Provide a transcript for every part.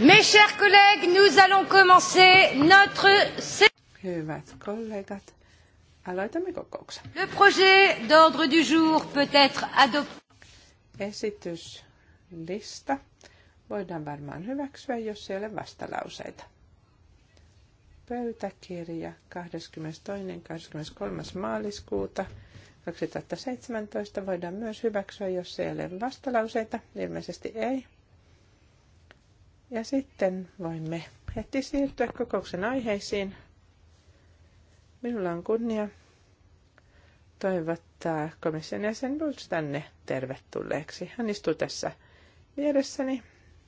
Mes chers collègues, nous allons commencer notre Hyvät kollegat, aloitamme kokouksen. Le projet d'ordre du jour peut être adopté. Esityslista voidaan varmaan hyväksyä, jos ei ole vastalauseita. Pöytäkirja 22.23. maaliskuuta 2017 voidaan myös hyväksyä, jos ei ole vastalauseita. Ilmeisesti ei. Ja sitten voimme heti siirtyä kokouksen aiheisiin. Minulla on kunnia toivottaa komission jäsen Bulls tänne tervetulleeksi. Hän istuu tässä vieressäni.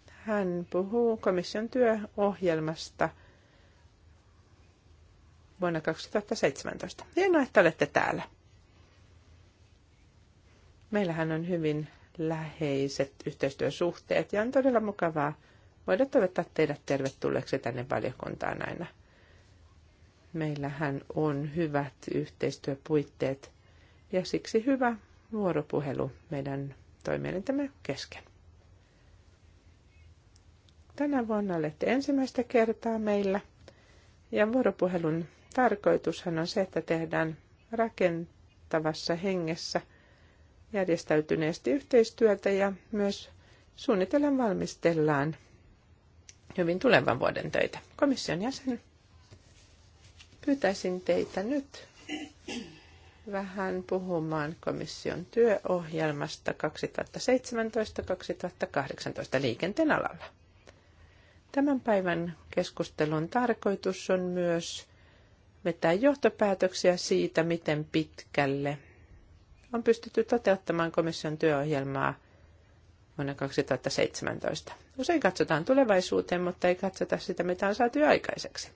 Hän puhuu komission työohjelmasta vuonna 2017. Hienoa, että olette täällä. Meillähän on hyvin läheiset yhteistyösuhteet ja on todella mukavaa voida toivottaa teidät tervetulleeksi tänne valiokuntaan aina. Meillähän on hyvät yhteistyöpuitteet ja siksi hyvä vuoropuhelu meidän toimielintämme kesken. Tänä vuonna olette ensimmäistä kertaa meillä ja vuoropuhelun tarkoitushan on se, että tehdään rakentavassa hengessä järjestäytyneesti yhteistyötä ja myös suunnitellaan valmistellaan hyvin tulevan vuoden töitä. Komission jäsen, pyytäisin teitä nyt vähän puhumaan komission työohjelmasta 2017-2018 liikenteen alalla. Tämän päivän keskustelun tarkoitus on myös vetää johtopäätöksiä siitä, miten pitkälle on pystytty toteuttamaan komission työohjelmaa – vuonna 2017. Usein katsotaan tulevaisuuteen, mutta ei katsota sitä, mitä on saatu aikaiseksi.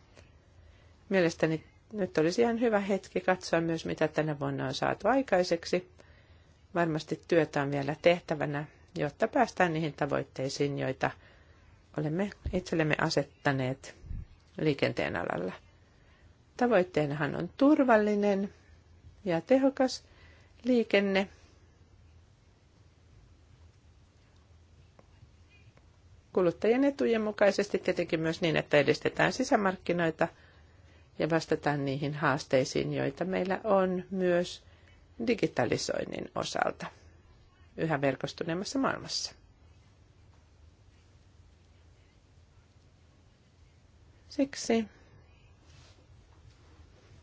Mielestäni nyt olisi ihan hyvä hetki katsoa myös, mitä tänä vuonna on saatu aikaiseksi. Varmasti työtä on vielä tehtävänä, jotta päästään niihin tavoitteisiin, joita olemme itsellemme asettaneet liikenteen alalla. Tavoitteenahan on turvallinen ja tehokas liikenne – kuluttajien etujen mukaisesti tietenkin myös niin, että edistetään sisämarkkinoita ja vastataan niihin haasteisiin, joita meillä on myös digitalisoinnin osalta yhä verkostuneemmassa maailmassa. Siksi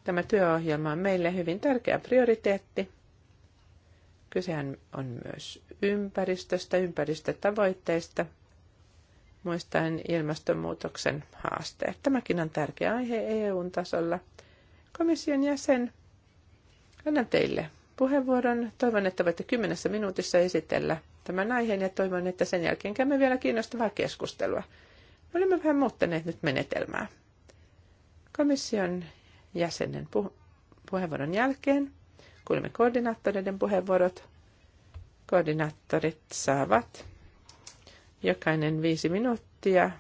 tämä työohjelma on meille hyvin tärkeä prioriteetti. Kysehän on myös ympäristöstä, ympäristötavoitteista – muistaen ilmastonmuutoksen haasteet. Tämäkin on tärkeä aihe eu tasolla. Komission jäsen, annan teille puheenvuoron. Toivon, että voitte kymmenessä minuutissa esitellä tämän aiheen ja toivon, että sen jälkeen käymme vielä kiinnostavaa keskustelua. Me olemme vähän muuttaneet nyt menetelmää. Komission jäsenen pu- puheenvuoron jälkeen kuulemme koordinaattoreiden puheenvuorot. Koordinaattorit saavat jokainen viisi minuuttia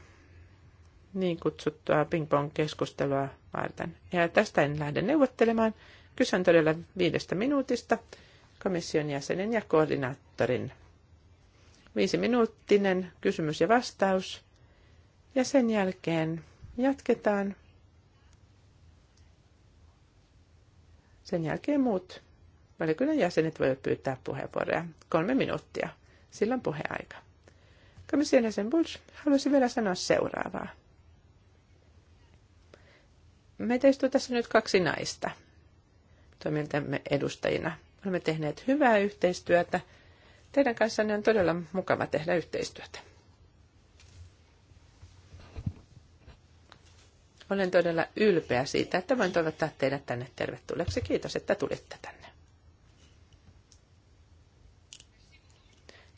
niin kutsuttua ping-pong-keskustelua varten. Ja tästä en lähde neuvottelemaan. Kysyn todella viidestä minuutista komission jäsenen ja koordinaattorin. Viisi minuuttinen kysymys ja vastaus. Ja sen jälkeen jatketaan. Sen jälkeen muut valiokunnan jäsenet voivat pyytää puheenvuoroja. Kolme minuuttia. Silloin puheaika. Komission jäsen Bulls halusi vielä sanoa seuraavaa. Meitä istuu tässä nyt kaksi naista toimintamme edustajina. Olemme tehneet hyvää yhteistyötä. Teidän kanssanne on todella mukava tehdä yhteistyötä. Olen todella ylpeä siitä, että voin toivottaa teidät tänne tervetulleeksi. Kiitos, että tulitte tänne.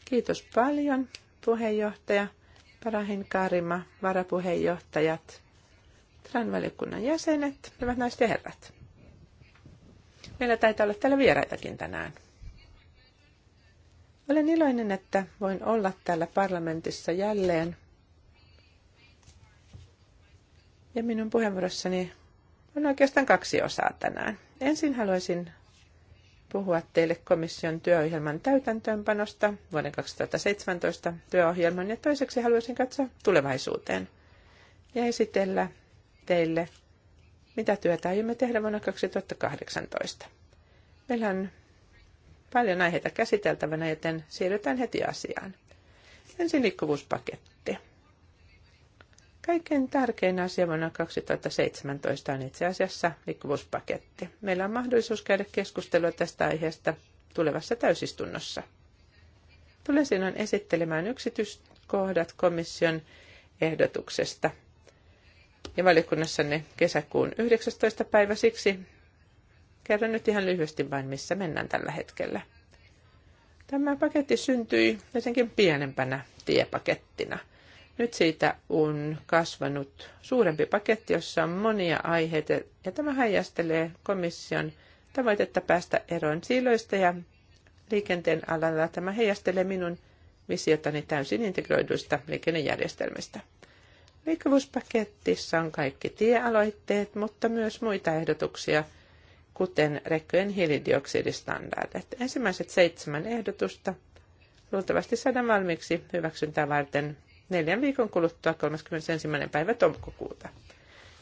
Kiitos paljon puheenjohtaja, Parahin Karima, varapuheenjohtajat, TRAN-valiokunnan jäsenet, hyvät naiset ja herrat. Meillä taitaa olla täällä vieraitakin tänään. Olen iloinen, että voin olla täällä parlamentissa jälleen. Ja minun puheenvuorossani on oikeastaan kaksi osaa tänään. Ensin haluaisin puhua teille komission työohjelman täytäntöönpanosta vuoden 2017 työohjelman ja toiseksi haluaisin katsoa tulevaisuuteen ja esitellä teille, mitä työtä aiomme tehdä vuonna 2018. Meillä on paljon aiheita käsiteltävänä, joten siirrytään heti asiaan. Ensin liikkuvuuspaketti. Kaikkein tärkein asia vuonna 2017 on itse asiassa liikkuvuuspaketti. Meillä on mahdollisuus käydä keskustelua tästä aiheesta tulevassa täysistunnossa. Tulen sinun esittelemään yksityiskohdat komission ehdotuksesta. Ja valiokunnassanne kesäkuun 19. päivä siksi kerron nyt ihan lyhyesti vain, missä mennään tällä hetkellä. Tämä paketti syntyi jotenkin pienempänä tiepakettina – nyt siitä on kasvanut suurempi paketti, jossa on monia aiheita, ja tämä heijastelee komission tavoitetta päästä eroon siiloista ja liikenteen alalla. Tämä heijastelee minun visiotani täysin integroiduista liikennejärjestelmistä. Liikkuvuuspakettissa on kaikki tiealoitteet, mutta myös muita ehdotuksia, kuten rekkojen hiilidioksidistandardit. Ensimmäiset seitsemän ehdotusta luultavasti saadaan valmiiksi hyväksyntää varten neljän viikon kuluttua 31. päivä toukokuuta.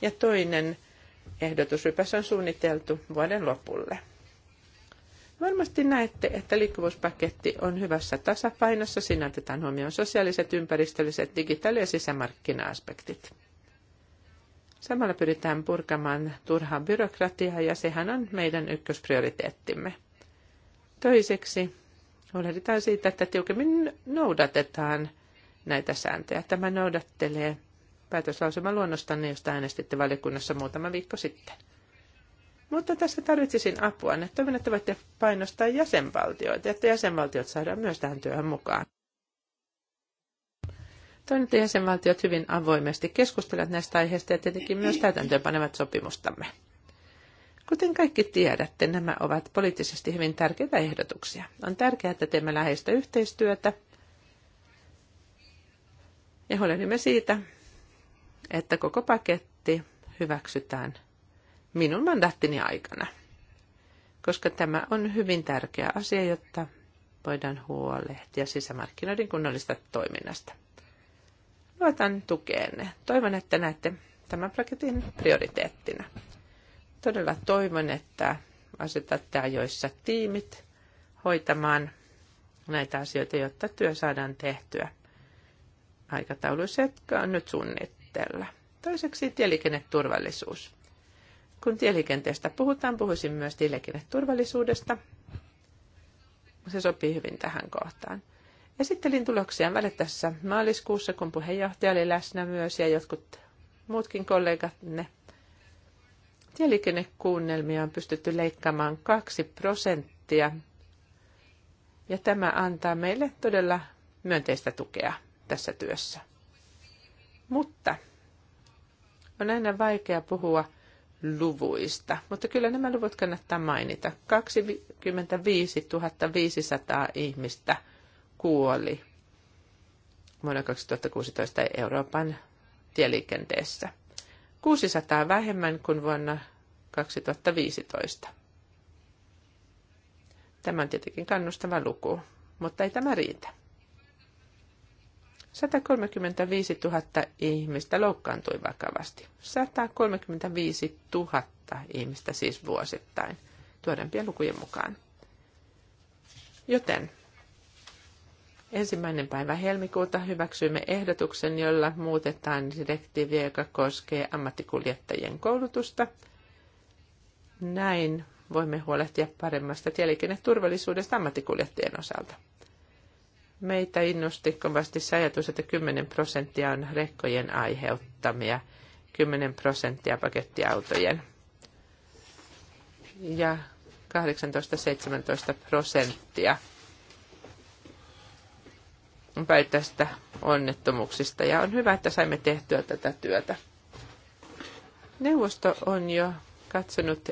Ja toinen ehdotusrypäs on suunniteltu vuoden lopulle. Varmasti näette, että liikkuvuuspaketti on hyvässä tasapainossa. Siinä otetaan huomioon sosiaaliset, ympäristölliset, digitaali- ja sisämarkkina-aspektit. Samalla pyritään purkamaan turhaa byrokratiaa ja sehän on meidän ykkösprioriteettimme. Toiseksi huolehditaan siitä, että tiukemmin noudatetaan – näitä sääntöjä. Tämä noudattelee päätöslauselman luonnostanne, josta äänestitte valiokunnassa muutama viikko sitten. Mutta tässä tarvitsisin apua. Ne toivon, että voitte painostaa jäsenvaltioita, että jäsenvaltiot saadaan myös tähän työhön mukaan. Toivon, että jäsenvaltiot hyvin avoimesti keskustelevat näistä aiheista ja tietenkin myös täytäntöönpanevat sopimustamme. Kuten kaikki tiedätte, nämä ovat poliittisesti hyvin tärkeitä ehdotuksia. On tärkeää, että teemme läheistä yhteistyötä – ja huolehdimme siitä, että koko paketti hyväksytään minun mandaattini aikana, koska tämä on hyvin tärkeä asia, jotta voidaan huolehtia sisämarkkinoiden kunnollisesta toiminnasta. Luotan tukeenne. Toivon, että näette tämän paketin prioriteettina. Todella toivon, että asetatte ajoissa tiimit hoitamaan näitä asioita, jotta työ saadaan tehtyä aikatauluissa, jotka on nyt suunnitteilla. Toiseksi tieliikenneturvallisuus. Kun tieliikenteestä puhutaan, puhuisin myös tieliikenneturvallisuudesta. Se sopii hyvin tähän kohtaan. Esittelin tuloksia tässä maaliskuussa, kun puheenjohtaja oli läsnä myös ja jotkut muutkin kollegat ne. Tieliikennekuunnelmia on pystytty leikkaamaan 2 prosenttia ja tämä antaa meille todella myönteistä tukea tässä työssä. Mutta on aina vaikea puhua luvuista, mutta kyllä nämä luvut kannattaa mainita. 25 500 ihmistä kuoli vuonna 2016 Euroopan tieliikenteessä. 600 vähemmän kuin vuonna 2015. Tämä on tietenkin kannustava luku, mutta ei tämä riitä. 135 000 ihmistä loukkaantui vakavasti. 135 000 ihmistä siis vuosittain, tuodempien lukujen mukaan. Joten ensimmäinen päivä helmikuuta hyväksyimme ehdotuksen, jolla muutetaan direktiiviä, joka koskee ammattikuljettajien koulutusta. Näin voimme huolehtia paremmasta tieliikenneturvallisuudesta ammattikuljettajien osalta. Meitä innosti kovasti se ajatus, että 10 prosenttia on rekkojen aiheuttamia, 10 prosenttia pakettiautojen ja 18-17 prosenttia päittäistä onnettomuuksista. Ja on hyvä, että saimme tehtyä tätä työtä. Neuvosto on jo katsonut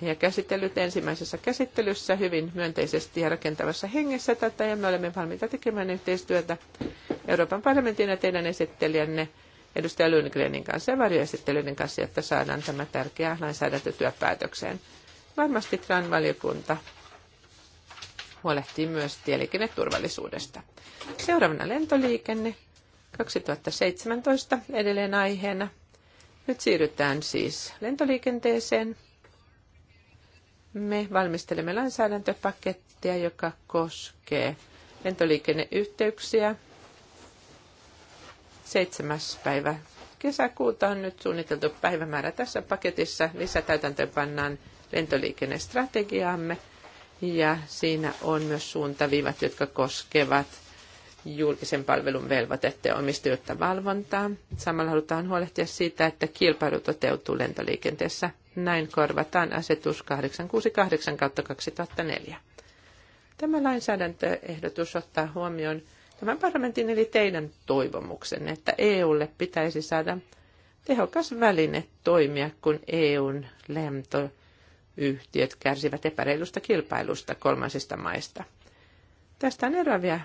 ja käsitellyt ensimmäisessä käsittelyssä hyvin myönteisesti ja rakentavassa hengessä tätä, ja me olemme valmiita tekemään yhteistyötä Euroopan parlamentin ja teidän esittelijänne edustaja Lundgrenin kanssa ja varjoesittelyiden kanssa, jotta saadaan tämä tärkeä lainsäädäntötyö päätökseen. Varmasti TRAN-valiokunta huolehtii myös tieliikenneturvallisuudesta. Seuraavana lentoliikenne 2017 edelleen aiheena. Nyt siirrytään siis lentoliikenteeseen. Me valmistelemme lainsäädäntöpakettia, joka koskee lentoliikenneyhteyksiä. 7. päivä kesäkuuta on nyt suunniteltu päivämäärä tässä paketissa. Lisätäytäntöön pannaan lentoliikennestrategiaamme ja siinä on myös suuntaviivat, jotka koskevat julkisen palvelun velvoitetta ja omistajuutta valvontaa. Samalla halutaan huolehtia siitä, että kilpailu toteutuu lentoliikenteessä näin korvataan asetus 868 2004. Tämä lainsäädäntöehdotus ottaa huomioon tämän parlamentin eli teidän toivomuksen, että EUlle pitäisi saada tehokas väline toimia, kun EUn lentoyhtiöt kärsivät epäreilusta kilpailusta kolmansista maista. Tästä on eroavia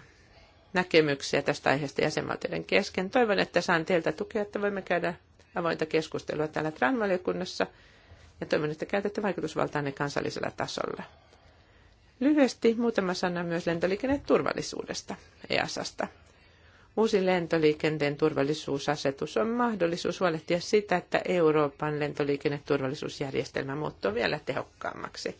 näkemyksiä tästä aiheesta jäsenvaltioiden kesken. Toivon, että saan teiltä tukea, että voimme käydä avointa keskustelua täällä Tran-valiokunnassa – ja toivon, että käytätte vaikutusvaltaanne kansallisella tasolla. Lyhyesti muutama sana myös lentoliikenneturvallisuudesta, EASasta. Uusi lentoliikenteen turvallisuusasetus on mahdollisuus huolehtia sitä, että Euroopan lentoliikenneturvallisuusjärjestelmä muuttuu vielä tehokkaammaksi.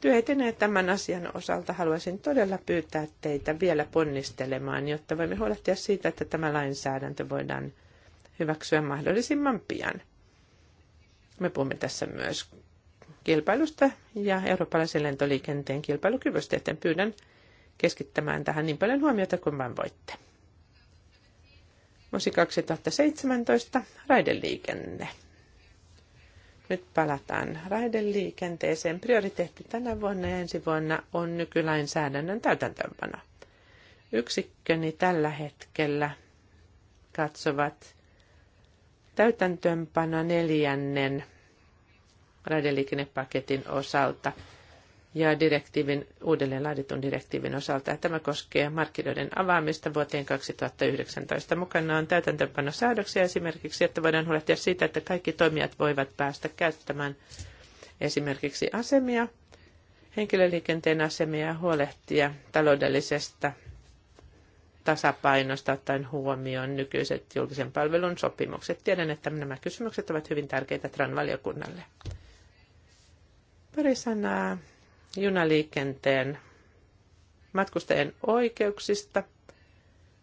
Työ etenee tämän asian osalta. Haluaisin todella pyytää teitä vielä ponnistelemaan, jotta voimme huolehtia siitä, että tämä lainsäädäntö voidaan hyväksyä mahdollisimman pian. Me puhumme tässä myös kilpailusta ja eurooppalaisen lentoliikenteen kilpailukyvystä, joten pyydän keskittämään tähän niin paljon huomiota kuin vain voitte. Vuosi 2017, raideliikenne. Nyt palataan raideliikenteeseen. Prioriteetti tänä vuonna ja ensi vuonna on nykylainsäädännön täytäntöönpano. Yksikköni tällä hetkellä katsovat täytäntöönpana neljännen raideliikennepaketin osalta ja direktiivin, uudelleen laaditun direktiivin osalta. Tämä koskee markkinoiden avaamista vuoteen 2019. Mukana on täytäntöönpanosäädöksiä esimerkiksi, että voidaan huolehtia siitä, että kaikki toimijat voivat päästä käyttämään esimerkiksi asemia, henkilöliikenteen asemia ja huolehtia taloudellisesta tasapainosta ottaen huomioon nykyiset julkisen palvelun sopimukset. Tiedän, että nämä kysymykset ovat hyvin tärkeitä TRAN-valiokunnalle. Pari sanaa junaliikenteen matkustajien oikeuksista.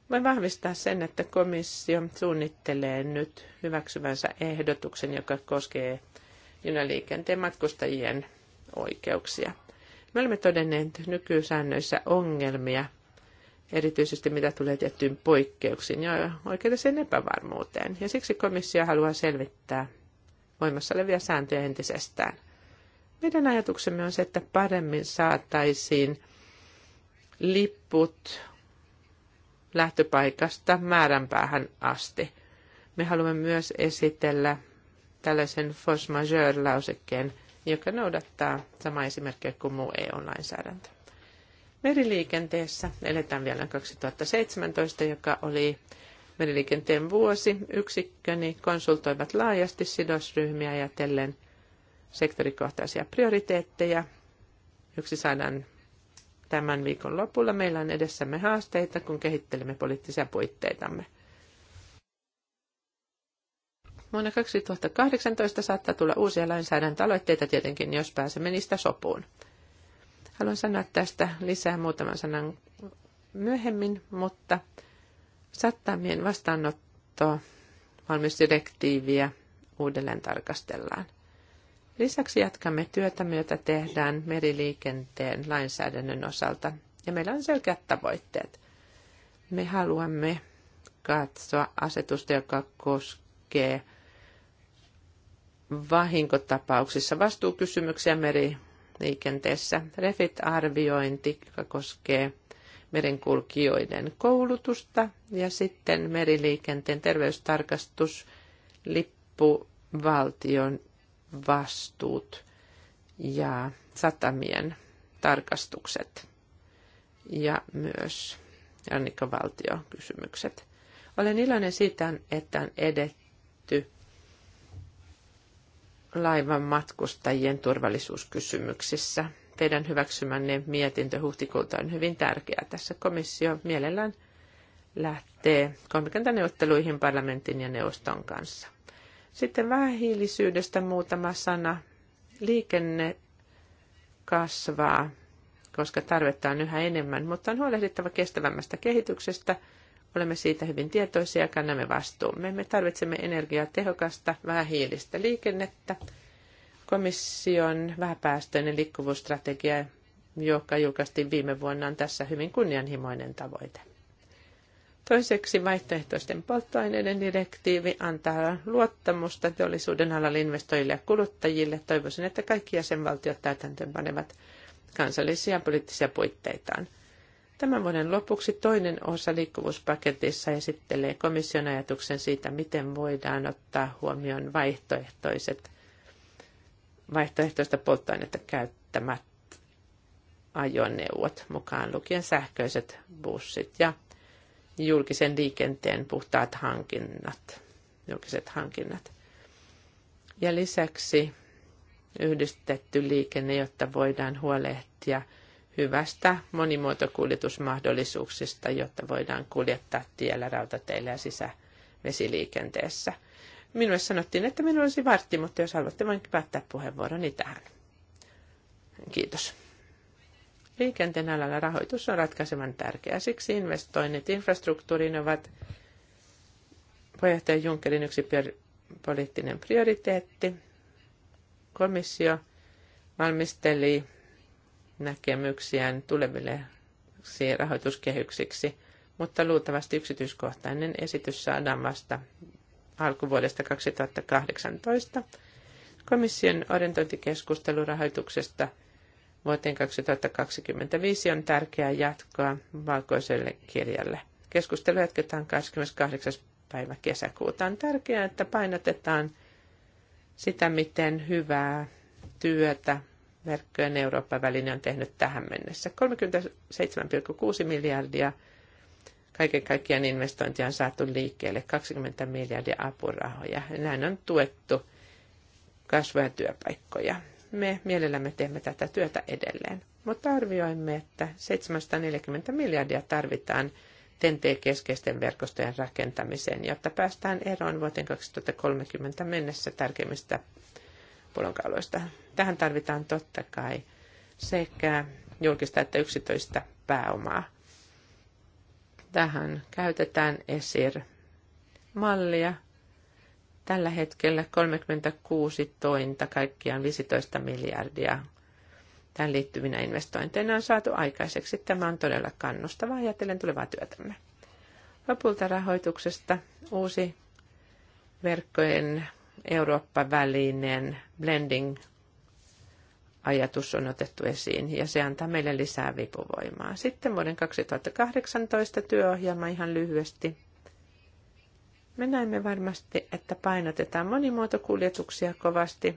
Voin vahvistaa sen, että komissio suunnittelee nyt hyväksyvänsä ehdotuksen, joka koskee junaliikenteen matkustajien oikeuksia. Me olemme todenneet nykysäännöissä ongelmia – erityisesti mitä tulee tiettyyn poikkeuksiin ja oikeudelliseen epävarmuuteen. Ja siksi komissio haluaa selvittää voimassa olevia sääntöjä entisestään. Meidän ajatuksemme on se, että paremmin saataisiin lipput lähtöpaikasta määränpäähän asti. Me haluamme myös esitellä tällaisen force majeure-lausekkeen, joka noudattaa samaa esimerkkiä kuin muu EU-lainsäädäntö. Meriliikenteessä eletään vielä 2017, joka oli meriliikenteen vuosi. Yksikköni konsultoivat laajasti sidosryhmiä ajatellen sektorikohtaisia prioriteetteja. Yksi saadaan tämän viikon lopulla. Meillä on edessämme haasteita, kun kehittelemme poliittisia puitteitamme. Vuonna 2018 saattaa tulla uusia lainsäädäntöaloitteita tietenkin, jos pääsemme niistä sopuun. Haluan sanoa tästä lisää muutaman sanan myöhemmin, mutta sattamien vastaanottoa valmiusdirektiiviä uudelleen tarkastellaan. Lisäksi jatkamme työtä, jota tehdään meriliikenteen lainsäädännön osalta, ja meillä on selkeät tavoitteet. Me haluamme katsoa asetusta, joka koskee vahinkotapauksissa vastuukysymyksiä meri liikenteessä. Refit-arviointi, joka koskee merenkulkijoiden koulutusta ja sitten meriliikenteen terveystarkastus, lippu, valtion vastuut ja satamien tarkastukset ja myös kysymykset Olen iloinen siitä, että on edetty laivan matkustajien turvallisuuskysymyksissä. Teidän hyväksymänne mietintö huhtikuulta on hyvin tärkeä. Tässä komissio mielellään lähtee kolmikantaneuvotteluihin parlamentin ja neuvoston kanssa. Sitten vähähiilisyydestä muutama sana. Liikenne kasvaa, koska tarvetta on yhä enemmän, mutta on huolehdittava kestävämmästä kehityksestä – Olemme siitä hyvin tietoisia ja kannamme vastuumme. Me tarvitsemme energiaa tehokasta, vähähiilistä liikennettä. Komission vähäpäästöinen liikkuvuusstrategia, joka julkaistiin viime vuonna, on tässä hyvin kunnianhimoinen tavoite. Toiseksi vaihtoehtoisten polttoaineiden direktiivi antaa luottamusta teollisuuden alalla investoijille ja kuluttajille. Toivoisin, että kaikki jäsenvaltiot täytäntöönpanevat kansallisia poliittisia puitteitaan. Tämän vuoden lopuksi toinen osa liikkuvuuspaketissa esittelee komission ajatuksen siitä, miten voidaan ottaa huomioon vaihtoehtoiset, vaihtoehtoista polttoainetta käyttämät ajoneuvot, mukaan lukien sähköiset bussit ja julkisen liikenteen puhtaat hankinnat, julkiset hankinnat. Ja lisäksi yhdistetty liikenne, jotta voidaan huolehtia – hyvästä monimuotokuljetusmahdollisuuksista, jotta voidaan kuljettaa tiellä, rautateillä ja sisävesiliikenteessä. Minulle sanottiin, että minulla olisi vartti, mutta jos haluatte, voin päättää puheenvuoroni tähän. Kiitos. Liikenteen alalla rahoitus on ratkaisevan tärkeä, siksi investoinnit infrastruktuuriin ovat puheenjohtaja Junckerin yksi poliittinen prioriteetti. Komissio valmisteli näkemyksiään tuleville rahoituskehyksiksi, mutta luultavasti yksityiskohtainen esitys saadaan vasta alkuvuodesta 2018. Komission orientointikeskustelu rahoituksesta vuoteen 2025 on tärkeää jatkoa valkoiselle kirjalle. Keskustelu jatketaan 28. päivä kesäkuuta. On tärkeää, että painotetaan sitä, miten hyvää työtä verkkojen Euroopan väline on tehnyt tähän mennessä. 37,6 miljardia kaiken kaikkiaan investointia on saatu liikkeelle, 20 miljardia apurahoja. Näin on tuettu kasvoja työpaikkoja. Me mielellämme teemme tätä työtä edelleen, mutta arvioimme, että 740 miljardia tarvitaan TNT-keskeisten verkostojen rakentamiseen, jotta päästään eroon vuoteen 2030 mennessä tärkeimmistä pullonkauloista. Tähän tarvitaan totta kai sekä julkista että yksityistä pääomaa. Tähän käytetään ESIR-mallia. Tällä hetkellä 36 tointa, kaikkiaan 15 miljardia tähän liittyvinä investointeina on saatu aikaiseksi. Tämä on todella kannustavaa ajatellen tulevaa työtämme. Lopulta rahoituksesta uusi verkkojen Eurooppa-välinen blending ajatus on otettu esiin ja se antaa meille lisää vipuvoimaa. Sitten vuoden 2018 työohjelma ihan lyhyesti. Me näemme varmasti, että painotetaan monimuotokuljetuksia kovasti.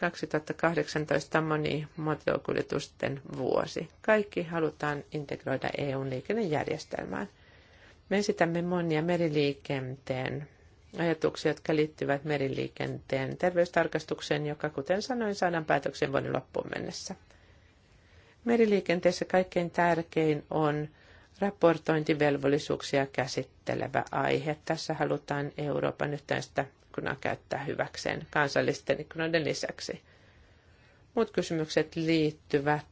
2018 on monimuotokuljetusten vuosi. Kaikki halutaan integroida eu liikennejärjestelmään. Me esitämme monia meriliikenteen ajatuksia, jotka liittyvät meriliikenteen terveystarkastukseen, joka kuten sanoin saadaan päätöksen vuoden loppuun mennessä. Meriliikenteessä kaikkein tärkein on raportointivelvollisuuksia käsittelevä aihe. Tässä halutaan Euroopan yhteistä kun käyttää hyväkseen kansallisten ikkunoiden lisäksi. Muut kysymykset liittyvät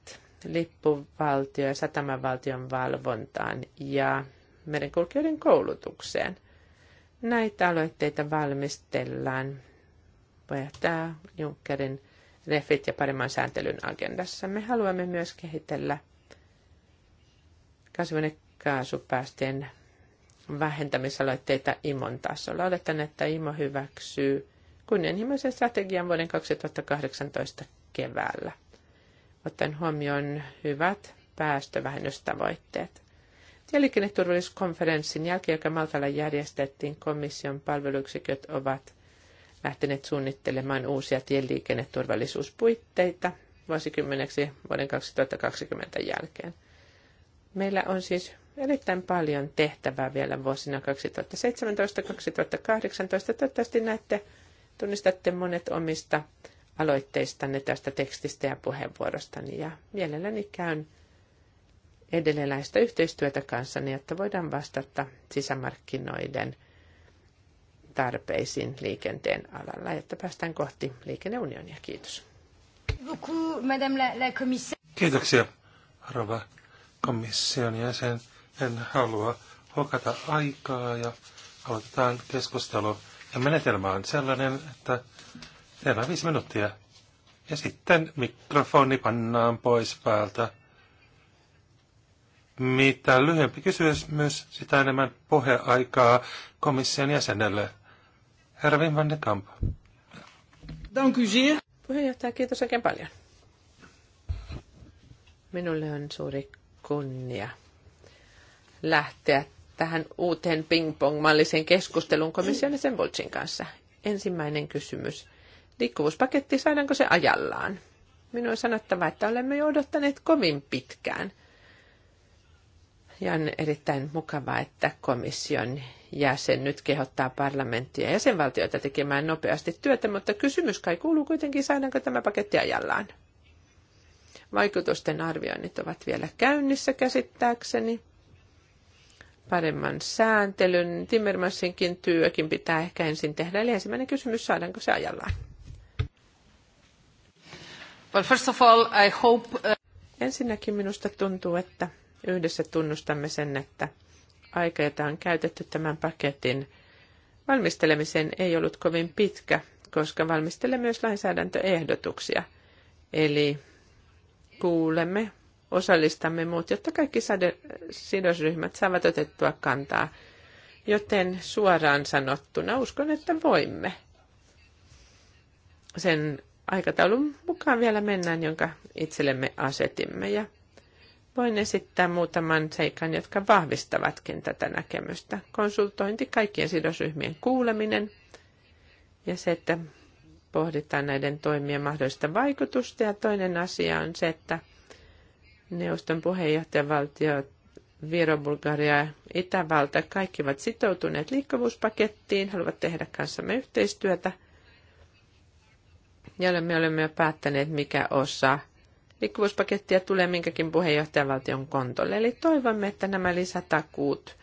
lippuvaltio- ja satamavaltion valvontaan ja merenkulkijoiden koulutukseen. Näitä aloitteita valmistellaan puheenjohtaja Junckerin refit ja paremman sääntelyn agendassa. Me haluamme myös kehitellä kasvihuonekaasupäästöjen vähentämisaloitteita IMON tasolla. Oletan, että IMO hyväksyy kunnianhimoisen strategian vuoden 2018 keväällä, ottaen huomioon hyvät päästövähennystavoitteet. Tieliikenneturvallisuuskonferenssin jälkeen, joka Maltalla järjestettiin, komission palveluyksiköt ovat lähteneet suunnittelemaan uusia tieliikenneturvallisuuspuitteita vuosikymmeneksi vuoden 2020 jälkeen. Meillä on siis erittäin paljon tehtävää vielä vuosina 2017-2018. Toivottavasti näette, tunnistatte monet omista aloitteistanne tästä tekstistä ja puheenvuorostani ja mielelläni käyn edelleenläistä yhteistyötä kanssa, niin että voidaan vastata sisämarkkinoiden tarpeisiin liikenteen alalla, että päästään kohti liikenneunionia. Kiitos. Kiitoksia, rouva komission jäsen. En halua hokata aikaa ja aloitetaan keskustelu. Ja menetelmä on sellainen, että teillä on viisi minuuttia. Ja sitten mikrofoni pannaan pois päältä. Mitä lyhyempi kysymys, myös sitä enemmän puheaikaa komission jäsenelle. Herra Wim van de Kamp. Puheenjohtaja, kiitos oikein paljon. Minulle on suuri kunnia lähteä tähän uuteen ping-pong-malliseen keskusteluun komission sen kanssa. Ensimmäinen kysymys. Liikkuvuuspaketti, saadaanko se ajallaan? Minun on sanottava, että olemme jo odottaneet kovin pitkään – ja on erittäin mukavaa, että komission jäsen nyt kehottaa parlamenttia ja jäsenvaltioita tekemään nopeasti työtä, mutta kysymys kai kuuluu kuitenkin, saadaanko tämä paketti ajallaan. Vaikutusten arvioinnit ovat vielä käynnissä käsittääkseni. Paremman sääntelyn, Timmermansinkin työkin pitää ehkä ensin tehdä. Eli ensimmäinen kysymys, saadaanko se ajallaan? Well, first of all, I hope, uh... Ensinnäkin minusta tuntuu, että Yhdessä tunnustamme sen, että aika, jota on käytetty tämän paketin valmistelemiseen, ei ollut kovin pitkä, koska valmistelee myös lainsäädäntöehdotuksia. Eli kuulemme, osallistamme muut, jotta kaikki sidosryhmät saavat otettua kantaa. Joten suoraan sanottuna uskon, että voimme. Sen aikataulun mukaan vielä mennään, jonka itsellemme asetimme. Ja Voin esittää muutaman seikan, jotka vahvistavatkin tätä näkemystä. Konsultointi, kaikkien sidosryhmien kuuleminen ja se, että pohditaan näiden toimien mahdollista vaikutusta. Ja toinen asia on se, että neuvoston puheenjohtajavaltio Viro, Bulgaria ja Itävalta kaikki ovat sitoutuneet liikkuvuuspakettiin, haluavat tehdä kanssamme yhteistyötä. Ja me olemme jo päättäneet, mikä osa Liikkuvuuspakettia tulee minkäkin puheenjohtajavaltion kontolle. Eli toivomme, että nämä lisätakuut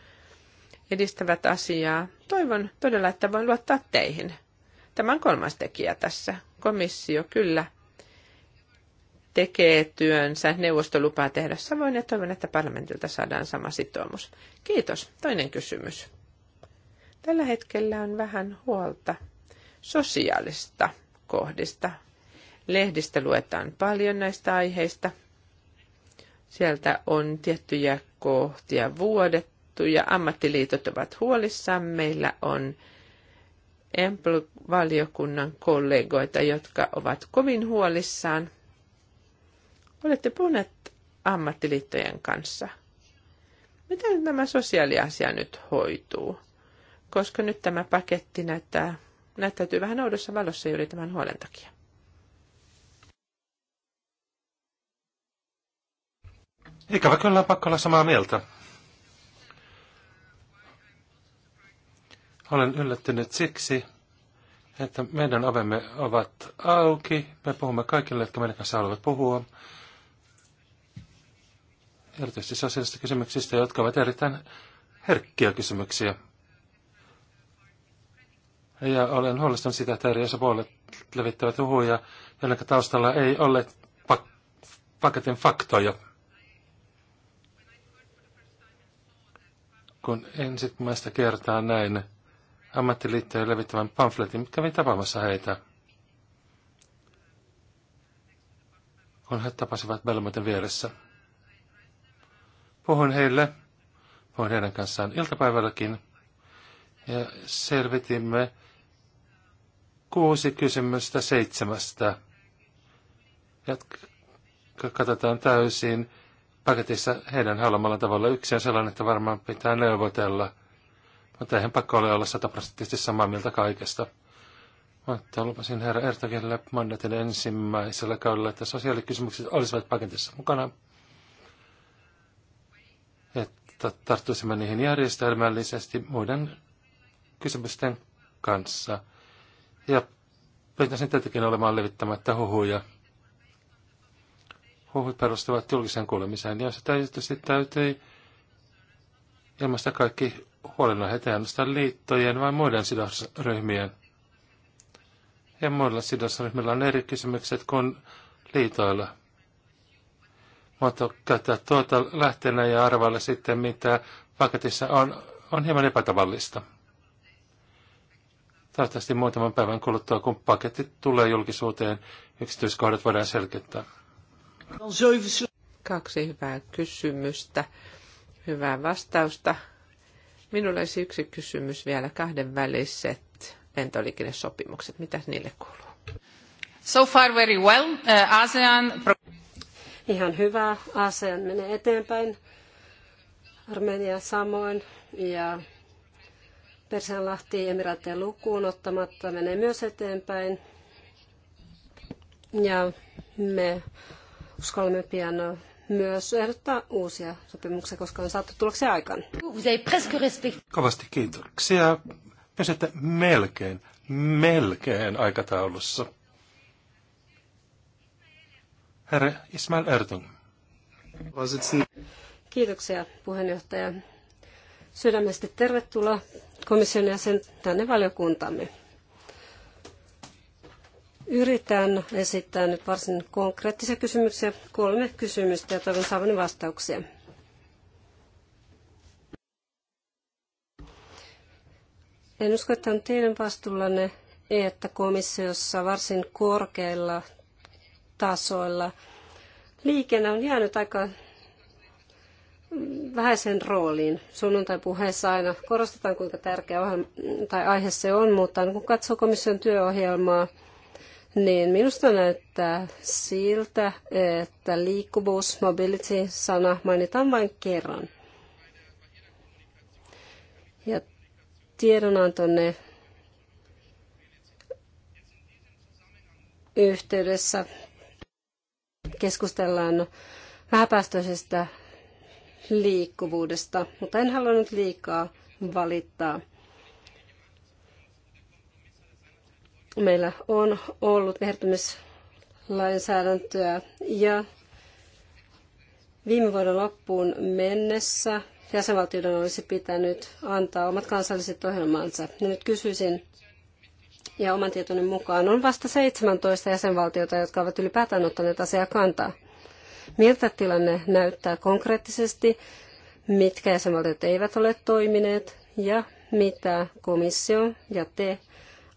edistävät asiaa. Toivon todella, että voin luottaa teihin. Tämä on kolmas tekijä tässä. Komissio kyllä tekee työnsä, neuvosto lupaa tehdä samoin ja toivon, että parlamentilta saadaan sama sitoumus. Kiitos. Toinen kysymys. Tällä hetkellä on vähän huolta sosiaalista kohdista Lehdistä luetaan paljon näistä aiheista. Sieltä on tiettyjä kohtia vuodettu ja ammattiliitot ovat huolissaan. Meillä on Empl-valiokunnan kollegoita, jotka ovat kovin huolissaan. Olette puhuneet ammattiliittojen kanssa. Miten tämä sosiaaliasia nyt hoituu? Koska nyt tämä paketti näyttää, näyttäytyy vähän oudossa valossa juuri tämän huolen takia. Ikävä kyllä on pakko olla samaa mieltä. Olen yllättynyt siksi, että meidän ovemme ovat auki. Me puhumme kaikille, jotka meidän kanssa haluavat puhua. Erityisesti sosiaalisista kysymyksistä, jotka ovat erittäin herkkiä kysymyksiä. Ja olen huolestunut sitä, että eri osapuolet levittävät huhuja, joiden taustalla ei ole pak- paketin faktoja. Kun ensimmäistä kertaa näin ammattiliittojen levittävän pamfletin, kävin tapaamassa heitä. Kun he tapasivat Belmoten vieressä. Puhuin heille, puhuin heidän kanssaan iltapäivälläkin, ja selvitimme kuusi kysymystä seitsemästä, ja katsotaan täysin paketissa heidän haluamalla tavalla. Yksi on sellainen, että varmaan pitää neuvotella, mutta eihän pakko ole olla sataprosenttisesti samaa mieltä kaikesta. Mutta lupasin herra Ertogille mandatin ensimmäisellä kaudella, että sosiaalikysymykset olisivat paketissa mukana. Että tarttuisimme niihin järjestelmällisesti muiden kysymysten kanssa. Ja pitäisin tietenkin olemaan levittämättä huhuja huhut perustuvat julkisen kuulemiseen, ja se täytyy ilmaista kaikki huolenaiheet ainoastaan liittojen vai muiden sidosryhmien. Ja muilla sidosryhmillä on eri kysymykset kuin liitoilla. Mutta käyttää tuota lähteenä ja arvailla sitten, mitä paketissa on, on hieman epätavallista. Toivottavasti muutaman päivän kuluttua, kun paketti tulee julkisuuteen, yksityiskohdat voidaan selkeyttää. Kaksi hyvää kysymystä, hyvää vastausta. Minulla olisi yksi kysymys vielä, kahdenväliset lentoliikennesopimukset. Mitä niille kuuluu? So far very well. Uh, ASEAN... Ihan hyvä. ASEAN menee eteenpäin. Armenia samoin ja Persianlahti emiraattien lukuun ottamatta menee myös eteenpäin. Ja me Uskallamme pian myös ehdottaa uusia sopimuksia, koska on saatu tuloksia aikaan. Kovasti kiitoksia. Pysytte melkein, melkein aikataulussa. Herra Ismail Ertung. Kiitoksia puheenjohtaja. Sydämesti tervetuloa komission jäsen tänne valiokuntamme. Yritän esittää nyt varsin konkreettisia kysymyksiä, kolme kysymystä ja toivon saavani vastauksia. En usko, että on teidän vastuullanne, että komissiossa varsin korkeilla tasoilla liikenne on jäänyt aika vähäisen rooliin. Sunnuntai-puheessa aina korostetaan, kuinka tärkeä ohjelma, tai aihe se on, mutta kun katsoo komission työohjelmaa, niin minusta näyttää siltä, että liikkuvuus, mobility-sana mainitaan vain kerran. Ja tiedonantonne yhteydessä keskustellaan vähäpäästöisestä liikkuvuudesta, mutta en halunnut liikaa valittaa. Meillä on ollut ehdottamislainsäädäntöä ja viime vuoden loppuun mennessä jäsenvaltioiden olisi pitänyt antaa omat kansalliset ohjelmansa. Ja nyt kysyisin, ja oman tietoni mukaan on vasta 17 jäsenvaltiota, jotka ovat ylipäätään ottaneet asiaa kantaa. Miltä tilanne näyttää konkreettisesti, mitkä jäsenvaltiot eivät ole toimineet ja mitä komissio ja te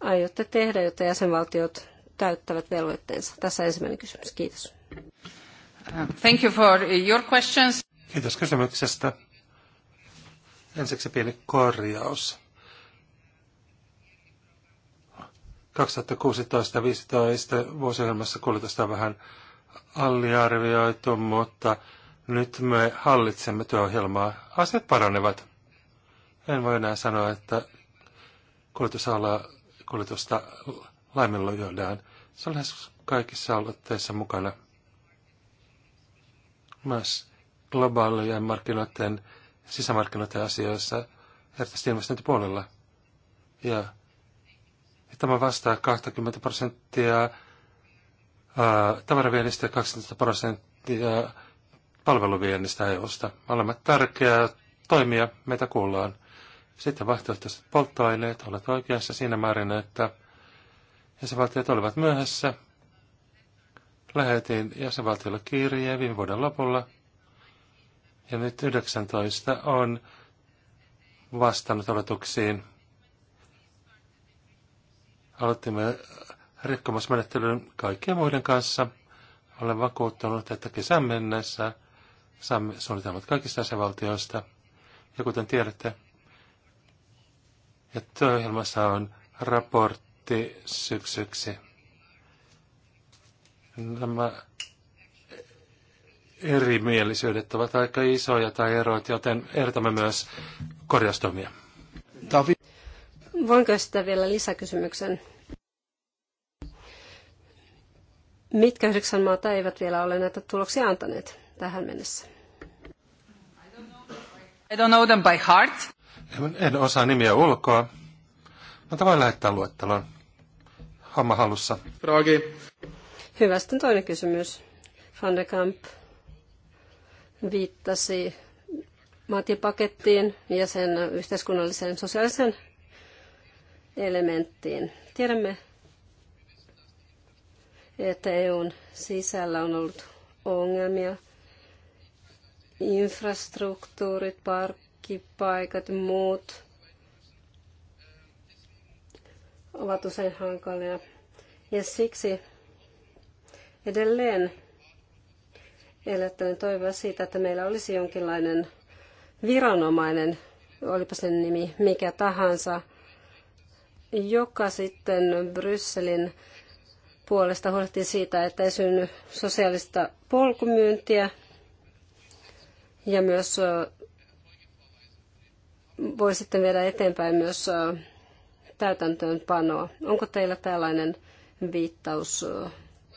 aiotte tehdä, jotta jäsenvaltiot täyttävät velvoitteensa? Tässä ensimmäinen kysymys. Kiitos. Uh, thank you for your questions. Kiitos kysymyksestä. Ensiksi pieni korjaus. 2016-2015 vuosiohjelmassa kulutusta on vähän alliarvioitu, mutta nyt me hallitsemme työohjelmaa. Asiat paranevat. En voi enää sanoa, että kulutusala kuljetusta laiminlyödään. Se on lähes kaikissa aloitteissa mukana. Myös globaalien markkinoiden, sisämarkkinoiden asioissa, erityisesti investointipuolella. Ja, ja tämä vastaa 20 prosenttia tavaraviennistä ja 20 prosenttia palveluviennistä EU-sta. Olemme tärkeä toimija, meitä kuullaan. Sitten vaihtoehtoiset polttoaineet olet oikeassa siinä määrin, että jäsenvaltiot olivat myöhässä. Lähetin jäsenvaltiolle kirjeen viime vuoden lopulla. Ja nyt 19 on vastannut oletuksiin. Aloitimme rikkomusmenettelyn kaikkien muiden kanssa. Olen vakuuttunut, että kesän mennessä saamme suunnitelmat kaikista jäsenvaltioista. Ja kuten tiedätte, ja työohjelmassa on raportti syksyksi. Nämä erimielisyydet ovat aika isoja tai erot, joten ehdotamme myös korjaustomia. David. Voinko sitä vielä lisäkysymyksen? Mitkä yhdeksän maata eivät vielä ole näitä tuloksia antaneet tähän mennessä? I don't know them by heart. En osaa nimiä ulkoa, mutta voin lähettää luettelon. Homma halussa Praagi. Hyvä, sitten toinen kysymys. Van de Kamp viittasi maatiepakettiin ja sen yhteiskunnalliseen sosiaaliseen elementtiin. Tiedämme, että EUn sisällä on ollut ongelmia. Infrastruktuurit, park, paikat muut ovat usein hankalia. Ja siksi edelleen elättäen toivoa siitä, että meillä olisi jonkinlainen viranomainen, olipa sen nimi mikä tahansa, joka sitten Brysselin puolesta huolehti siitä, että ei synny sosiaalista polkumyyntiä ja myös voi sitten viedä eteenpäin myös täytäntöönpanoa. Onko teillä tällainen viittaus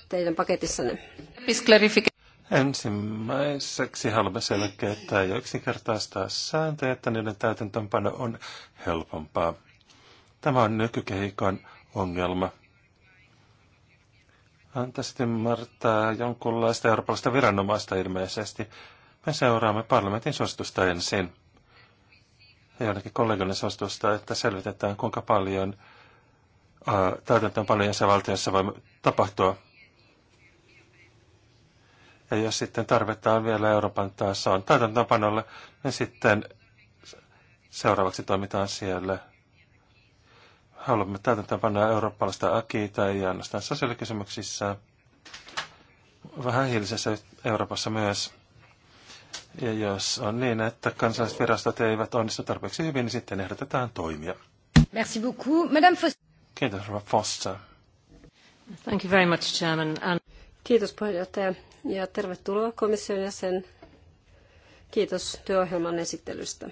teidän paketissanne? Ensimmäiseksi haluamme selkeyttää ja yksinkertaistaa sääntöjä, että niiden täytäntöönpano on helpompaa. Tämä on nykykehikon ongelma. Antaisi ymmärtää jonkunlaista eurooppalaista viranomaista ilmeisesti. Me seuraamme parlamentin suositusta ensin ja jonnekin kollegoiden suostusta, että selvitetään kuinka paljon täytäntöön paljon jäsenvaltiossa voi tapahtua. Ja jos sitten tarvetaan vielä Euroopan taas on täytäntöönpanolle, niin sitten seuraavaksi toimitaan siellä. Haluamme täytäntöönpanoa eurooppalaista akiita ei ainoastaan sosiaalikysymyksissä, vähän hiilisessä Euroopassa myös. Ja jos on niin, että kansalliset virastot eivät onnistu tarpeeksi hyvin, niin sitten ehdotetaan toimia. Merci beaucoup, Madame Foster. Kiitos, Rova Foster. Thank you very much, Chairman. And... Kiitos puheenjohtaja ja tervetuloa komission jäsen. Kiitos työohjelman esittelystä.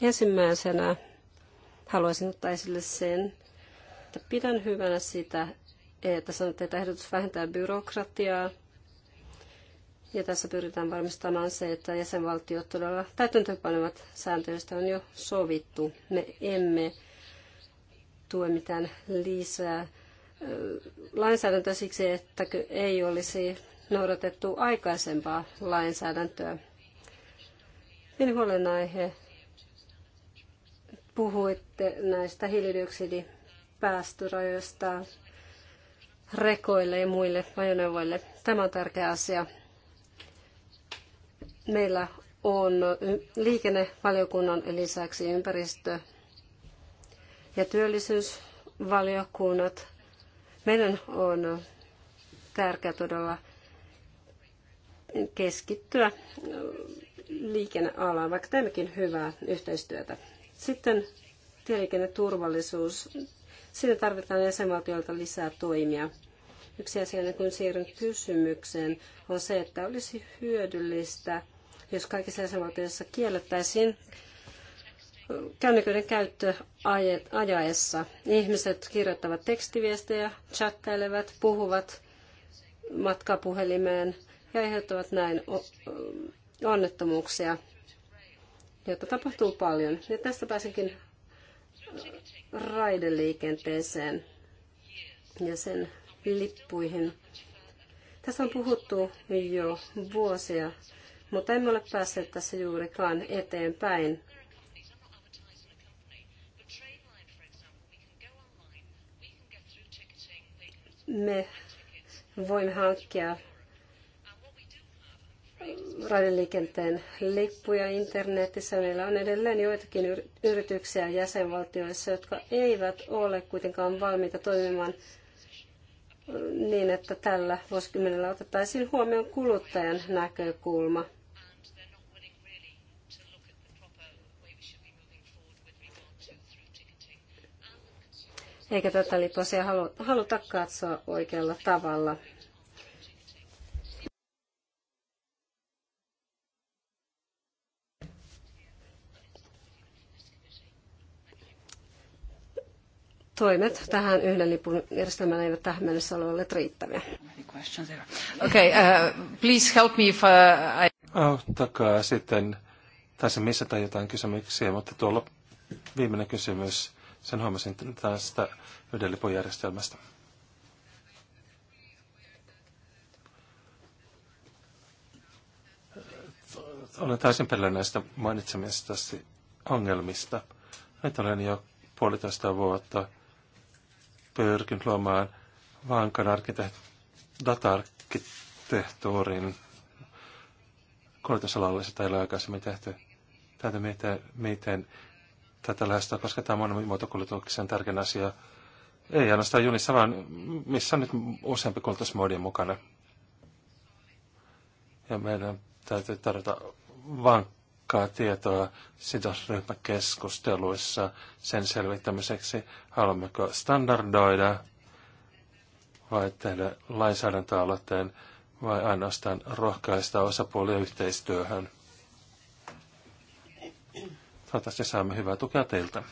Ensimmäisenä haluaisin ottaa esille sen, että pidän hyvänä sitä, että sanotte, että ehdotus vähentää byrokratiaa – ja tässä pyritään varmistamaan se, että jäsenvaltiot todella täytäntöönpanevat sääntöistä on jo sovittu. Me emme tue mitään lisää lainsäädäntöä siksi, että ei olisi noudatettu aikaisempaa lainsäädäntöä. Pieni huolenaihe. Puhuitte näistä hiilidioksidipäästörajoista rekoille ja muille ajoneuvoille. Tämä on tärkeä asia. Meillä on liikennevaliokunnan lisäksi ympäristö- ja työllisyysvaliokunnat. Meidän on tärkeää todella keskittyä liikennealaan, vaikka teemmekin hyvää yhteistyötä. Sitten tieliikenneturvallisuus. Siinä tarvitaan jäsenvaltioilta lisää toimia. Yksi asia, kun siirryn kysymykseen, on se, että olisi hyödyllistä – jos kaikissa jäsenvaltioissa kiellettäisiin kännyköiden käyttö ajaessa. Ihmiset kirjoittavat tekstiviestejä, chattailevat, puhuvat matkapuhelimeen ja aiheuttavat näin onnettomuuksia, joita tapahtuu paljon. Ja tästä pääsinkin raideliikenteeseen ja sen lippuihin. Tässä on puhuttu jo vuosia mutta emme ole päässeet tässä juurikaan eteenpäin. Me voimme hankkia raideliikenteen lippuja internetissä. Meillä on edelleen joitakin yrityksiä jäsenvaltioissa, jotka eivät ole kuitenkaan valmiita toimimaan niin, että tällä vuosikymmenellä otettaisiin huomioon kuluttajan näkökulma. Eikä tätä liposia haluta katsoa oikealla tavalla. toimet tähän yhden lipun järjestelmään eivät tähän mennessä ole olleet riittäviä. Okay, uh, please help me if uh, I... Auttakaa sitten, taisin tai jotain kysymyksiä, mutta tuolla viimeinen kysymys, sen huomasin tästä yhden lipun järjestelmästä. Olen täysin perillä näistä mainitsemistasi ongelmista. Nyt olen jo puolitoista vuotta pyrkinyt luomaan vankan arkkiteht- data-arkkitehtuurin koulutusalalla, sitä ei ole aikaisemmin tehty. Täytyy miettiä, miten tätä lähestyä, koska tämä on monimuotokuljetuksen tärkein asia. Ei ainoastaan junissa, vaan missä on nyt useampi koulutusmoodi mukana. Ja meidän täytyy tarjota vankka jakaa tietoa sidosryhmäkeskusteluissa sen selvittämiseksi, haluammeko standardoida vai tehdä lainsäädäntöaloitteen vai ainoastaan rohkaista osapuolia yhteistyöhön. Toivottavasti saamme hyvää tukea teiltä.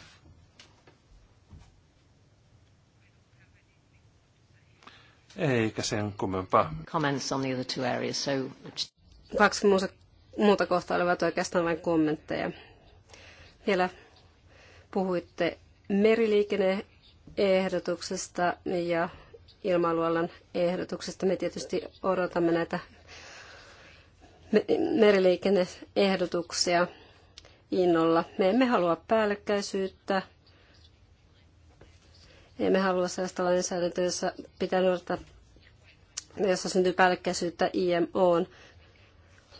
Eikä sen kummempaa. Kaksi muuta muuta kohtaa olivat oikeastaan vain kommentteja. Vielä puhuitte meriliikenneehdotuksesta ja ilmailualan ehdotuksesta. Me tietysti odotamme näitä meriliikenneehdotuksia innolla. Me emme halua päällekkäisyyttä. Emme halua sellaista lainsäädäntöä, jossa pitää noudattaa, jossa syntyy päällekkäisyyttä IMOn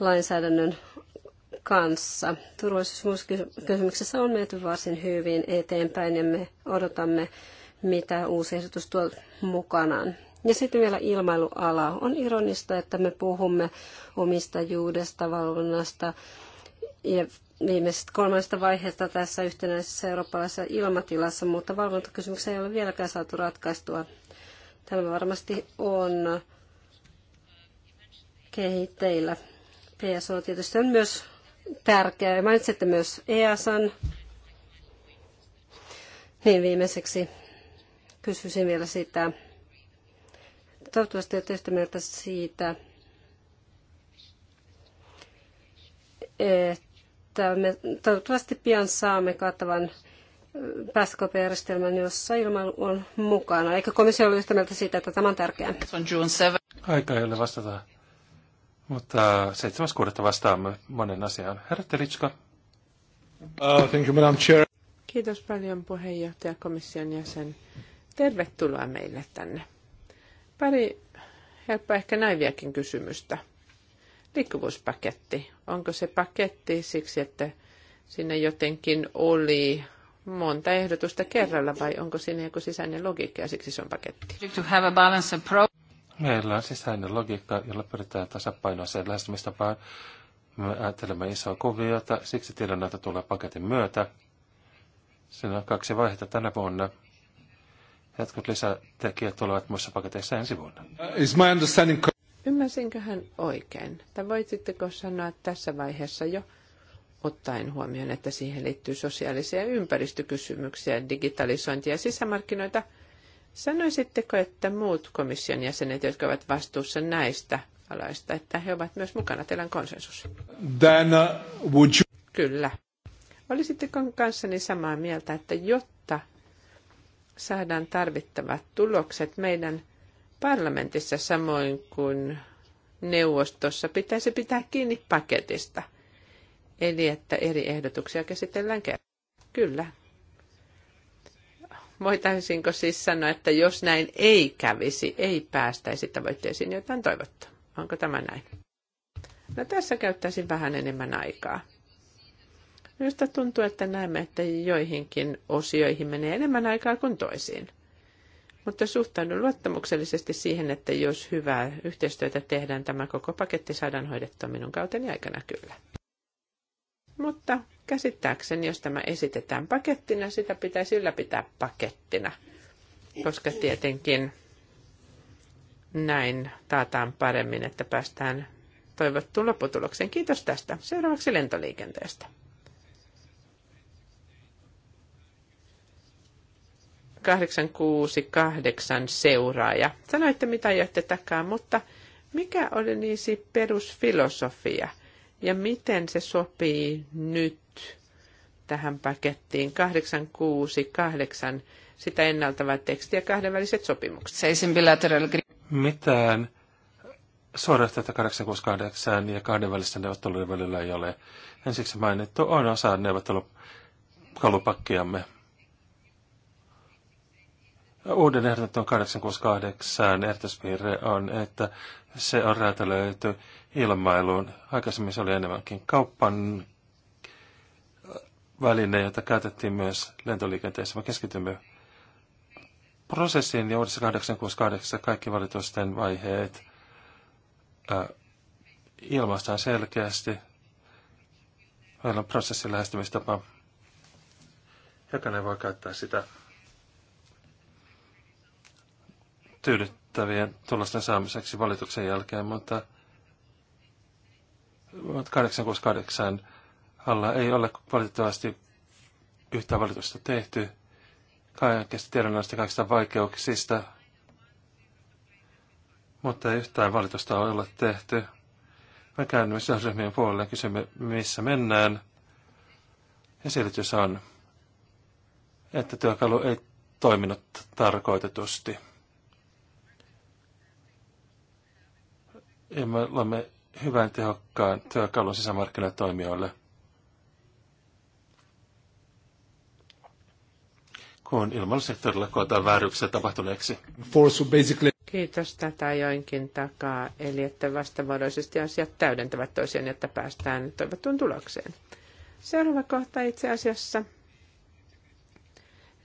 lainsäädännön kanssa. Turvallisuuskysymyksessä on menty varsin hyvin eteenpäin ja me odotamme, mitä uusi ehdotus tuo mukanaan. Ja sitten vielä ilmailuala. On ironista, että me puhumme omistajuudesta, valvonnasta ja viimeisestä kolmannesta vaiheesta tässä yhtenäisessä eurooppalaisessa ilmatilassa, mutta valvontakysymyksiä ei ole vieläkään saatu ratkaistua. Tämä varmasti on kehitteillä ESO tietysti on myös tärkeä. Ja mainitsitte myös EASan. Niin viimeiseksi kysyisin vielä sitä. Toivottavasti olette yhtä mieltä siitä, että me toivottavasti pian saamme kattavan päästökauppajärjestelmän, jossa ilmailu on mukana. Eikö komissio ole yhtä mieltä siitä, että tämä on tärkeää? Aika ei ole vastata mutta 7.6. vastaamme monen asiaan. Herra Telitska. Uh, Kiitos paljon puheenjohtaja komission jäsen. Tervetuloa meille tänne. Pari helppoa ehkä näiviäkin kysymystä. Liikkuvuuspaketti. Onko se paketti siksi, että sinne jotenkin oli monta ehdotusta kerralla vai onko siinä joku sisäinen logiikka ja siksi se on paketti? Meillä on sisäinen logiikka, jolla pyritään tasapainoiseen lähestymistapaan. Me ajattelemme isoa kuviota, siksi tiedonanto tulee paketin myötä. Siinä on kaksi vaihetta tänä vuonna. Jotkut lisätekijät tulevat muissa paketeissa ensi vuonna. Uh, is my understanding... Ymmärsinköhän oikein? Tai voisitteko sanoa tässä vaiheessa jo, ottaen huomioon, että siihen liittyy sosiaalisia ympäristökysymyksiä, digitalisointia ja sisämarkkinoita – Sanoisitteko, että muut komission jäsenet, jotka ovat vastuussa näistä alaista, että he ovat myös mukana teidän konsensus? Then, uh, would you... Kyllä. Olisitteko kanssani samaa mieltä, että jotta saadaan tarvittavat tulokset meidän parlamentissa samoin kuin neuvostossa, pitäisi pitää kiinni paketista. Eli että eri ehdotuksia käsitellään kerran. Kyllä, voitaisiinko siis sanoa, että jos näin ei kävisi, ei päästäisi tavoitteisiin, joita on toivottu? Onko tämä näin? No tässä käyttäisin vähän enemmän aikaa. Minusta tuntuu, että näemme, että joihinkin osioihin menee enemmän aikaa kuin toisiin. Mutta suhtaudun luottamuksellisesti siihen, että jos hyvää yhteistyötä tehdään, tämä koko paketti saadaan hoidettua minun kauteni aikana kyllä. Mutta Käsittääkseni, jos tämä esitetään pakettina, sitä pitäisi ylläpitää pakettina, koska tietenkin näin taataan paremmin, että päästään toivottuun lopputulokseen. Kiitos tästä. Seuraavaksi lentoliikenteestä. kahdeksan kuusi kahdeksan seuraaja. Sanoitte, mitä ajoitte takaa, mutta mikä oli niisi perusfilosofia – ja miten se sopii nyt tähän pakettiin 868, sitä ennaltavaa tekstiä kahdenväliset sopimukset? Mitään suorastaan 868 ja kahdenvälisten neuvottelujen välillä ei ole. Ensiksi mainittu on osa neuvottelukalupakkiamme. Uuden ehdotetun 868 ehdotuspiirre on, että se on räätälöity ilmailuun. Aikaisemmin se oli enemmänkin kauppan äh, väline, jota käytettiin myös lentoliikenteessä. Me keskitymme prosessiin ja uudessa 868 kaikki valitusten vaiheet äh, ilmaistaan selkeästi. Meillä on prosessin lähestymistapa. Jokainen voi käyttää sitä tyydyttävien tulosten saamiseksi valituksen jälkeen, mutta 868 alla ei ole valitettavasti yhtään valitusta tehty. Kaikista tiedonannosta kaikista vaikeuksista, mutta ei yhtään valitusta ole tehty. Me käännymme sidosryhmien puolelle ja kysymme, missä mennään. Ja selitys on, että työkalu ei toiminut tarkoitetusti. Ja me olemme hyvän tehokkaan työkalun sisämarkkinatoimijoille. kun sektorilla koetaan vääryksiä tapahtuneeksi. Kiitos tätä joinkin takaa, eli että vastavuoroisesti asiat täydentävät toisiaan, että päästään toivottuun tulokseen. Seuraava kohta itse asiassa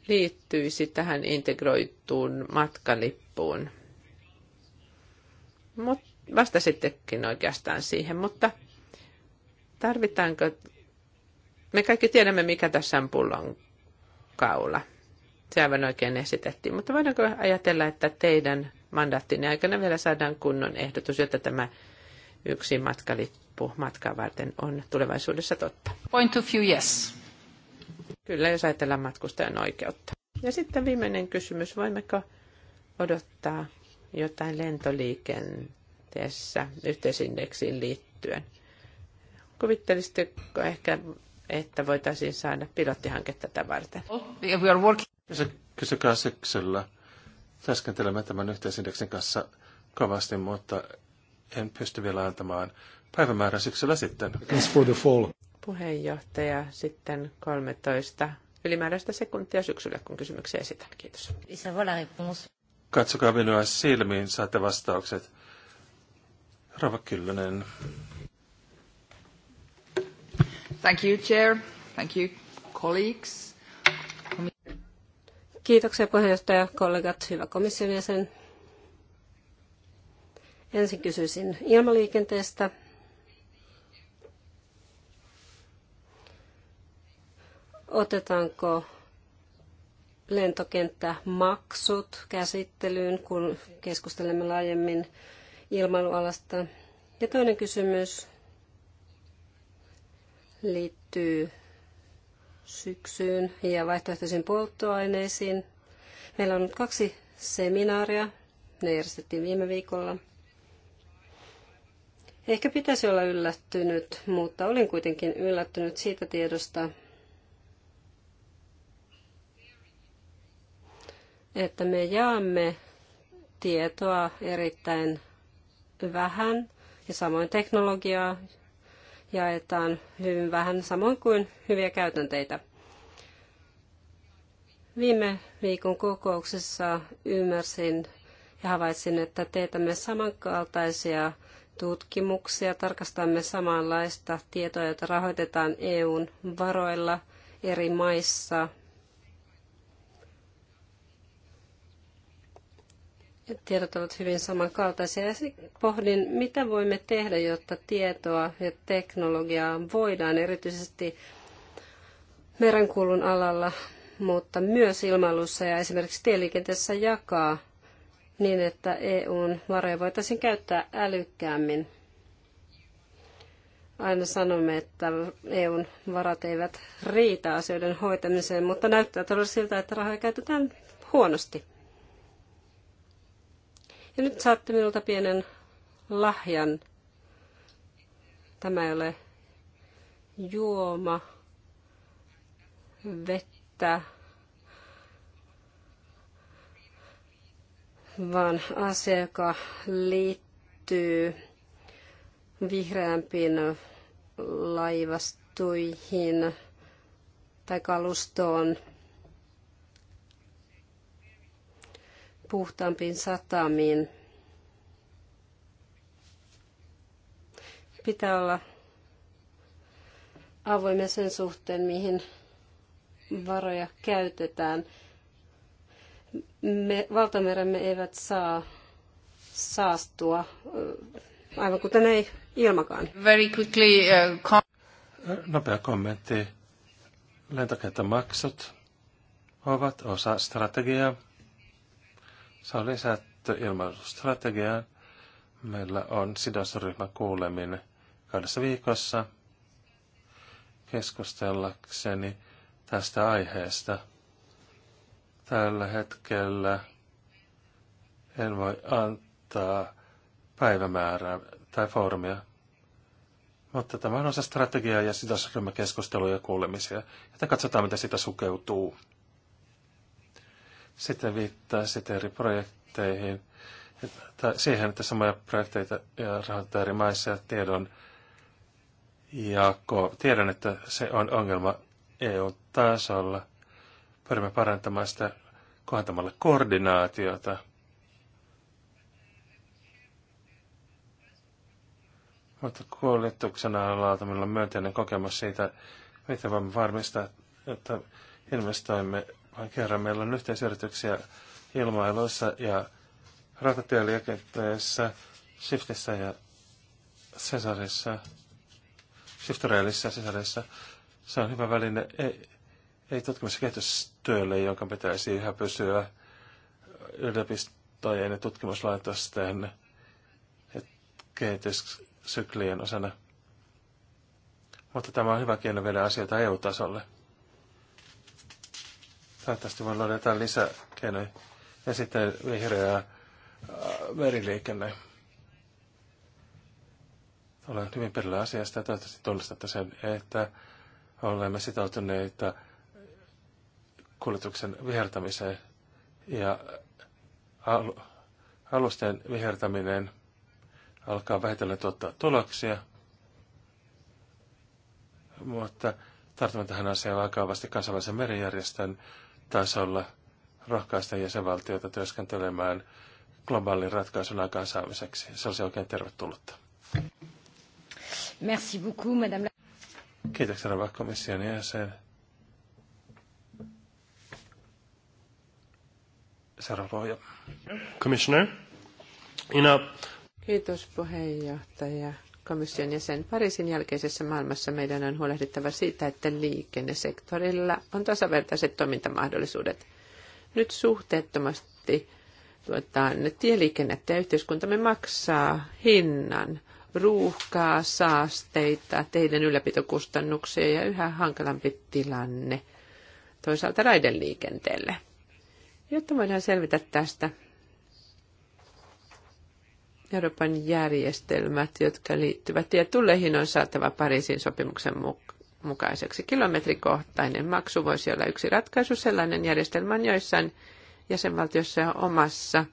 liittyisi tähän integroittuun matkalippuun. Mutta vastasittekin oikeastaan siihen, mutta tarvitaanko, me kaikki tiedämme mikä tässä on pullon kaula. Se aivan oikein esitettiin, mutta voidaanko ajatella, että teidän mandaattinne aikana vielä saadaan kunnon ehdotus, jotta tämä yksi matkalippu matkaa varten on tulevaisuudessa totta. Point of view, yes. Kyllä, jos ajatellaan matkustajan oikeutta. Ja sitten viimeinen kysymys, voimmeko odottaa jotain lentoliikenteen tässä yhteisindeksiin liittyen. Kuvittelisitteko ehkä, että voitaisiin saada pilottihanke tätä varten? Kysykää syksyllä. Täskentelemme tämän yhteisindeksin kanssa kovasti, mutta en pysty vielä antamaan päivämäärä syksyllä sitten. For the fall. Puheenjohtaja sitten 13 ylimääräistä sekuntia syksyllä, kun kysymyksiä esitän. Kiitos. Katsokaa minua silmiin, saatte vastaukset. Rova Kyllönen. Thank you, Chair. Thank you, colleagues. Kiitoksia puheenjohtaja, kollegat, hyvä komission jäsen. Ensin kysyisin ilmaliikenteestä. Otetaanko lentokenttämaksut käsittelyyn, kun keskustelemme laajemmin ilmailualasta. Ja toinen kysymys liittyy syksyyn ja vaihtoehtoisiin polttoaineisiin. Meillä on nyt kaksi seminaaria. Ne järjestettiin viime viikolla. Ehkä pitäisi olla yllättynyt, mutta olin kuitenkin yllättynyt siitä tiedosta, että me jaamme tietoa erittäin vähän ja samoin teknologiaa jaetaan hyvin vähän, samoin kuin hyviä käytänteitä. Viime viikon kokouksessa ymmärsin ja havaitsin, että teetämme samankaltaisia tutkimuksia, tarkastamme samanlaista tietoa, jota rahoitetaan EUn varoilla eri maissa – tiedot ovat hyvin samankaltaisia. Ja pohdin, mitä voimme tehdä, jotta tietoa ja teknologiaa voidaan erityisesti merenkulun alalla, mutta myös ilmailussa ja esimerkiksi tieliikenteessä jakaa niin, että EUn varoja voitaisiin käyttää älykkäämmin. Aina sanomme, että EUn varat eivät riitä asioiden hoitamiseen, mutta näyttää todella siltä, että rahoja käytetään huonosti. Ja nyt saatte minulta pienen lahjan. Tämä ei ole juoma vettä, vaan asia, joka liittyy vihreämpiin laivastuihin tai kalustoon puhtaampiin satamiin. Pitää olla avoimia sen suhteen, mihin varoja käytetään. Me, valtameremme eivät saa saastua, aivan kuten ei ilmakaan. Very quickly, uh, com- Nopea kommentti. Lentokenttämaksut ovat osa strategiaa. Se on lisätty ilmailustrategiaan. Meillä on sidosryhmä kuulemin kahdessa viikossa keskustellakseni tästä aiheesta. Tällä hetkellä en voi antaa päivämäärää tai foorumia, mutta tämä on osa strategiaa ja sidosryhmäkeskusteluja ja kuulemisia, ja katsotaan, mitä sitä sukeutuu. Sitä viittaa sitten eri projekteihin, Että, siihen, että samoja projekteita rahoittaa eri maissa ja tiedon jako. Tiedän, että se on ongelma EU-tasolla. Pyrimme parantamaan sitä kohentamalla koordinaatiota. Mutta kuljetuksena on laatamilla myönteinen kokemus siitä, miten voimme varmistaa, että investoimme vaan kerran meillä on yhteisyrityksiä ilmailuissa ja rautatieliikenteessä, Shiftissä ja Cesarissa, Shiftoreilissa ja Cesarissa. Se on hyvä väline ei, ei tutkimus- ja kehitystyölle, jonka pitäisi yhä pysyä yliopistojen ja tutkimuslaitosten kehityssyklien osana. Mutta tämä on hyvä keino vielä asioita EU-tasolle. Toivottavasti voin luoda jotain lisäkeinoja. Ja sitten vihreä äh, meriliikenne. Olen hyvin perillä asiasta ja toivottavasti tunnistatte sen, että olemme sitoutuneita kuljetuksen vihertämiseen ja al- alusten vihertäminen alkaa vähitellen tuottaa tuloksia. Mutta tartumme tähän asiaan vakavasti kansainvälisen merijärjestön tasolla rohkaista jäsenvaltioita työskentelemään globaalin ratkaisun aikaansaamiseksi. Se olisi oikein tervetullutta. Merci beaucoup, madame. Kiitoksia, rouva komission jäsen. Seuraava Commissioner. Ina. Kiitos puheenjohtaja komission jäsen, Pariisin jälkeisessä maailmassa meidän on huolehdittava siitä, että liikennesektorilla on tasavertaiset toimintamahdollisuudet. Nyt suhteettomasti tuotaan tieliikennettä ja yhteiskuntamme maksaa hinnan ruuhkaa, saasteita, teiden ylläpitokustannuksia ja yhä hankalampi tilanne toisaalta raideliikenteelle. Jotta voidaan selvitä tästä, Euroopan järjestelmät, jotka liittyvät tietulleihin, on saatava Pariisin sopimuksen mukaiseksi. Kilometrikohtainen maksu voisi olla yksi ratkaisu. Sellainen järjestelmä on joissain jäsenvaltiossa ja omassa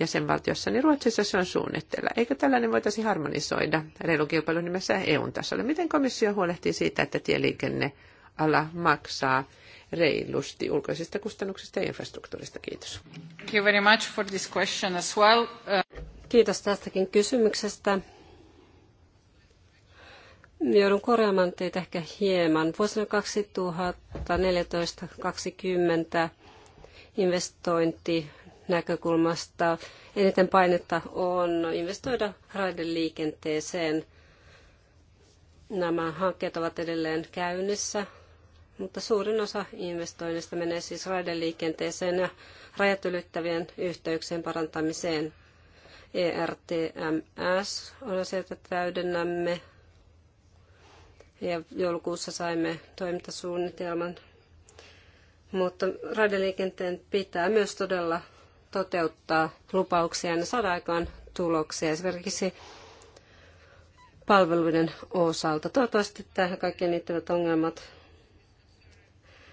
jäsenvaltiossa, niin Ruotsissa se on suunnitteilla. Eikö tällainen voitaisi harmonisoida reilun kilpailun nimessä EUn tasolla? Miten komissio huolehtii siitä, että tieliikenneala maksaa reilusti ulkoisista kustannuksista ja infrastruktuurista? Kiitos. Thank you very much for this question as well. Uh... Kiitos tästäkin kysymyksestä. Joudun korjaamaan teitä ehkä hieman. Vuosina 2014-2020 investointi näkökulmasta eniten painetta on investoida raideliikenteeseen. Nämä hankkeet ovat edelleen käynnissä, mutta suurin osa investoinnista menee siis raideliikenteeseen ja rajat ylittävien yhteyksien parantamiseen – ERTMS on asia, jota täydennämme. Ja joulukuussa saimme toimintasuunnitelman. Mutta raideliikenteen pitää myös todella toteuttaa lupauksia ja saada aikaan tuloksia. Esimerkiksi palveluiden osalta. Toivottavasti tähän kaikkien liittyvät ongelmat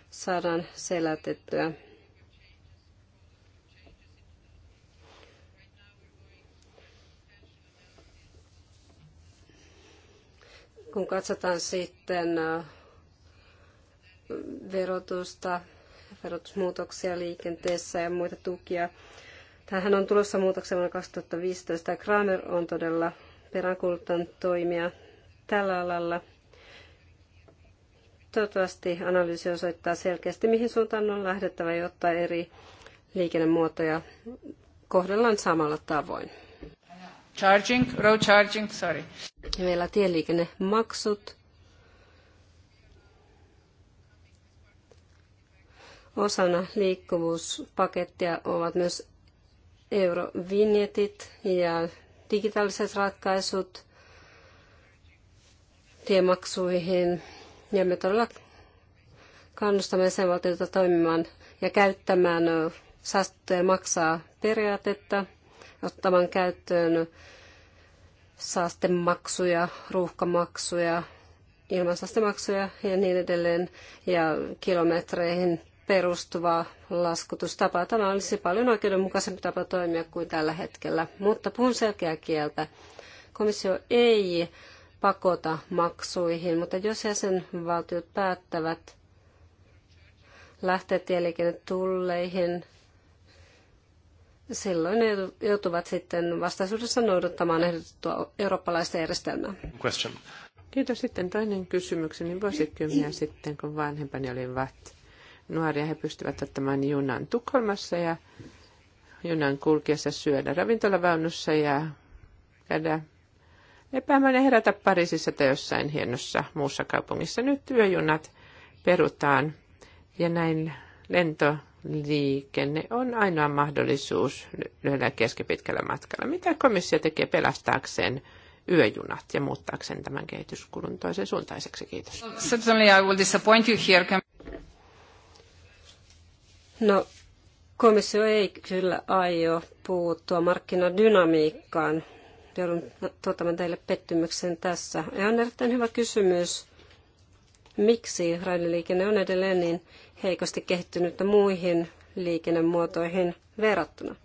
saadaan selätettyä. Kun katsotaan sitten verotusta, verotusmuutoksia liikenteessä ja muita tukia, tähän on tulossa muutoksia vuonna 2015 ja Kramer on todella peräänkuuluttanut toimia tällä alalla. Toivottavasti analyysi osoittaa selkeästi, mihin suuntaan on lähdettävä, jotta eri liikennemuotoja kohdellaan samalla tavoin. Charging, road charging, sorry. Meillä tieliikennemaksut. Osana liikkuvuuspakettia ovat myös eurovinjetit ja digitaaliset ratkaisut tiemaksuihin. Ja me todella kannustamme valtiota toimimaan ja käyttämään saastuttaja maksaa periaatetta, ottamaan käyttöön saastemaksuja, ruuhkamaksuja, ilmansaastemaksuja ja niin edelleen ja kilometreihin perustuvaa laskutustapa. Tämä olisi paljon oikeudenmukaisempi tapa toimia kuin tällä hetkellä, mutta puhun selkeää kieltä. Komissio ei pakota maksuihin, mutta jos jäsenvaltiot päättävät lähteä tieliikennetulleihin, silloin ne joutuvat sitten vastaisuudessa noudattamaan ehdotettua eurooppalaista järjestelmää. Question. Kiitos. Sitten toinen Niin Vuosikymmeniä sitten, kun vanhempani vat nuoria, he pystyvät ottamaan junan Tukholmassa ja junan kulkiessa syödä ravintolavaunussa ja käydä epäämään ja herätä Pariisissa tai jossain hienossa muussa kaupungissa. Nyt yöjunat perutaan ja näin lento liikenne on ainoa mahdollisuus lyhyellä keskipitkällä matkalla. Mitä komissio tekee pelastaakseen yöjunat ja muuttaakseen tämän kehityskulun toisen suuntaiseksi? Kiitos. Certainly I will disappoint you here. No, komissio ei kyllä aio puuttua markkinadynamiikkaan. Joudun tuottamaan teille pettymyksen tässä. Ja on erittäin hyvä kysymys miksi raideliikenne on edelleen niin heikosti kehittynyt muihin liikennemuotoihin verrattuna.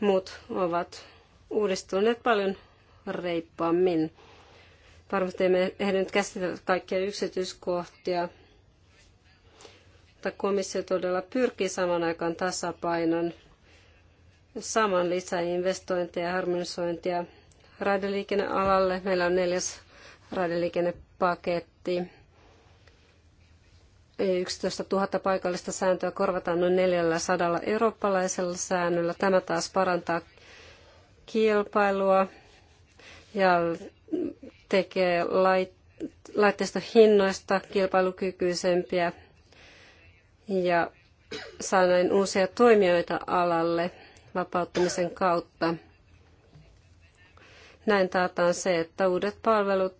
Muut ovat uudistuneet paljon reippaammin. Varmasti emme ehdi nyt käsitellä kaikkia yksityiskohtia, mutta komissio todella pyrkii saman aikaan tasapainon saman lisäinvestointeja ja harmonisointia raideliikennealalle. Meillä on neljäs raideliikennepaketti. 11 000 paikallista sääntöä korvataan noin 400 eurooppalaisella säännöllä. Tämä taas parantaa kilpailua ja tekee hinnoista kilpailukykyisempiä ja saa näin uusia toimijoita alalle vapauttamisen kautta. Näin taataan se, että uudet palvelut,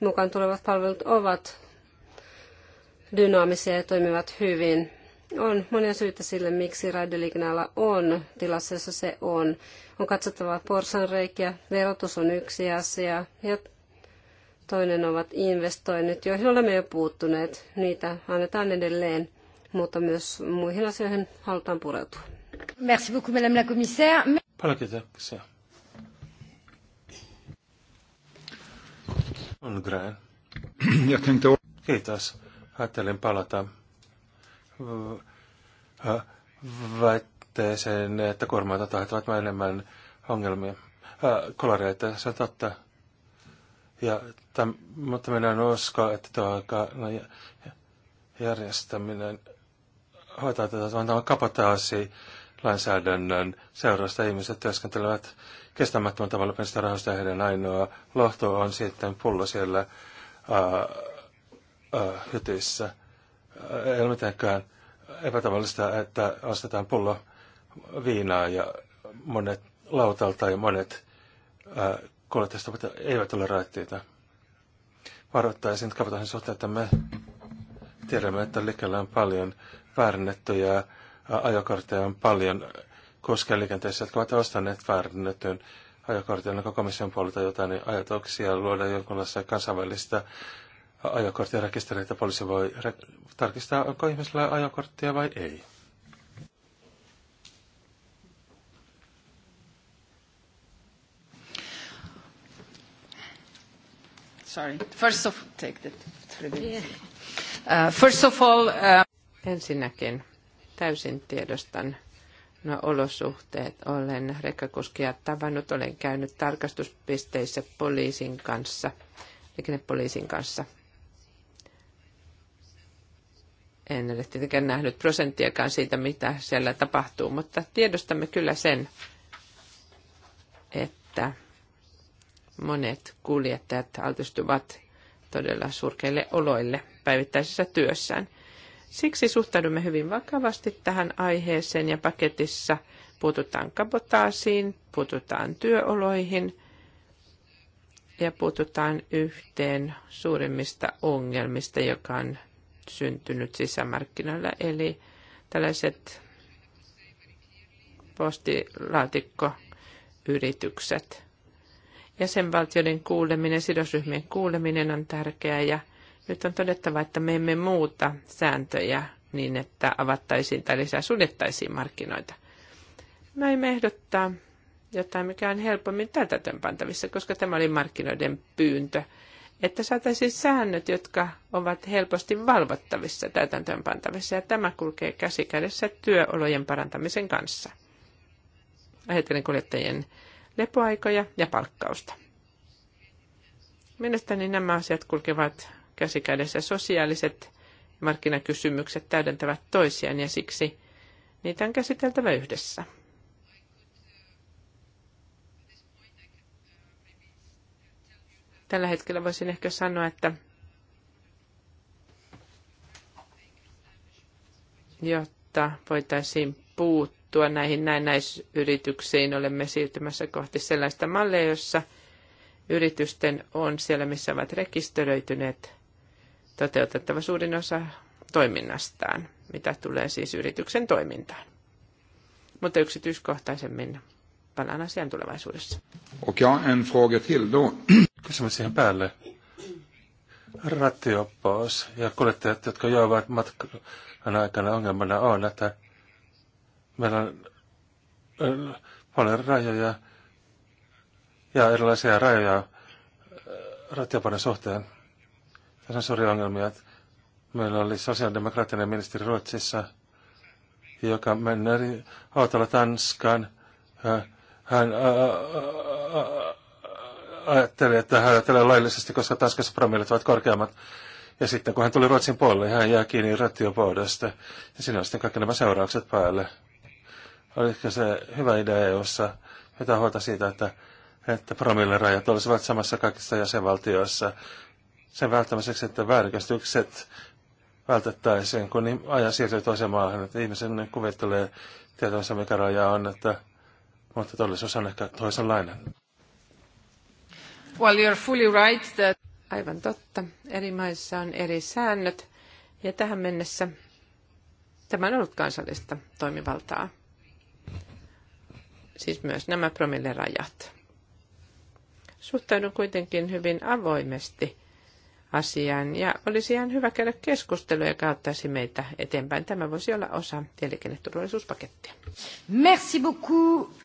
mukaan tulevat palvelut ovat dynaamisia ja toimivat hyvin. On monia syitä sille, miksi raideliikenneala on tilassa, jossa se on. On katsottava porsanreikiä, verotus on yksi asia ja toinen ovat investoinnit, joihin olemme jo puuttuneet. Niitä annetaan edelleen, mutta myös muihin asioihin halutaan pureutua. Merci beaucoup, madame la commissaire. Paljon kiitoksia. On Graham. Kiitos ajattelin palata väitteeseen, että kuormaita autot aiheuttavat enemmän ongelmia, äh, kolareita, se on totta. Ja, täm, mutta minä en usko, että tuo aika, no, järjestäminen hoitaa tätä, vaan tämä kapotaasi lainsäädännön seurausta ihmiset työskentelevät kestämättömän tavalla penstä rahoista heidän ainoa lohto on sitten pullo siellä ää, hytissä. Äh, äh, ei ole mitenkään epätavallista, että ostetaan pullo viinaa ja monet lautalta ja monet äh, kuljettajista eivät ole raittiita. Varoittaisin kapotaisen suhteen, että me tiedämme, että liikellä on paljon väärennettyjä ajokortteja, on paljon kuskeja liikenteessä, jotka ovat ostaneet väärennetyn ajokortin, onko komission puolelta jotain ajatuksia luoda jonkunlaista kansainvälistä ajokorttia rekisteröitä. Poliisi voi tarkistaa, onko ihmisellä ajokorttia vai ei. Sorry. First of, take that. Uh, first of all, uh... Ensinnäkin täysin tiedostan no, olosuhteet. Olen rekkakuskia tavannut, olen käynyt tarkastuspisteissä poliisin kanssa, liikennepoliisin kanssa – En ole tietenkään nähnyt prosenttiakaan siitä, mitä siellä tapahtuu, mutta tiedostamme kyllä sen, että monet kuljettajat altistuvat todella surkeille oloille päivittäisessä työssään. Siksi suhtaudumme hyvin vakavasti tähän aiheeseen ja paketissa puututaan kabotaasiin, puututaan työoloihin ja puututaan yhteen suurimmista ongelmista, joka on syntynyt sisämarkkinoilla, eli tällaiset postilaatikkoyritykset. Jäsenvaltioiden kuuleminen, sidosryhmien kuuleminen on tärkeää ja nyt on todettava, että me emme muuta sääntöjä niin, että avattaisiin tai lisää suljettaisiin markkinoita. Mä emme ehdottaa jotain, mikä on helpommin täytäntöönpantavissa, koska tämä oli markkinoiden pyyntö että saataisiin säännöt, jotka ovat helposti valvottavissa, täytäntöönpantavissa, ja tämä kulkee käsi kädessä työolojen parantamisen kanssa. Ajattelen kuljettajien lepoaikoja ja palkkausta. Mielestäni nämä asiat kulkevat käsi kädessä. Sosiaaliset markkinakysymykset täydentävät toisiaan, ja siksi niitä on käsiteltävä yhdessä. Tällä hetkellä voisin ehkä sanoa, että jotta voitaisiin puuttua näihin näennäisyrityksiin, olemme siirtymässä kohti sellaista mallia, jossa yritysten on siellä, missä ovat rekisteröityneet, toteutettava suurin osa toiminnastaan, mitä tulee siis yrityksen toimintaan. Mutta yksityiskohtaisemmin palaan asiaan tulevaisuudessa. Och jag en fråga till då. Kysymys siihen päälle. Rattioppaus ja kuljettajat, jotka joivat matkan aikana ongelmana on, että meillä on äh, paljon rajoja ja erilaisia rajoja äh, rattioppauden suhteen. Tässä on suuria ongelmia. Meillä oli sosiaalidemokraattinen ministeri Ruotsissa, joka meni autolla Tanskaan äh, hän ajatteli, että hän ajattelee laillisesti, koska Tanskassa promillit ovat korkeammat. Ja sitten kun hän tuli Ruotsin puolelle, hän jää kiinni rattijuoppoudesta. Ja siinä on sitten kaikki nämä seuraukset päälle. Oliko se hyvä idea EU-ssa pitää huolta siitä, että, että promillerajat olisivat samassa kaikissa jäsenvaltioissa sen välttämiseksi, että väärinkäsitykset vältettäisiin, kun ajan siirtyy toiseen maahan. Että ihmisen kuvittelee tietonsa, mikä raja on, että mutta todellisuus on ehkä toisenlainen. Well, you're fully right that... Aivan totta. Eri maissa on eri säännöt ja tähän mennessä tämä on ollut kansallista toimivaltaa. Siis myös nämä promillerajat. Suhtaudun kuitenkin hyvin avoimesti asiaan ja olisi ihan hyvä käydä keskustelua, joka auttaisi meitä eteenpäin. Tämä voisi olla osa tieliikenneturvallisuuspakettia. Merci beaucoup.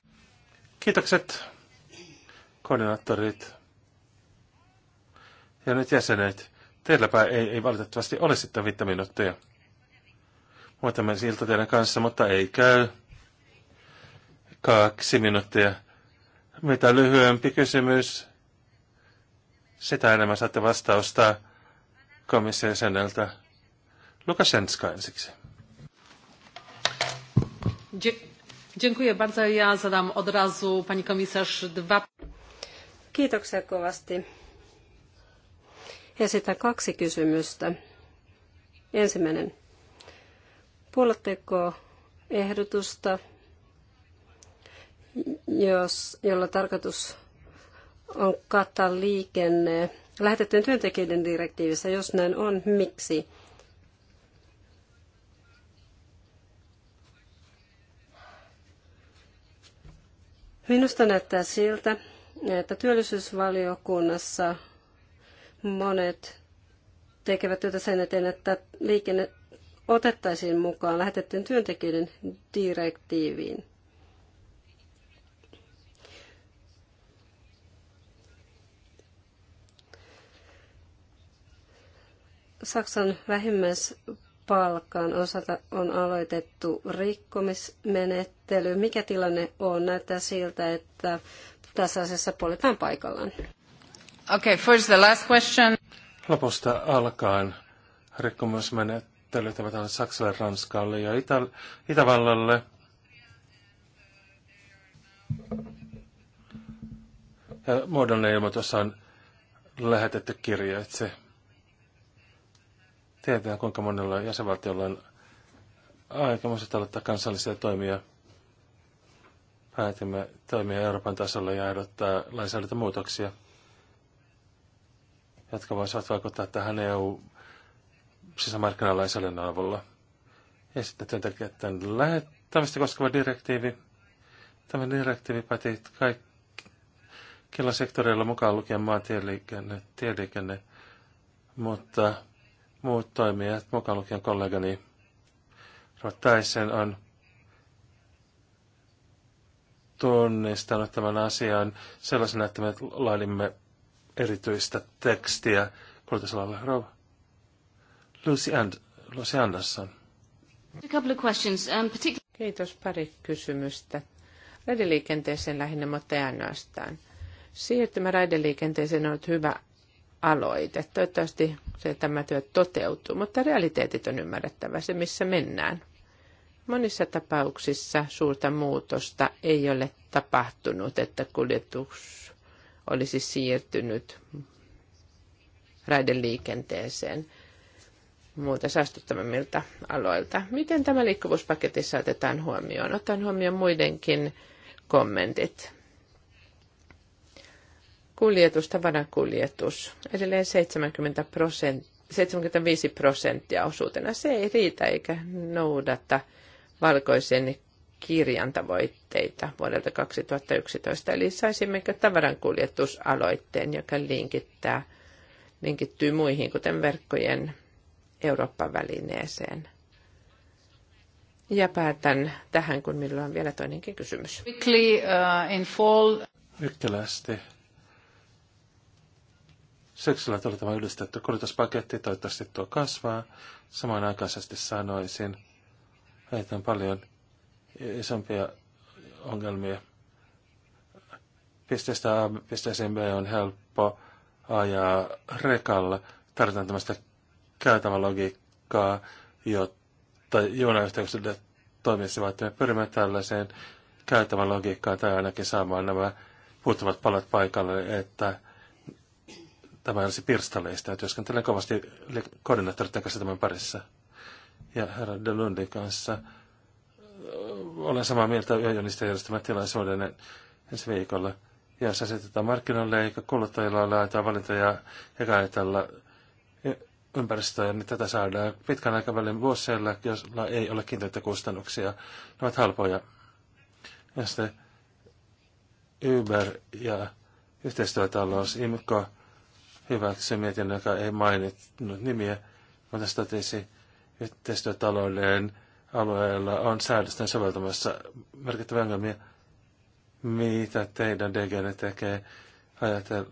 Kiitokset koordinaattorit ja nyt jäsenet. Teilläpä ei, ei valitettavasti ole sitten viittä minuuttia. Muutamme siltä siis teidän kanssa, mutta ei käy. Kaksi minuuttia. Mitä lyhyempi kysymys, sitä enemmän saatte vastausta komission jäseneltä. Lukashenska ensiksi. Dziękuję bardzo. Ja zadam od razu pani komisarz dwa... Kiitoksia kovasti. Esitän kaksi kysymystä. Ensimmäinen. Puolatteko ehdotusta, jos, jolla tarkoitus on kattaa liikenne lähetettyjen työntekijöiden direktiivissä? Jos näin on, miksi? Minusta näyttää siltä, että työllisyysvaliokunnassa monet tekevät työtä sen eteen, että liikenne otettaisiin mukaan lähetettyjen työntekijöiden direktiiviin. Saksan vähimmäis Palkkaan osalta on aloitettu rikkomismenettely. Mikä tilanne on? Näyttää siltä, että tässä asiassa poljetaan paikallaan. Okay, first the last question. Lopusta alkaen rikkomusmenettelyt ovat Saksalle, Ranskalle ja Itä- Itävallalle. Ja muodollinen ilmoitus on lähetetty kirjeitse. Tiedetään, kuinka monella jäsenvaltiolla on aikamoiset aloittaa kansallisia toimia. Päätimme toimia Euroopan tasolla ja ehdottaa lainsäädäntömuutoksia, jotka voisivat vaikuttaa tähän EU-sisämarkkinalainsäädännön avulla. Ja sitten työntekijöiden lähettämistä koskeva direktiivi. Tämä direktiivi päti kaikilla sektoreilla mukaan lukien maantieliikenne, tieliikenne, mutta muut toimijat, mukaan lukien kollegani Tyson, on tunnistanut tämän asian sellaisena, että me laadimme erityistä tekstiä kultasalalle. Rouva. Lucy, And, Lucy Anderson. A couple of questions, um, Kiitos, pari kysymystä. Raideliikenteeseen lähinnä, mutta ei ainoastaan. Siirtymä raideliikenteeseen on ollut hyvä aloite. Toivottavasti se tämä työ toteutuu, mutta realiteetit on ymmärrettävä se, missä mennään. Monissa tapauksissa suurta muutosta ei ole tapahtunut, että kuljetus olisi siirtynyt raideliikenteeseen muuta saastuttavammilta aloilta. Miten tämä liikkuvuuspaketissa otetaan huomioon? Otan huomioon muidenkin kommentit kuljetus, tavarakuljetus, edelleen 70 prosenttia. 75 prosenttia osuutena. Se ei riitä eikä noudata valkoisen kirjan tavoitteita vuodelta 2011. Eli saisimmeko tavarankuljetusaloitteen, joka linkittää, linkittyy muihin, kuten verkkojen Euroopan välineeseen Ja päätän tähän, kun minulla on vielä toinenkin kysymys. Quickly, uh, in fall. Syksyllä tuli tämä ylistetty kulutuspaketti, toivottavasti tuo kasvaa. Samanaikaisesti sanoisin, että on paljon isompia ongelmia. Pisteestä A pisteeseen B on helppo ajaa rekalla. Tarvitaan tämmöistä käytävälogiikkaa, jotta junayhteyksille toimisivat. Me pyrimme tällaiseen logiikkaan tai ainakin saamaan nämä puuttuvat palat paikalle, että tämä olisi pirstaleista ja työskentelen kovasti koordinaattoreiden kanssa tämän parissa. Ja herra De Lundin kanssa olen samaa mieltä yöjonista järjestämän tilaisuuden ensi viikolla, se asetetaan markkinoille eikä kuluttajilla aitoa valintoja eikä ajatella ympäristöä, niin tätä saadaan pitkän aikavälin vuosilla, joilla ei ole kiinteitä kustannuksia. Ne ovat halpoja. Ja sitten Uber ja yhteistyötalous, IMCO, hyväksi mietin, joka ei mainittu nimiä, mutta se totesi yhteistyötaloilleen alueella on säädösten soveltamassa merkittäviä ongelmia. Mitä teidän DGN tekee ajatella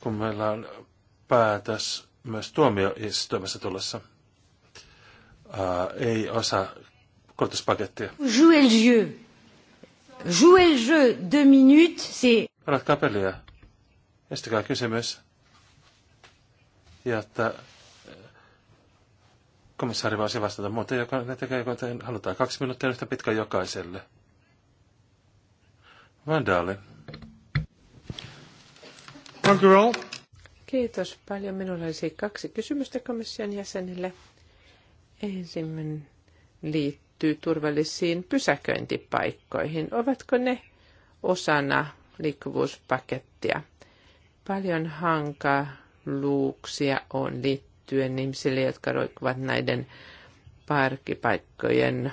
kun meillä on päätös myös tuomioistuimessa tulossa? Ää, ei osa korotuspakettia. Jouer le jeu. Jouer le jeu, deux minutes, c'est... Pelatkaa peliä. Estäkää kysymys. Ja että eh, komissaari voisi vastata muuten, joka ne tekee, joka te halutaan. Kaksi minuuttia yhtä pitkä jokaiselle. Vandaali. Kiitos paljon. Minulla olisi kaksi kysymystä komission jäsenille. Ensimmäinen liittyy turvallisiin pysäköintipaikkoihin. Ovatko ne osana liikkuvuuspakettia. Paljon hankaluuksia on liittyen ihmisille, jotka roikkuvat näiden parkkipaikkojen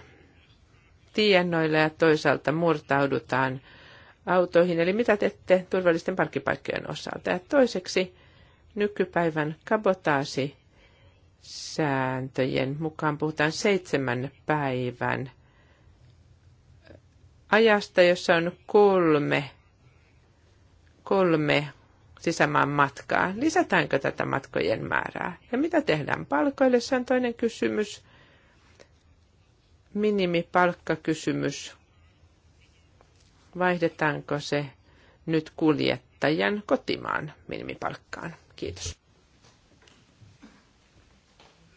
tiennoilla ja toisaalta murtaudutaan autoihin. Eli mitä teette turvallisten parkkipaikkojen osalta? Ja toiseksi nykypäivän kabotaasi sääntöjen mukaan puhutaan seitsemän päivän ajasta, jossa on kolme kolme sisämaan matkaa. Lisätäänkö tätä matkojen määrää? Ja mitä tehdään palkoille? Se on toinen kysymys. Minimipalkkakysymys. Vaihdetaanko se nyt kuljettajan kotimaan minimipalkkaan? Kiitos.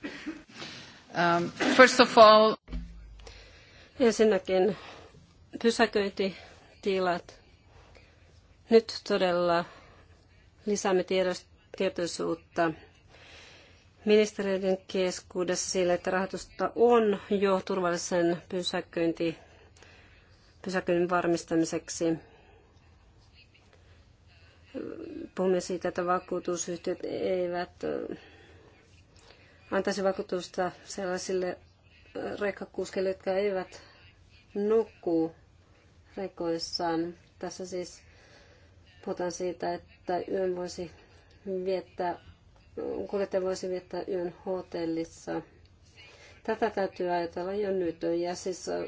Um, first of all... Ensinnäkin pysäköintitilat nyt todella lisäämme tietoisuutta ministeriöiden keskuudessa sille, että rahoitusta on jo turvallisen pysäköinti, pysäköinnin varmistamiseksi. Puhumme siitä, että vakuutusyhtiöt eivät äh, antaisi vakuutusta sellaisille äh, rekkakuskeille, jotka eivät nukkuu rekoissaan. Tässä siis Puhutaan siitä, että yön voisi viettää, kuljettaja voisi viettää yön hotellissa. Tätä täytyy ajatella jo nyt. Ja siis äh,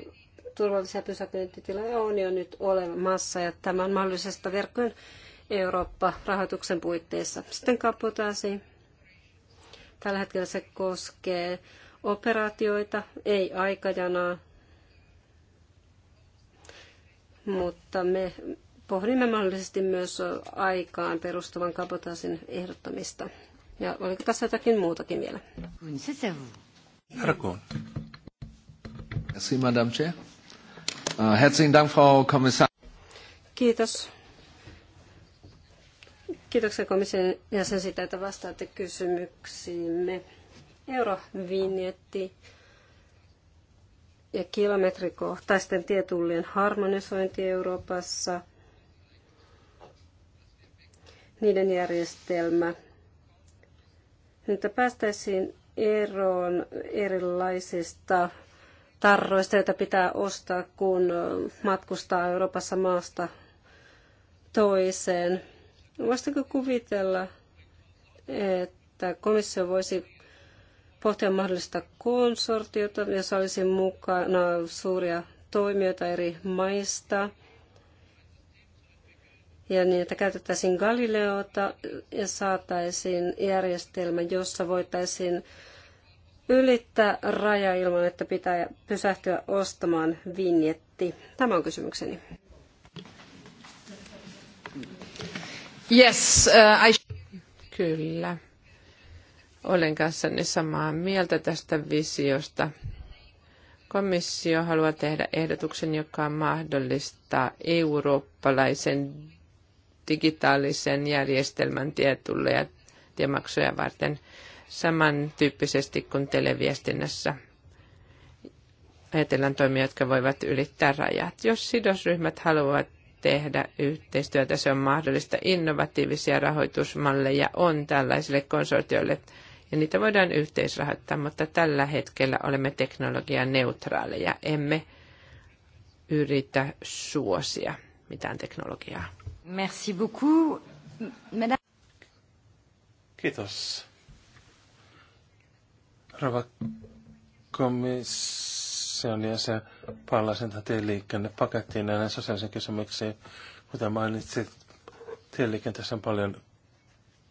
turvallisia pysäköintitiloja on jo nyt olemassa ja tämä on mahdollisesta verkkojen Eurooppa-rahoituksen puitteissa. Sitten kapotaasi. Tällä hetkellä se koskee operaatioita, ei aikajanaa, mutta me pohdimme mahdollisesti myös aikaan perustuvan kapotaasin ehdottamista. Ja oliko tässä jotakin muutakin vielä? Jarkoon. Uh, Kiitos. Kiitoksia komission jäsen sitä, että vastaatte kysymyksiimme. Eurovinjetti ja kilometrikohtaisten tietullien harmonisointi Euroopassa – niiden järjestelmä, että päästäisiin eroon erilaisista tarroista, joita pitää ostaa, kun matkustaa Euroopassa maasta toiseen. Voisitko kuvitella, että komissio voisi pohtia mahdollista konsortiota, jossa olisi mukana suuria toimijoita eri maista – ja niin, että käytettäisiin Galileota ja saataisiin järjestelmä, jossa voitaisiin ylittää raja ilman, että pitää pysähtyä ostamaan vinjetti? Tämä on kysymykseni. Yes, uh, I... Kyllä. Olen kanssani samaa mieltä tästä visiosta. Komissio haluaa tehdä ehdotuksen, joka mahdollistaa eurooppalaisen digitaalisen järjestelmän tietulle ja tiemaksuja varten samantyyppisesti kuin televiestinnässä ajatellaan toimia, jotka voivat ylittää rajat. Jos sidosryhmät haluavat tehdä yhteistyötä, se on mahdollista. Innovatiivisia rahoitusmalleja on tällaisille konsortioille ja niitä voidaan yhteisrahoittaa, mutta tällä hetkellä olemme teknologian neutraaleja, emme yritä suosia mitään teknologiaa. Merci beaucoup. Madame... Kiitos. Rova komission jäsen, palasin tähän tieliikennepakettiin näiden sosiaalisen kysymyksiin. Kuten mainitsit, tieliikenteessä on paljon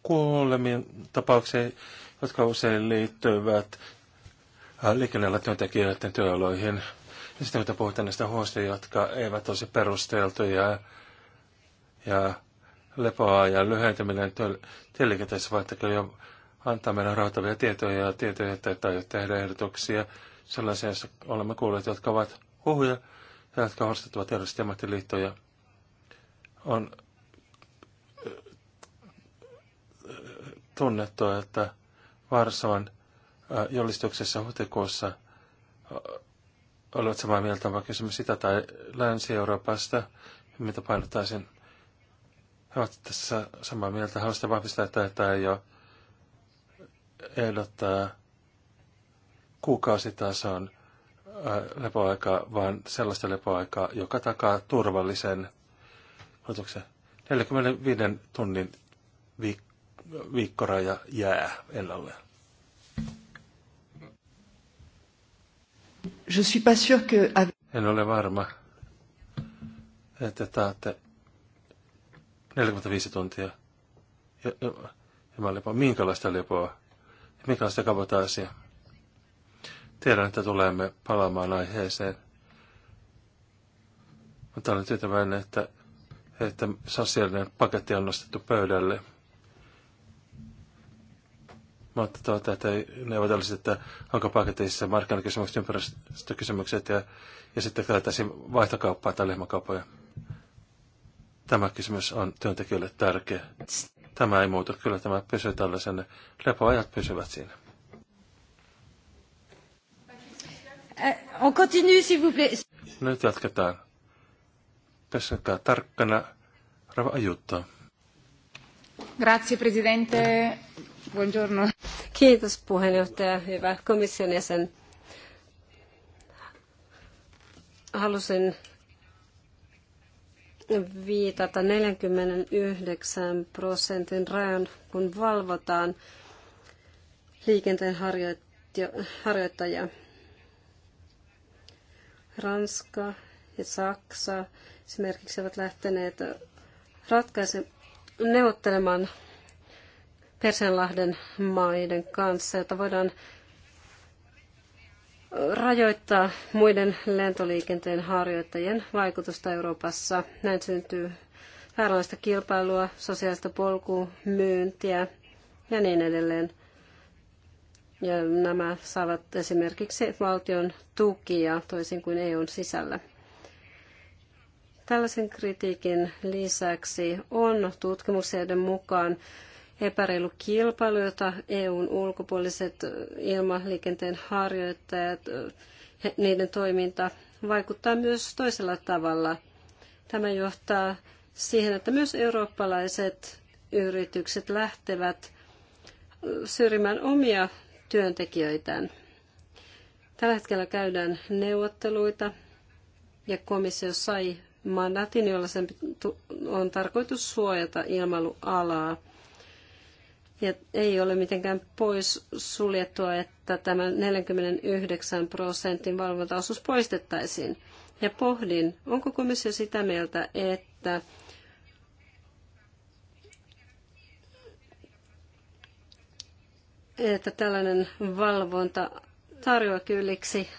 kuolemien tapauksia, jotka usein liittyvät äh, liikennellä työntekijöiden työoloihin. Ja sitten mitä puhutaan näistä huosta, jotka eivät olisi perusteltuja ja lepoajan lyhentäminen tieliikenteessä vaikka jo antaa meille rahoittavia tietoja ja tietoja, että tai tehdä ehdotuksia sellaisia, joissa olemme kuulleet, jotka ovat huhuja ja jotka vastattavat erilaisesti ammattiliittoja. On äh, tunnettu, että Varsovan äh, julistuksessa huhtikuussa äh, olivat samaa mieltä, vaan kysymys sitä tai Länsi-Euroopasta, mitä painottaisin he ovat tässä samaa mieltä. Haluaisin vahvistaa ei jo ehdottaa kuukausitason äh, lepoaikaa, vaan sellaista lepoaikaa, joka takaa turvallisen otuksen. 45 tunnin viik- viikkoraja jää ennalleen. Je suis pas sûr que... En ole varma, että taatte 45 tuntia. Ja, ja, ja mä lepoa, minkälaista lepoa ja minkälaista kabotaasia. Tiedän, että tulemme palaamaan aiheeseen. Mutta olen tyytyväinen, että, että sosiaalinen paketti on nostettu pöydälle. Mutta tuota, että neuvotelliset, että onko paketissa markkinakysymykset, ympäristökysymykset ja, ja sitten käytäisiin vaihtokauppaa tai lehmäkaupoja. Tämä kysymys on työntekijöille tärkeä. Tämä ei muuta, Kyllä tämä pysyy tällaisen. Lepoajat pysyvät siinä. Eh, on continue, s'il vous plaît. Nyt jatketaan. Pessäkää tarkkana. Rava ajuttaa. Grazie, presidente. Buongiorno. Kiitos puheenjohtaja. Hyvä komission jäsen. Halusin viitata 49 prosentin rajan, kun valvotaan liikenteen harjoittajia. Ranska ja Saksa esimerkiksi ovat lähteneet ratkaise, neuvottelemaan Persianlahden maiden kanssa, jotta voidaan rajoittaa muiden lentoliikenteen harjoittajien vaikutusta Euroopassa. Näin syntyy vääränlaista kilpailua, sosiaalista polkua, myyntiä ja niin edelleen. Ja nämä saavat esimerkiksi valtion tukia toisin kuin EUn sisällä. Tällaisen kritiikin lisäksi on tutkimuksien mukaan epäreilu kilpailu, jota EUn ulkopuoliset ilmaliikenteen harjoittajat, niiden toiminta vaikuttaa myös toisella tavalla. Tämä johtaa siihen, että myös eurooppalaiset yritykset lähtevät syrjimään omia työntekijöitään. Tällä hetkellä käydään neuvotteluita ja komissio sai mandaatin, jolla sen on tarkoitus suojata ilmailualaa. Ja ei ole mitenkään pois suljettua, että tämä 49 prosentin valvontaosuus poistettaisiin. Ja pohdin, onko komissio sitä mieltä, että että tällainen valvonta tarjoaa kylliksi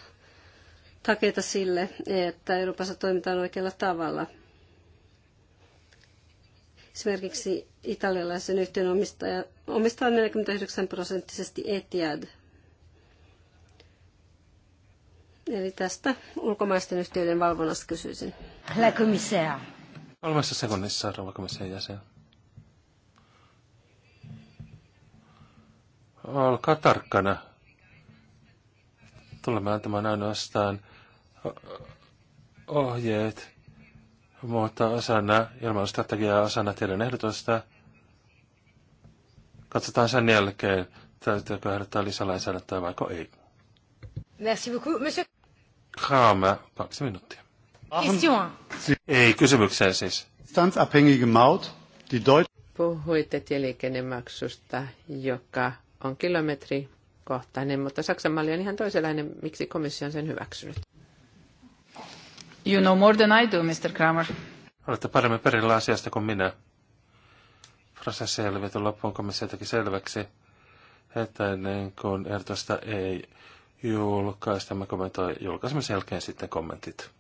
takeita sille, että Euroopassa toimitaan oikealla tavalla. Esimerkiksi italialaisen yhtiön omistaja omistaa 49 prosenttisesti Etihad. Eli tästä ulkomaisten yhtiöiden valvonnasta kysyisin. La commissaire. Kolmessa sekunnissa, rouva komission jäsen. Olkaa tarkkana. Tulemme antamaan ainoastaan ohjeet mutta osana ilmailustrategiaa, osana teidän ehdotusta, katsotaan sen jälkeen, täytyykö ehdottaa lisälainsäädäntöä vai ei. Merci beaucoup, monsieur. Kraame, kaksi minuuttia. Question. Ei, kysymykseen siis. Distanzabhängige Maut, die Deutsch... Puhuitte tieliikennemaksusta, joka on kilometrikohtainen, mutta Saksan malli on ihan toisenlainen. Miksi komissio on sen hyväksynyt? You know more than I do, Mr. Kramer. Olette paremmin perillä asiasta kuin minä. Prosessi ei ole viety loppuun, komissio teki selväksi, että ennen kuin ehdotusta ei julkaista, me kommentoi julkaisemisen jälkeen sitten kommentit.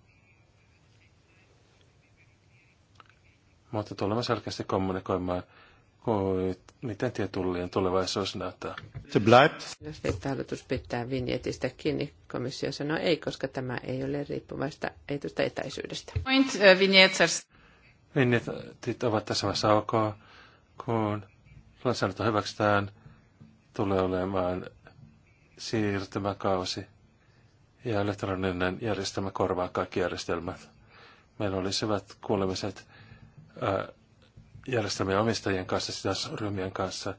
Mutta tulemme selkeästi kommunikoimaan Koi, miten tietullien tulevaisuus näyttää? Se bleibt. Jos että hallitus pitää vinjetistä kiinni, komissio sanoo ei, koska tämä ei ole riippuvaista ei tuosta etäisyydestä. Point vinjetsers. Vinjetit ovat tässä vaiheessa ok, kun lainsäädäntö hyväksytään, tulee olemaan siirtymäkausi ja elektroninen järjestelmä korvaa kaikki järjestelmät. Meillä oli hyvät kuulemiset äh, järjestämme omistajien kanssa, sidosryhmien kanssa,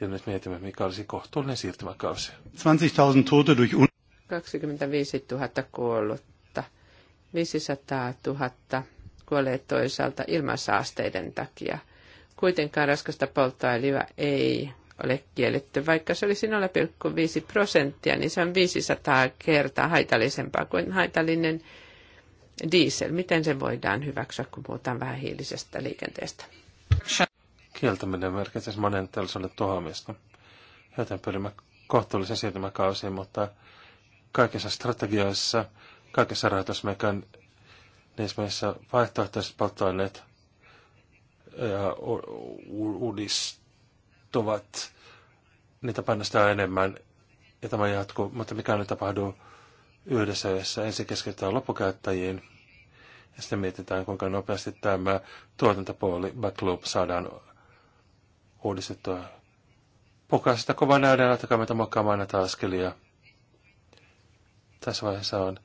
ja nyt mietimme, mikä olisi kohtuullinen siirtymäkausi. 20 000 25 000 kuollutta, 500 000 kuolee toisaalta ilmansaasteiden takia. Kuitenkaan raskasta polttoöljyä ei ole kielletty. Vaikka se olisi 0,5 prosenttia, niin se on 500 kertaa haitallisempaa kuin haitallinen diesel. Miten se voidaan hyväksyä, kun puhutaan vähähiilisestä liikenteestä? Kieltäminen merkitsisi monen teollisuuden tuhoamista, joten pyrimme kohtuullisen siirtymäkausiin, mutta kaikissa strategioissa, kaikissa meissä vaihtoehtoiset polttoaineet ja uudistuvat, niitä painostaa enemmän ja tämä jatkuu, mutta mikä nyt tapahtuu yhdessä yössä. Ensin keskitytään loppukäyttäjiin, ja sitten mietitään, kuinka nopeasti tämä tuotantopuoli Backloop saadaan uudistettua. Pukaa sitä kovaa näydellä, ottakaa meitä mokkaamaan näitä askelia. Tässä vaiheessa on,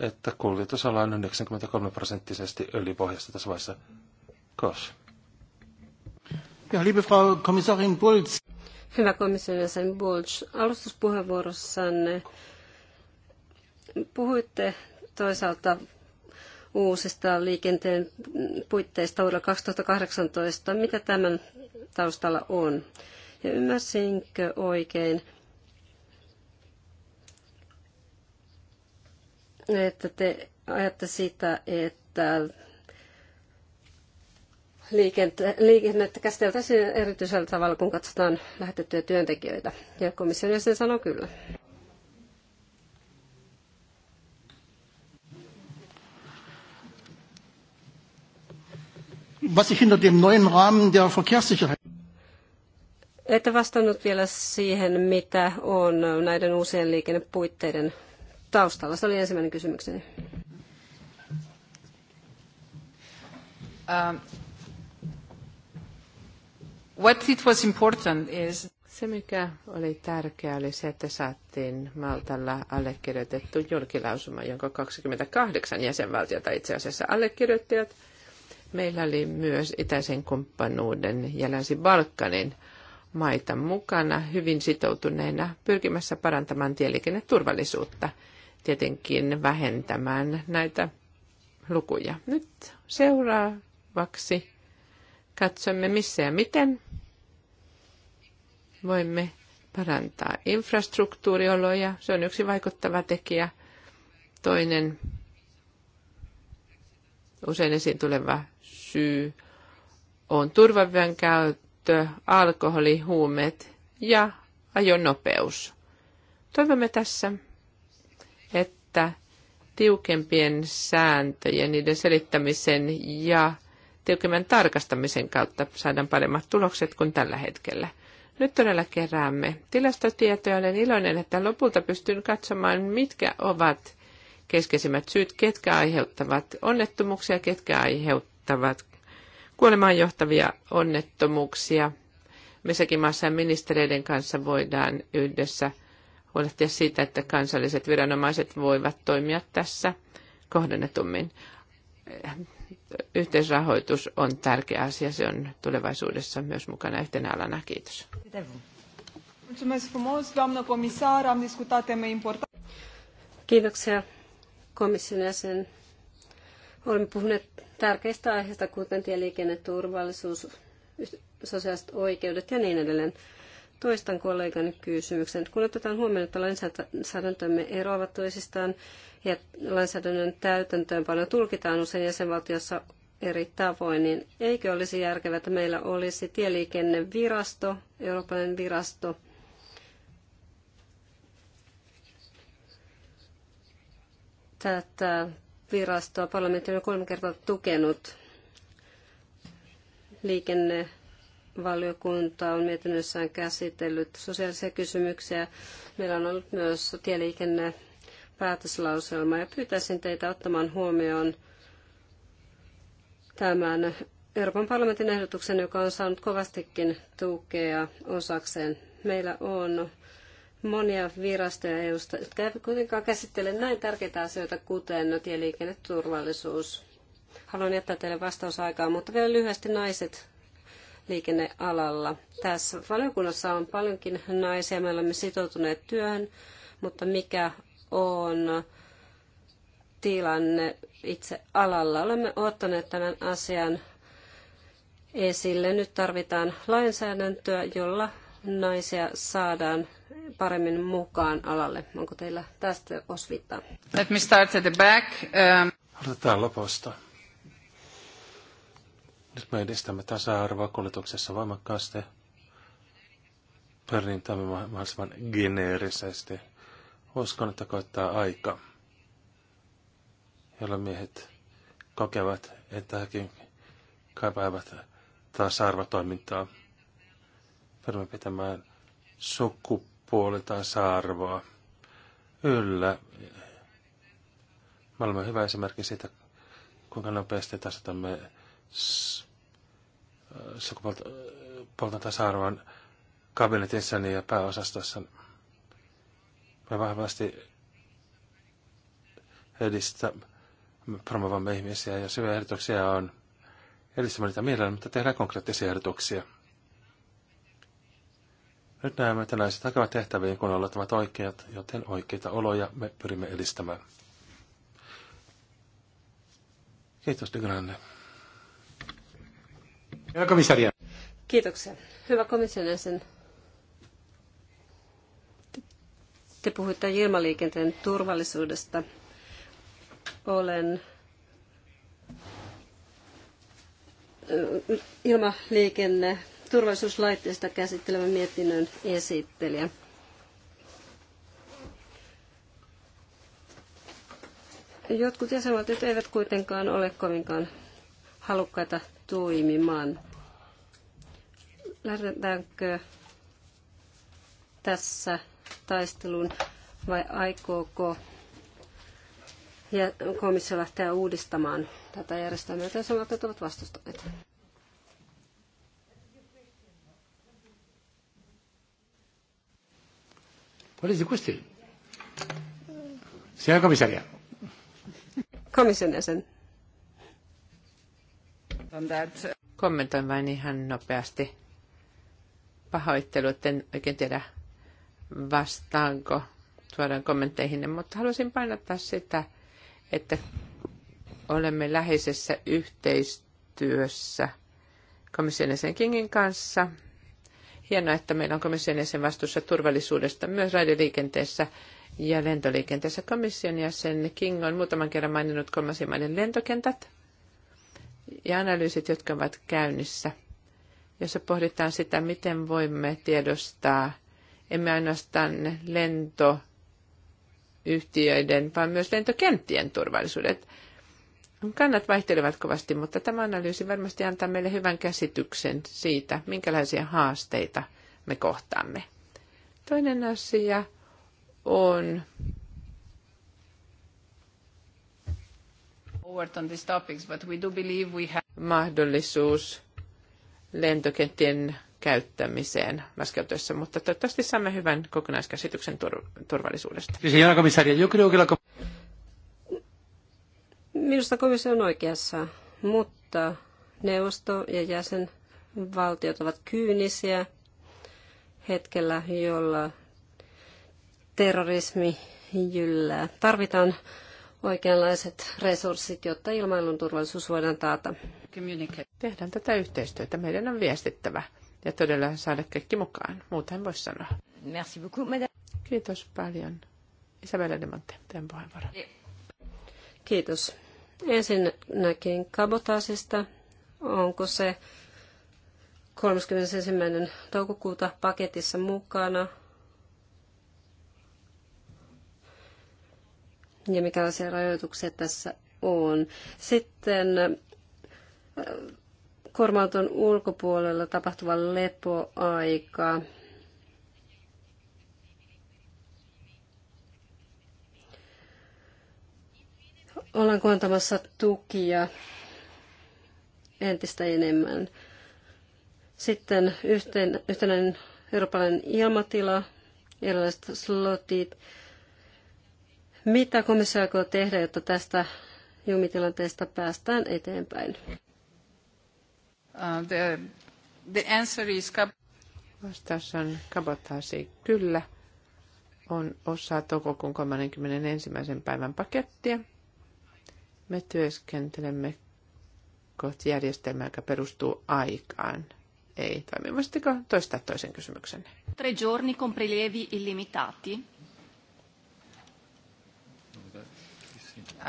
että kuljetusala on 93 prosenttisesti öljypohjasta tässä vaiheessa. Kos. Ja, liebe Frau Kommissarin Bulz. Hyvä komission jäsen Bulge, alustuspuheenvuorossanne puhuitte toisaalta uusista liikenteen puitteista vuodelle 2018. Mitä tämän taustalla on? Ja ymmärsinkö oikein, että te ajatte sitä, että liikente- liikennettä käsiteltäisiin erityisellä tavalla, kun katsotaan lähetettyjä työntekijöitä. Ja komission jäsen sanoo kyllä. was sich hinter dem neuen Rahmen der Verkehrssicherheit Ette vastannut vielä siihen, mitä on näiden uusien liikennepuitteiden taustalla. Se oli ensimmäinen kysymykseni. Um, what it was important is... Se, mikä oli tärkeää, oli se, että saatiin Maltalla allekirjoitettu julkilausuma, jonka 28 jäsenvaltiota itse asiassa allekirjoittivat – Meillä oli myös itäisen kumppanuuden ja Länsi-Balkanin maita mukana hyvin sitoutuneena pyrkimässä parantamaan tieliikenneturvallisuutta, tietenkin vähentämään näitä lukuja. Nyt seuraavaksi katsomme missä ja miten voimme parantaa infrastruktuurioloja. Se on yksi vaikuttava tekijä. Toinen usein esiin tuleva syy on turvavyön käyttö, alkoholi, huumeet ja ajonopeus. Toivomme tässä, että tiukempien sääntöjen, niiden selittämisen ja tiukemman tarkastamisen kautta saadaan paremmat tulokset kuin tällä hetkellä. Nyt todella keräämme tilastotietoja. Olen iloinen, että lopulta pystyn katsomaan, mitkä ovat keskeisimmät syyt, ketkä aiheuttavat onnettomuuksia, ketkä aiheuttavat aiheuttavat kuolemaan johtavia onnettomuuksia. Missäkin maassa ministereiden kanssa voidaan yhdessä huolehtia siitä, että kansalliset viranomaiset voivat toimia tässä kohdennetummin. Yhteisrahoitus on tärkeä asia, se on tulevaisuudessa myös mukana yhtenä alana. Kiitos. Kiitoksia komission jäsen. Olemme puhuneet tärkeistä aiheista, kuten tieliikenneturvallisuus, sosiaaliset oikeudet ja niin edelleen. Toistan kollegani kysymyksen. Kun otetaan huomioon, että lainsäädäntömme eroavat toisistaan ja lainsäädännön täytäntöönpano tulkitaan usein jäsenvaltiossa eri tavoin, niin eikö olisi järkevää, että meillä olisi tieliikennevirasto, Euroopan virasto, tätä virastoa parlamentti on kolme kertaa tukenut. Liikennevaliokunta on mietinnössään käsitellyt sosiaalisia kysymyksiä. Meillä on ollut myös tieliikennepäätöslauselma ja pyytäisin teitä ottamaan huomioon tämän Euroopan parlamentin ehdotuksen, joka on saanut kovastikin tukea osakseen. Meillä on monia virastoja EU-sta, jotka eivät kuitenkaan käsittele näin tärkeitä asioita, kuten tieliikenneturvallisuus. Haluan jättää teille vastausaikaa, mutta vielä lyhyesti naiset liikennealalla. Tässä valiokunnassa on paljonkin naisia, me olemme sitoutuneet työhön, mutta mikä on tilanne itse alalla? Olemme ottaneet tämän asian esille. Nyt tarvitaan lainsäädäntöä, jolla naisia saadaan paremmin mukaan alalle. Onko teillä tästä osvittaa? Let me start at the back. Um... Aloitetaan lopusta. Nyt me edistämme tasa-arvoa kuljetuksessa voimakkaasti perintämme mahdollisimman geneerisesti. Uskon, että koittaa aika, jolloin miehet kokevat, että hekin kaipaavat tasa-arvotoimintaa. Pyrimme pitämään sukupuolta sukupuolen tasa-arvoa yllä. Me olemme hyvä esimerkki siitä, kuinka nopeasti tasatamme sukupuolten tasa-arvon kabinetissani ja pääosastossa. Me vahvasti edistä promovamme ihmisiä ja syviä ehdotuksia on edistämme niitä mielellä, mutta tehdään konkreettisia ehdotuksia. Nyt näemme, että naiset hakevat tehtäviin, kun olot ovat oikeat, joten oikeita oloja me pyrimme edistämään. Kiitos, De Grande. Hyvä komissaria. Kiitoksia. Hyvä komission Te puhuitte ilmaliikenteen turvallisuudesta. Olen ilmaliikenne turvallisuuslaitteista käsittelevän mietinnön esittelijä. Jotkut jäsenvaltiot eivät kuitenkaan ole kovinkaan halukkaita toimimaan. Lähdetäänkö tässä taisteluun vai aikooko komissio lähteä uudistamaan tätä järjestelmää? Jäsenvaltiot ovat vastustaneet. What the question? Señora comisaria. Komission jäsen. Kommentoin vain ihan nopeasti. Pahoittelu, etten oikein tiedä vastaanko suoraan kommentteihin, mutta haluaisin painottaa sitä, että olemme läheisessä yhteistyössä komission jäsen Kingin kanssa Hienoa, että meillä on komission jäsen vastuussa turvallisuudesta myös raideliikenteessä ja lentoliikenteessä. Komission jäsen King on muutaman kerran maininnut kolmansien maiden lentokentät ja analyysit, jotka ovat käynnissä, jossa pohditaan sitä, miten voimme tiedostaa emme ainoastaan lentoyhtiöiden, vaan myös lentokenttien turvallisuudet. Kannat vaihtelevat kovasti, mutta tämä analyysi varmasti antaa meille hyvän käsityksen siitä, minkälaisia haasteita me kohtaamme. Toinen asia on mahdollisuus lentokenttien käyttämiseen laskeutuessa, mutta toivottavasti saamme hyvän kokonaiskäsityksen turvallisuudesta. Minusta komissio on oikeassa, mutta neuvosto ja jäsenvaltiot ovat kyynisiä hetkellä, jolla terrorismi jyllää. Tarvitaan oikeanlaiset resurssit, jotta ilmailun turvallisuus voidaan taata. Tehdään tätä yhteistyötä. Meidän on viestittävä ja todella saada kaikki mukaan. Muuta en voi sanoa. Merci beaucoup, madame. Kiitos paljon. Isabella Demonte, teidän puheenvuoro. Kiitos. Ensinnäkin kabotaasista. Onko se 31. toukokuuta paketissa mukana? Ja mikälaisia rajoituksia tässä on? Sitten äh, kormauton ulkopuolella tapahtuva lepoaika. ollaanko antamassa tukia entistä enemmän. Sitten yhteen, yhtenäinen eurooppalainen ilmatila, erilaiset slotit. Mitä komissio aikoo tehdä, jotta tästä jumitilanteesta päästään eteenpäin? Uh, the, the answer is... Vastaus on kabotaasi kyllä. On osa toukokuun 31. päivän pakettia. Me työskentelemme kohti järjestelmää, joka perustuu aikaan. Ei toimi. Voisitteko toistaa toisen kysymyksen? Tre giorni con prelievi illimitati.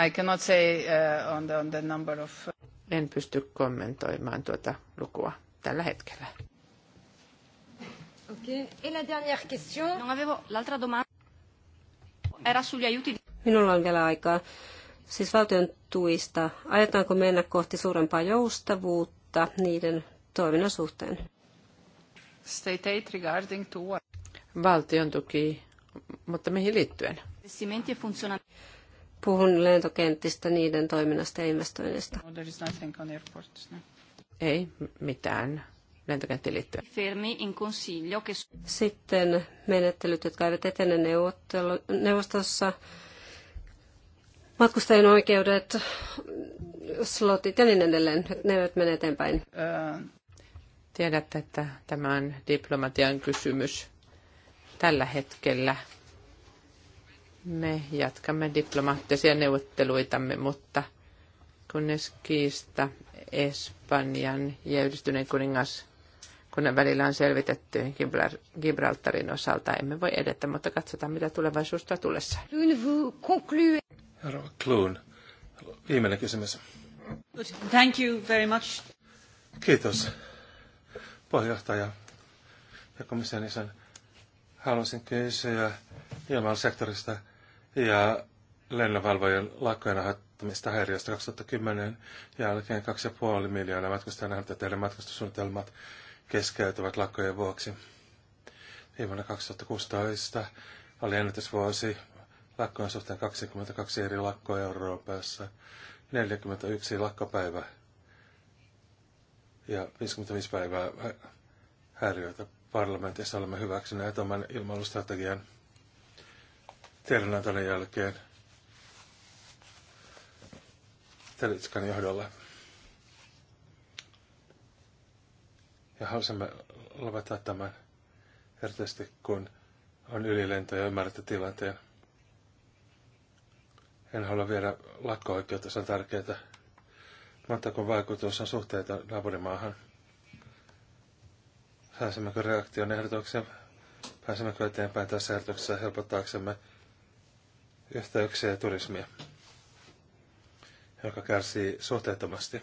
I cannot say uh, on, the, on the number of... En pysty kommentoimaan tuota lukua tällä hetkellä. Okay. E la dernière question? Non avevo l'altra domanda. Era sugli aiuti. Minulla on vielä aikaa siis valtion tuista, aiotaanko mennä kohti suurempaa joustavuutta niiden toiminnan suhteen? State aid regarding to what? Valtion tuki, mutta mihin liittyen? E Puhun lentokentistä, niiden toiminnasta ja investoinnista. No, there is nothing on airports, no. Ei mitään lentokenttiin liittyen. Sitten menettelyt, jotka eivät etene neuvostossa matkustajien oikeudet, slotit ja niin edelleen, ne eivät mene eteenpäin. Tiedätte, että tämä on diplomatian kysymys. Tällä hetkellä me jatkamme diplomaattisia neuvotteluitamme, mutta kunnes kiista Espanjan ja yhdistyneen kuningas kunnan välillä on selvitetty Gibraltarin osalta. Emme voi edetä, mutta katsotaan mitä tulevaisuus tulee. tullessa. Kluun, viimeinen kysymys. Thank you very much. Kiitos, puheenjohtaja ja komission isän. Haluaisin kysyä ilman sektorista ja lennonvalvojen lakkojen aiheuttamista häiriöstä 2010 jälkeen 2,5 miljoonaa matkustajaa nähdä, että teidän matkustussuunnitelmat keskeytyvät lakkojen vuoksi. Viime vuonna 2016 oli ennätysvuosi lakkojen suhteen 22 eri lakkoa Euroopassa, 41 lakkopäivä ja 55 päivää häiriöitä parlamentissa olemme hyväksyneet oman ilmailustrategian tiedonantona jälkeen Telitskan johdolla. Ja halusimme lopettaa tämän erityisesti, kun on ylilentoja ja ymmärrätte tilanteen. En halua viedä lakko-oikeutta, se on tärkeää. Montakon vaikutus on suhteita naapurimaahan. Saisimmeko reaktion ehdotuksen? Pääsemmekö eteenpäin tässä ehdotuksessa helpottaaksemme yhteyksiä ja turismia, joka kärsii suhteettomasti?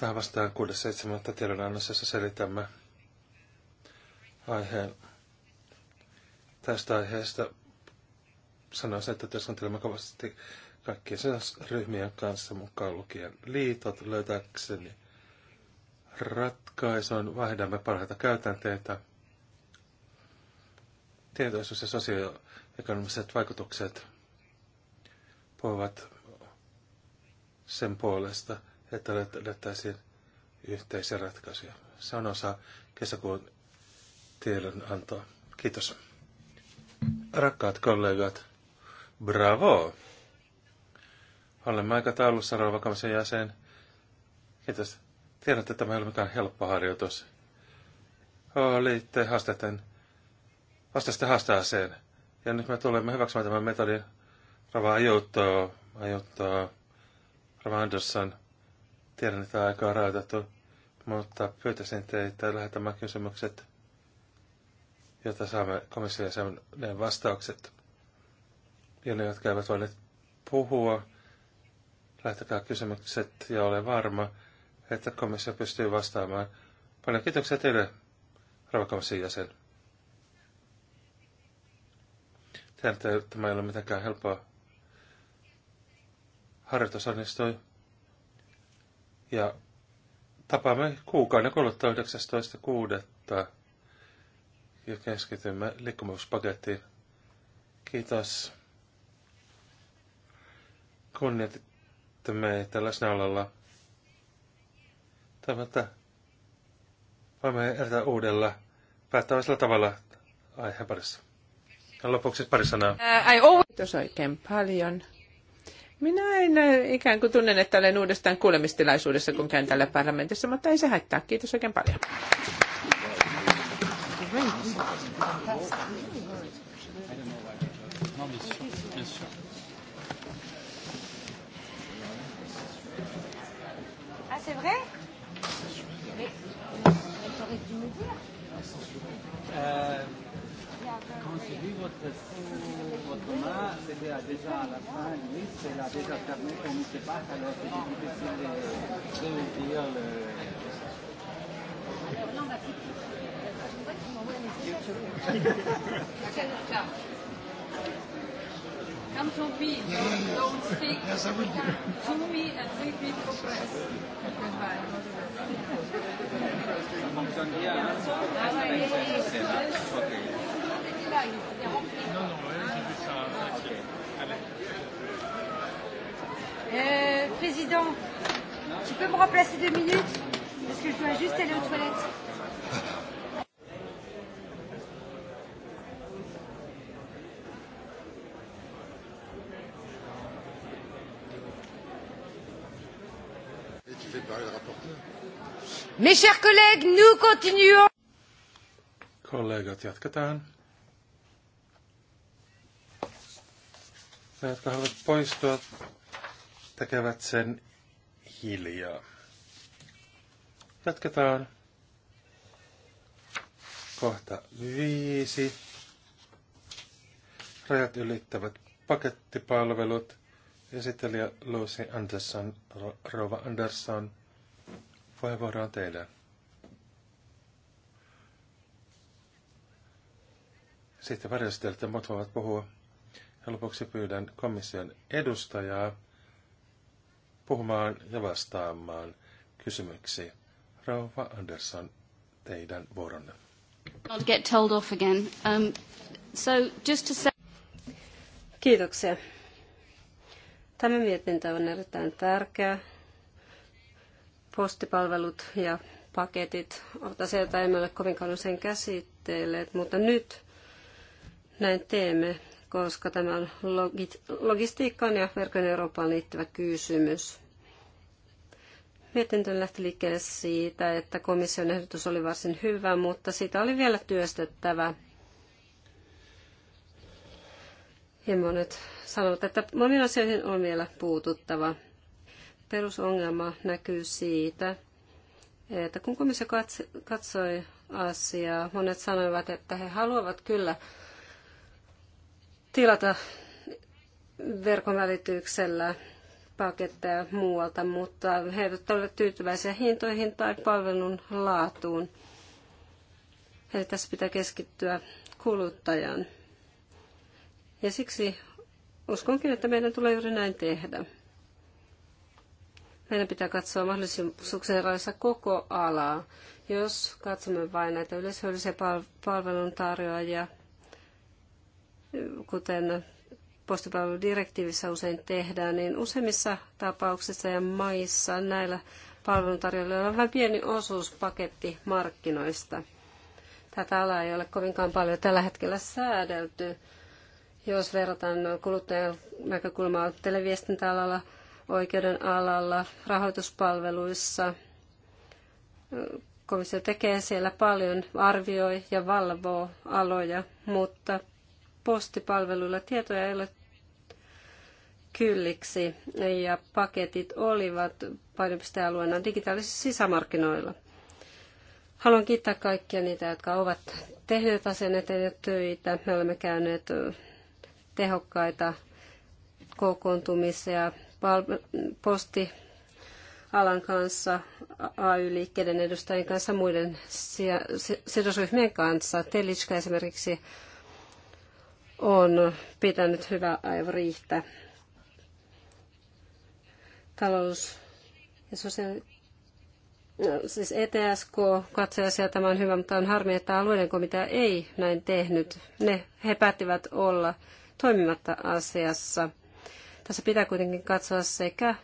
Tähän vastaan 6.7. tiedonannossa selitämme aiheen tästä aiheesta se, että työskentelemme kovasti kaikkien ryhmien kanssa mukaan lukien liitot löytääkseni ratkaisun. Vaihdamme parhaita käytänteitä. Tietoisuus ja sosioekonomiset vaikutukset voivat sen puolesta, että löytäisiin yhteisiä ratkaisuja. Se on osa kesäkuun tiedonantoa. Kiitos. Rakkaat kollegat, Bravo! Olemme aikataulussa, rouva komission jäsen. Kiitos. Tiedän, että tämä ei ole mikään helppo harjoitus. Olitte haasteiden, Vastaisitte haasteeseen. Ja nyt me tulemme hyväksymään tämän metodin. Rava ajoittaa, ajoittaa Rava Andersson. Tiedän, että aika on rajoitettu, mutta pyytäisin teitä lähettämään kysymykset, jotta saamme komission vastaukset. Niille, jotka eivät voineet puhua, lähtekää kysymykset ja ole varma, että komissio pystyy vastaamaan. Paljon kiitoksia teille, ravakamassin jäsen. Täältä tämä ei ole mitenkään helppoa. Harjoitus onnistui. Ja tapaamme kuukauden kuluttua 19.6. ja keskitymme liikkumuspakettiin. Kiitos kunnioitamme tällä läsnäololla. Toivon, voimme edetä uudella päättäväisellä tavalla aiheen parissa. Ja lopuksi pari sanaa. Uh, Kiitos oikein paljon. Minä en eh, ikään kuin tunnen, että olen uudestaan kuulemistilaisuudessa, kun käyn täällä parlamentissa, mutta ei se haittaa. Kiitos oikein paljon. c'est vrai Mais t'aurais dû me dire. Euh, quand j'ai vu votre, votre main, c'était déjà à la fin, oui, c'est là déjà fermé qu'on ne sait pas, alors c'est difficile de, de dire le. Non, bah, c'est pour ça qu'il m'envoie un message. Come to me. Yeah, don't, yeah, don't speak. Yes, I will Come to me and we be for press. Goodbye. No, no, Euh, président, tu peux me remplacer deux minutes Parce que je dois juste aller aux toilettes. Mes chers collègues, nous continuons. Kollega jatketaan. Ne, jotka haluavat poistua, tekevät sen hiljaa. Jatketaan. Kohta viisi. Rajat ylittävät pakettipalvelut. Esittelijä Lucy Anderson, Rova Anderson, puheenvuoro on teidän. Sitten ja muut voivat puhua. Ja lopuksi pyydän komission edustajaa puhumaan ja vastaamaan kysymyksiin. Rauva Andersson, teidän vuoronne. I'll get told off again. Um, so just to say... Kiitoksia. Tämä mietintö on erittäin tärkeä. Postipalvelut ja paketit ovat asioita, emme ole kovinkaan usein käsitteilleet, mutta nyt näin teemme, koska tämä on logistiikkaan ja verkon Eurooppaan liittyvä kysymys. Mietintö lähti liikkeelle siitä, että komission ehdotus oli varsin hyvä, mutta siitä oli vielä työstettävä Ja monet sanovat, että moniin asioihin on vielä puututtava. Perusongelma näkyy siitä, että kun komissio katsoi asiaa, monet sanoivat, että he haluavat kyllä tilata verkon välityksellä paketteja muualta, mutta he eivät ole tyytyväisiä hintoihin tai palvelun laatuun. Eli tässä pitää keskittyä kuluttajaan. Ja siksi uskonkin, että meidän tulee juuri näin tehdä. Meidän pitää katsoa mahdollisuuksien rajassa koko alaa. Jos katsomme vain näitä yleishyödyllisiä palveluntarjoajia, kuten postipalveludirektiivissä usein tehdään, niin useimmissa tapauksissa ja maissa näillä palveluntarjoajilla on vain pieni osuus paketti markkinoista. Tätä alaa ei ole kovinkaan paljon tällä hetkellä säädelty jos verrataan kuluttajan näkökulmaa televiestintäalalla, oikeuden alalla, rahoituspalveluissa, komissio tekee siellä paljon, arvioi ja valvoo aloja, mutta postipalveluilla tietoja ei ole kylliksi ja paketit olivat painopistealueena digitaalisissa sisämarkkinoilla. Haluan kiittää kaikkia niitä, jotka ovat tehneet asian eteen töitä. Me olemme käyneet tehokkaita kokoontumisia posti alan kanssa, AY-liikkeiden edustajien kanssa, muiden sidosryhmien kanssa. Telitska esimerkiksi on pitänyt hyvää riihtä. Talous ja sosiaali... No, siis ETSK katsoi asiaa tämän hyvä, mutta on harmi, että alueiden komitea ei näin tehnyt. Ne, he päättivät olla toimimatta asiassa. Tässä pitää kuitenkin katsoa sekä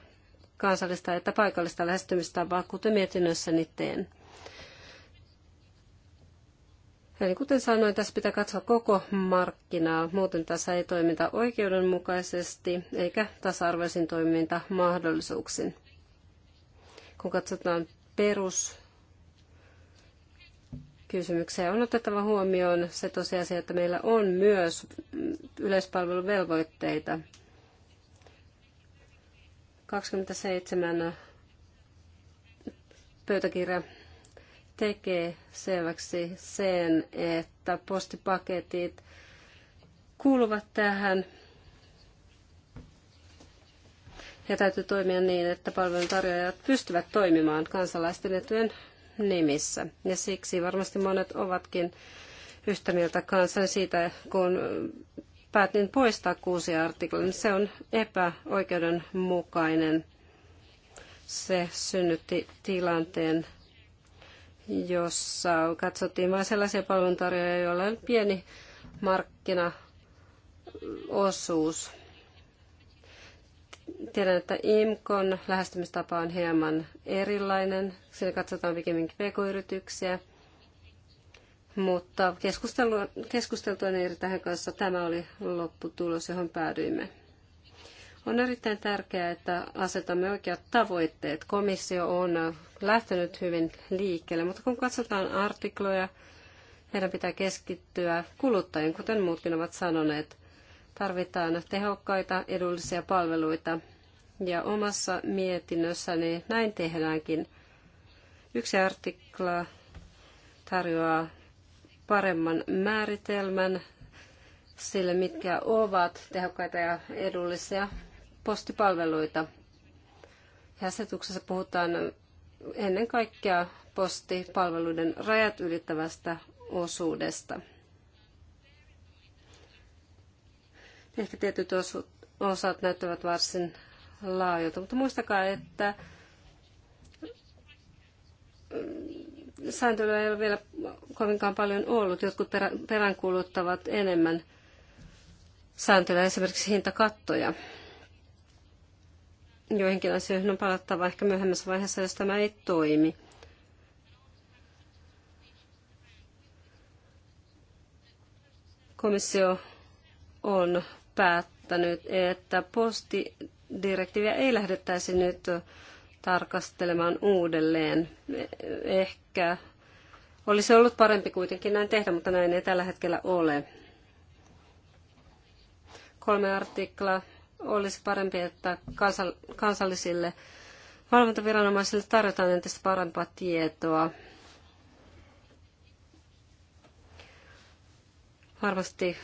kansallista että paikallista lähestymistapaa, kuten mietinnössäni teen. Eli kuten sanoin, tässä pitää katsoa koko markkinaa, muuten tässä ei toiminta oikeudenmukaisesti eikä tasa-arvoisin toimintamahdollisuuksin. Kun katsotaan perus kysymykseen. On otettava huomioon se tosiasia, että meillä on myös yleispalveluvelvoitteita. 27 pöytäkirja tekee selväksi sen, että postipaketit kuuluvat tähän ja täytyy toimia niin, että palveluntarjoajat pystyvät toimimaan kansalaisten etujen nimissä. Ja siksi varmasti monet ovatkin yhtä mieltä kanssani siitä, kun päätin poistaa kuusi artiklan. Se on epäoikeudenmukainen. Se synnytti tilanteen, jossa katsottiin vain sellaisia palveluntarjoajia, joilla on pieni markkinaosuus Tiedän, että IMKon lähestymistapa on hieman erilainen. Siinä katsotaan pikemminkin pk-yrityksiä. Mutta keskusteltua niin tähän kanssa tämä oli lopputulos, johon päädyimme. On erittäin tärkeää, että asetamme oikeat tavoitteet. Komissio on lähtenyt hyvin liikkeelle, mutta kun katsotaan artikloja, meidän pitää keskittyä kuluttajien, kuten muutkin ovat sanoneet. Tarvitaan tehokkaita, edullisia palveluita – ja omassa mietinnössäni näin tehdäänkin. Yksi artikla tarjoaa paremman määritelmän sille, mitkä ovat tehokkaita ja edullisia postipalveluita. Ja asetuksessa puhutaan ennen kaikkea postipalveluiden rajat ylittävästä osuudesta. Ehkä tietyt osat näyttävät varsin laajoita. Mutta muistakaa, että sääntelyä ei ole vielä kovinkaan paljon ollut. Jotkut peräänkuuluttavat enemmän sääntelyä, esimerkiksi hintakattoja. Joihinkin asioihin on palattava ehkä myöhemmässä vaiheessa, jos tämä ei toimi. Komissio on päättänyt, että posti direktiiviä ei lähdettäisi nyt tarkastelemaan uudelleen. Ehkä olisi ollut parempi kuitenkin näin tehdä, mutta näin ei tällä hetkellä ole. Kolme artikla olisi parempi, että kansallisille valvontaviranomaisille tarjotaan entistä parempaa tietoa. Varmasti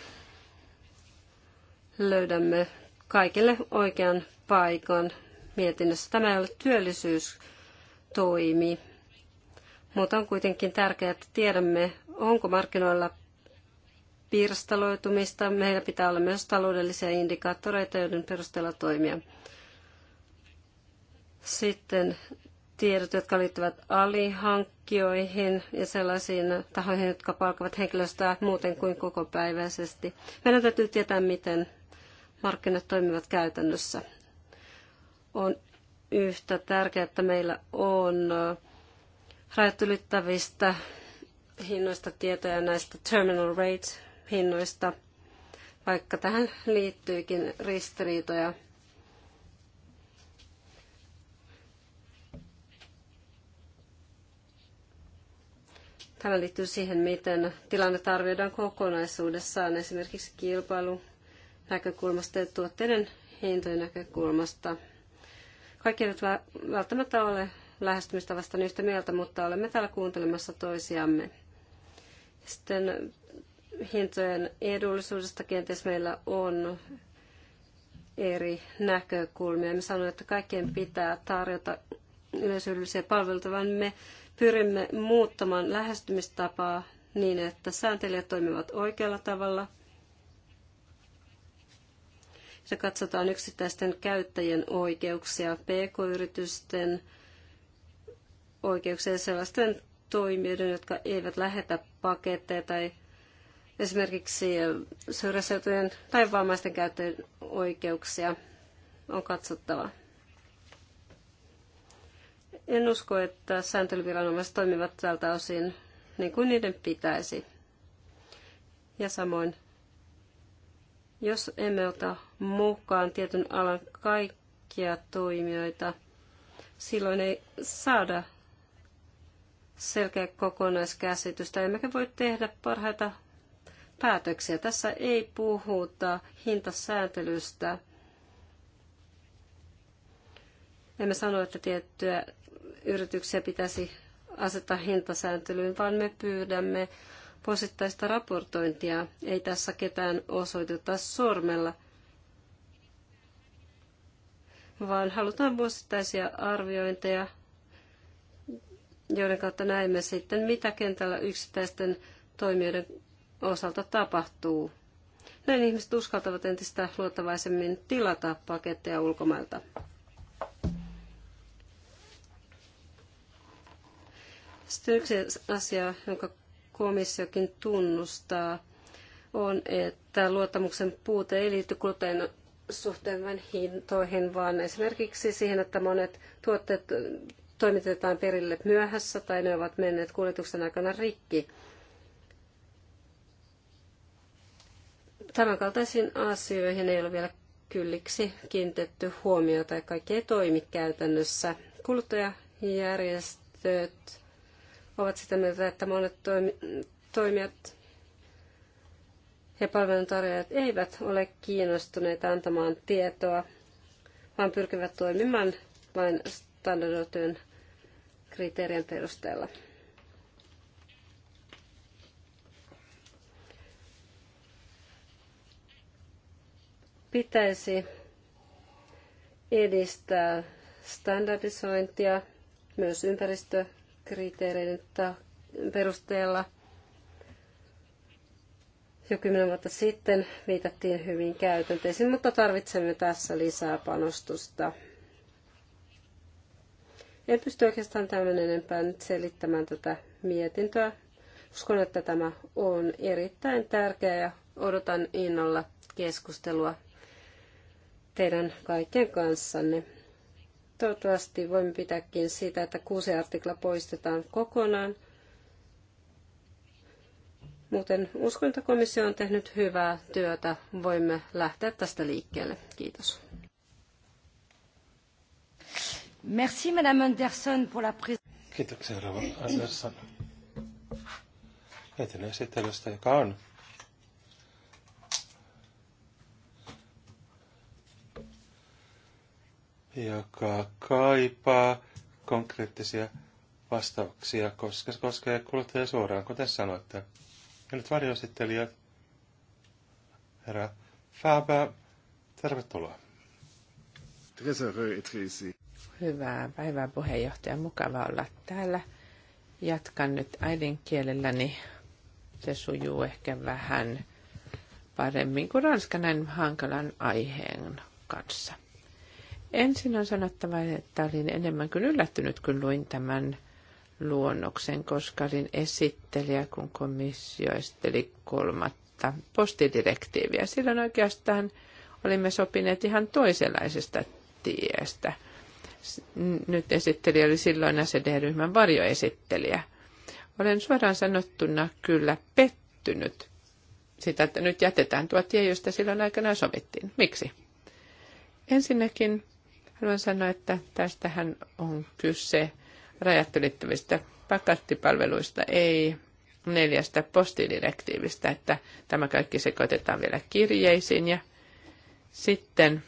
löydämme kaikille oikean paikan mietinnössä. Tämä ei ole työllisyystoimi, mutta on kuitenkin tärkeää, että tiedämme, onko markkinoilla pirstaloitumista. Meillä pitää olla myös taloudellisia indikaattoreita, joiden perusteella toimia. Sitten tiedot, jotka liittyvät alihankkijoihin ja sellaisiin tahoihin, jotka palkavat henkilöstöä muuten kuin kokopäiväisesti. Meidän täytyy tietää, miten markkinat toimivat käytännössä on yhtä tärkeää, että meillä on rajat ylittävistä hinnoista tietoja näistä terminal rates hinnoista, vaikka tähän liittyykin ristiriitoja. Tämä liittyy siihen, miten tilanne arvioidaan kokonaisuudessaan, esimerkiksi kilpailun näkökulmasta ja tuotteiden hintojen näkökulmasta. Kaikki eivät välttämättä ole lähestymistavasta niin yhtä mieltä, mutta olemme täällä kuuntelemassa toisiamme. Sitten hintojen edullisuudesta kenties meillä on eri näkökulmia. Me sanomme, että kaikkien pitää tarjota yleisyydellisiä palveluita, vaan me pyrimme muuttamaan lähestymistapaa niin, että sääntelijät toimivat oikealla tavalla – ja katsotaan yksittäisten käyttäjien oikeuksia, pk-yritysten oikeuksia sellaisten toimijoiden, jotka eivät lähetä paketteja tai esimerkiksi syrjäseutujen tai vammaisten käyttäjien oikeuksia on katsottava. En usko, että sääntelyviranomaiset toimivat tältä osin niin kuin niiden pitäisi. Ja samoin jos emme ota mukaan tietyn alan kaikkia toimijoita, silloin ei saada selkeä kokonaiskäsitystä, emmekä voi tehdä parhaita päätöksiä. Tässä ei puhuta hintasääntelystä. Emme sano, että tiettyjä yrityksiä pitäisi asettaa hintasääntelyyn, vaan me pyydämme vuosittaista raportointia. Ei tässä ketään osoiteta sormella, vaan halutaan vuosittaisia arviointeja, joiden kautta näemme sitten, mitä kentällä yksittäisten toimijoiden osalta tapahtuu. Näin ihmiset uskaltavat entistä luottavaisemmin tilata paketteja ulkomailta. Sitten yksi asia, jonka komissiokin tunnustaa, on, että luottamuksen puute ei liity kuluttajan suhteen vain hintoihin, vaan esimerkiksi siihen, että monet tuotteet toimitetaan perille myöhässä tai ne ovat menneet kuljetuksen aikana rikki. Tämänkaltaisiin asioihin ei ole vielä kylliksi kiinnitetty huomiota ja kaikki ei toimi käytännössä. Kuluttajajärjestöt ovat sitä mieltä, että monet toimijat ja palveluntarjoajat eivät ole kiinnostuneita antamaan tietoa, vaan pyrkivät toimimaan vain standardoitujen kriteerien perusteella. Pitäisi edistää standardisointia myös ympäristö- kriteereiden perusteella. Jo kymmenen vuotta sitten viitattiin hyvin käytänteisiin, mutta tarvitsemme tässä lisää panostusta. En pysty oikeastaan tämän enempää nyt selittämään tätä mietintöä. Uskon, että tämä on erittäin tärkeä ja odotan innolla keskustelua teidän kaikkien kanssanne. Toivottavasti voimme pitääkin siitä, että kuusi artikla poistetaan kokonaan. Muuten uskontokomissio on tehnyt hyvää työtä. Voimme lähteä tästä liikkeelle. Kiitos. Merci, Madame Anderson, pour la Kiitoksia, Anderson. esittelystä, joka on joka kaipaa konkreettisia vastauksia, koska se koskee kuluttajia suoraan, kuten sanoitte. Ja nyt varjoesittelijät, herra Fäbä, tervetuloa. Hyvää päivää puheenjohtaja, mukava olla täällä. Jatkan nyt äidinkielelläni. Se sujuu ehkä vähän paremmin kuin ranskanen hankalan aiheen kanssa. Ensin on sanottava, että olin enemmän kuin yllättynyt, kun luin tämän luonnoksen, koska olin esittelijä, kun komissio esitteli kolmatta postidirektiiviä. Silloin oikeastaan olimme sopineet ihan toisenlaisesta tiestä. Nyt esittelijä oli silloin SED-ryhmän varjoesittelijä. Olen suoraan sanottuna kyllä pettynyt sitä, että nyt jätetään tuo tie, josta silloin aikanaan sovittiin. Miksi? Ensinnäkin Haluan sanoa, että tästähän on kyse rajat ylittävistä pakattipalveluista, ei neljästä postidirektiivistä, että tämä kaikki sekoitetaan vielä kirjeisiin ja sitten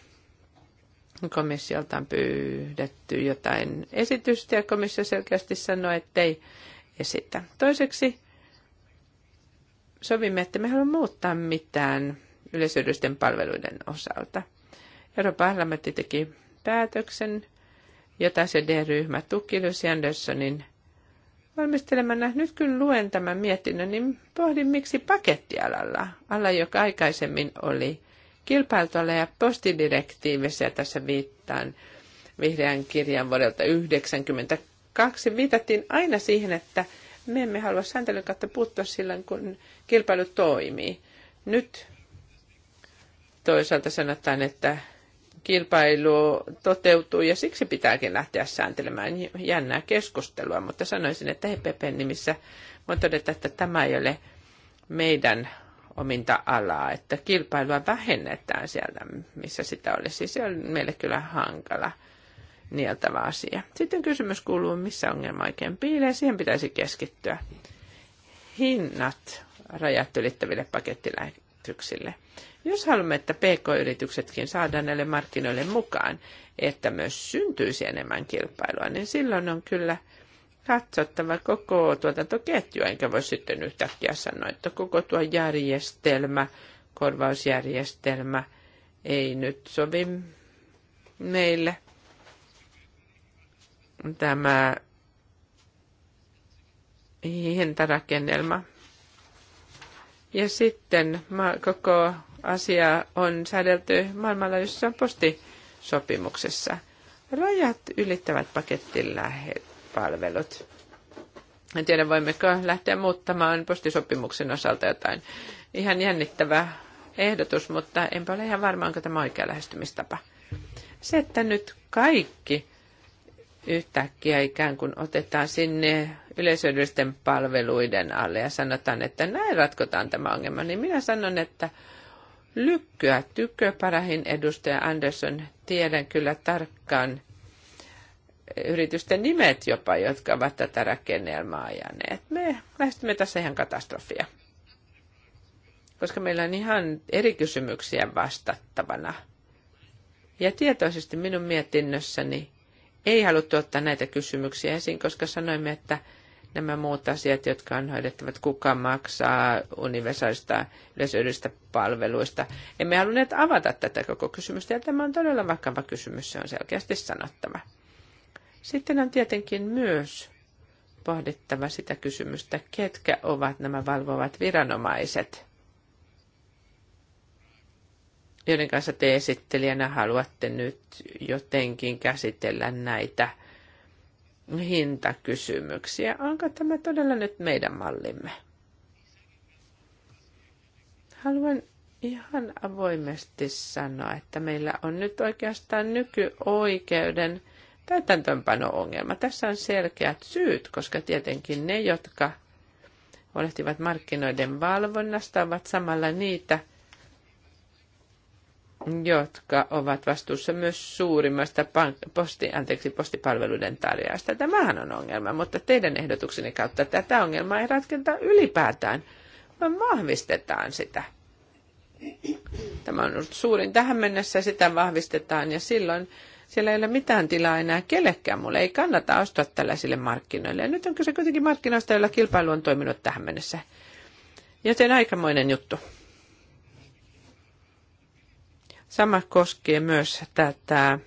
komissiolta on pyydetty jotain esitystä ja komissio selkeästi sanoi, että ei esitä. Toiseksi sovimme, että me haluamme muuttaa mitään yleisyydisten palveluiden osalta. Euroopan parlamentti teki päätöksen, jota se D-ryhmä tuki Lucy Andersonin valmistelemana. Nyt kun luen tämän mietinnön, niin pohdin miksi pakettialalla, ala joka aikaisemmin oli kilpailtualla ja postidirektiivissä, ja tässä viittaan vihreän kirjan vuodelta 1992, viitattiin aina siihen, että me emme halua sääntelyn kautta puuttua silloin, kun kilpailu toimii. Nyt toisaalta sanotaan, että kilpailu toteutuu ja siksi pitääkin lähteä sääntelemään jännää keskustelua, mutta sanoisin, että EPPn nimissä voin todeta, että tämä ei ole meidän ominta alaa, että kilpailua vähennetään siellä, missä sitä olisi. Se on meille kyllä hankala nieltävä asia. Sitten kysymys kuuluu, missä ongelma oikein piilee, siihen pitäisi keskittyä. Hinnat rajat ylittäville pakettilähetyksille. Jos haluamme, että pk-yrityksetkin saadaan näille markkinoille mukaan, että myös syntyisi enemmän kilpailua, niin silloin on kyllä katsottava koko tuotantoketjua, enkä voi sitten yhtäkkiä sanoa, että koko tuo järjestelmä, korvausjärjestelmä ei nyt sovi meille. Tämä hintarakennelma. Ja sitten koko asia on säädelty maailmanlaajuisessa postisopimuksessa. Rajat ylittävät pakettilähepalvelut. En tiedä, voimmeko lähteä muuttamaan postisopimuksen osalta jotain. Ihan jännittävä ehdotus, mutta enpä ole ihan varma, onko tämä oikea lähestymistapa. Se, että nyt kaikki yhtäkkiä ikään kuin otetaan sinne yleisöllisten palveluiden alle ja sanotaan, että näin ratkotaan tämä ongelma, niin minä sanon, että lykkyä. tykköparahin edustaja Andersson, tiedän kyllä tarkkaan yritysten nimet jopa, jotka ovat tätä rakennelmaa ajaneet. Me lähestymme tässä ihan katastrofia, koska meillä on ihan eri kysymyksiä vastattavana. Ja tietoisesti minun mietinnössäni ei haluttu ottaa näitä kysymyksiä esiin, koska sanoimme, että – nämä muut asiat, jotka on hoidettava, kuka maksaa universaalista yleisöydellistä palveluista. Emme halunneet avata tätä koko kysymystä, ja tämä on todella vakava kysymys, se on selkeästi sanottava. Sitten on tietenkin myös pohdittava sitä kysymystä, ketkä ovat nämä valvovat viranomaiset, joiden kanssa te esittelijänä haluatte nyt jotenkin käsitellä näitä – hintakysymyksiä. Onko tämä todella nyt meidän mallimme? Haluan ihan avoimesti sanoa, että meillä on nyt oikeastaan nykyoikeuden täytäntöönpano-ongelma. Tässä on selkeät syyt, koska tietenkin ne, jotka huolehtivat markkinoiden valvonnasta, ovat samalla niitä – jotka ovat vastuussa myös suurimmasta posti, anteeksi, postipalveluiden tarjoajasta. Tämähän on ongelma, mutta teidän ehdotukseni kautta tätä ongelmaa ei ratketa ylipäätään, vaan vahvistetaan sitä. Tämä on ollut suurin tähän mennessä, sitä vahvistetaan ja silloin siellä ei ole mitään tilaa enää kellekään. Mulle ei kannata ostaa tällaisille markkinoille. Ja nyt on kyse kuitenkin markkinoista, joilla kilpailu on toiminut tähän mennessä. Joten aikamoinen juttu. Sama koskee myös tätä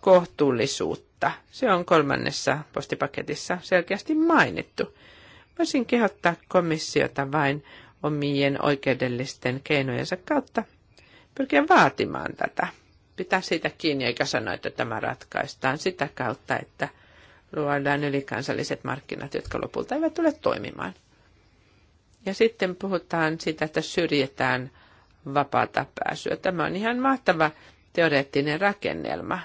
kohtuullisuutta. Se on kolmannessa postipaketissa selkeästi mainittu. Voisin kehottaa komissiota vain omien oikeudellisten keinojensa kautta pyrkiä vaatimaan tätä. Pitää siitä kiinni, eikä sano, että tämä ratkaistaan sitä kautta, että luodaan ylikansalliset markkinat, jotka lopulta eivät tule toimimaan. Ja sitten puhutaan siitä, että syrjetään – vapaata pääsyä. Tämä on ihan mahtava teoreettinen rakennelma.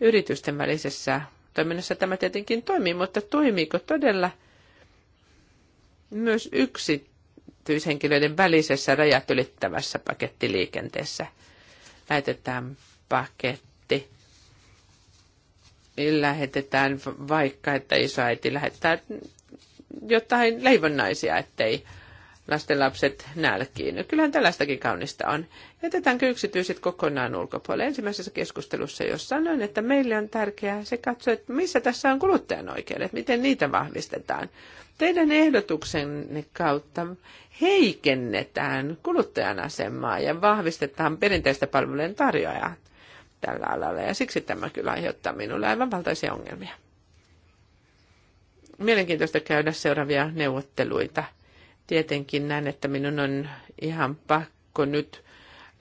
Yritysten välisessä toiminnassa tämä tietenkin toimii, mutta toimiiko todella myös yksityishenkilöiden välisessä rajat ylittävässä pakettiliikenteessä? Lähetetään paketti. Lähetetään vaikka, että isoäiti lähettää jotain leivonnaisia, ettei lastenlapset nälkiin. Kyllähän tällaistakin kaunista on. Jätetäänkö yksityiset kokonaan ulkopuolelle? Ensimmäisessä keskustelussa, jos sanoin, että meille on tärkeää se katsoa, että missä tässä on kuluttajan oikeudet, miten niitä vahvistetaan. Teidän ehdotuksenne kautta heikennetään kuluttajan asemaa ja vahvistetaan perinteistä palvelujen tarjoajaa tällä alalla. Ja siksi tämä kyllä aiheuttaa minulle aivan valtaisia ongelmia. Mielenkiintoista käydä seuraavia neuvotteluita – tietenkin näen, että minun on ihan pakko nyt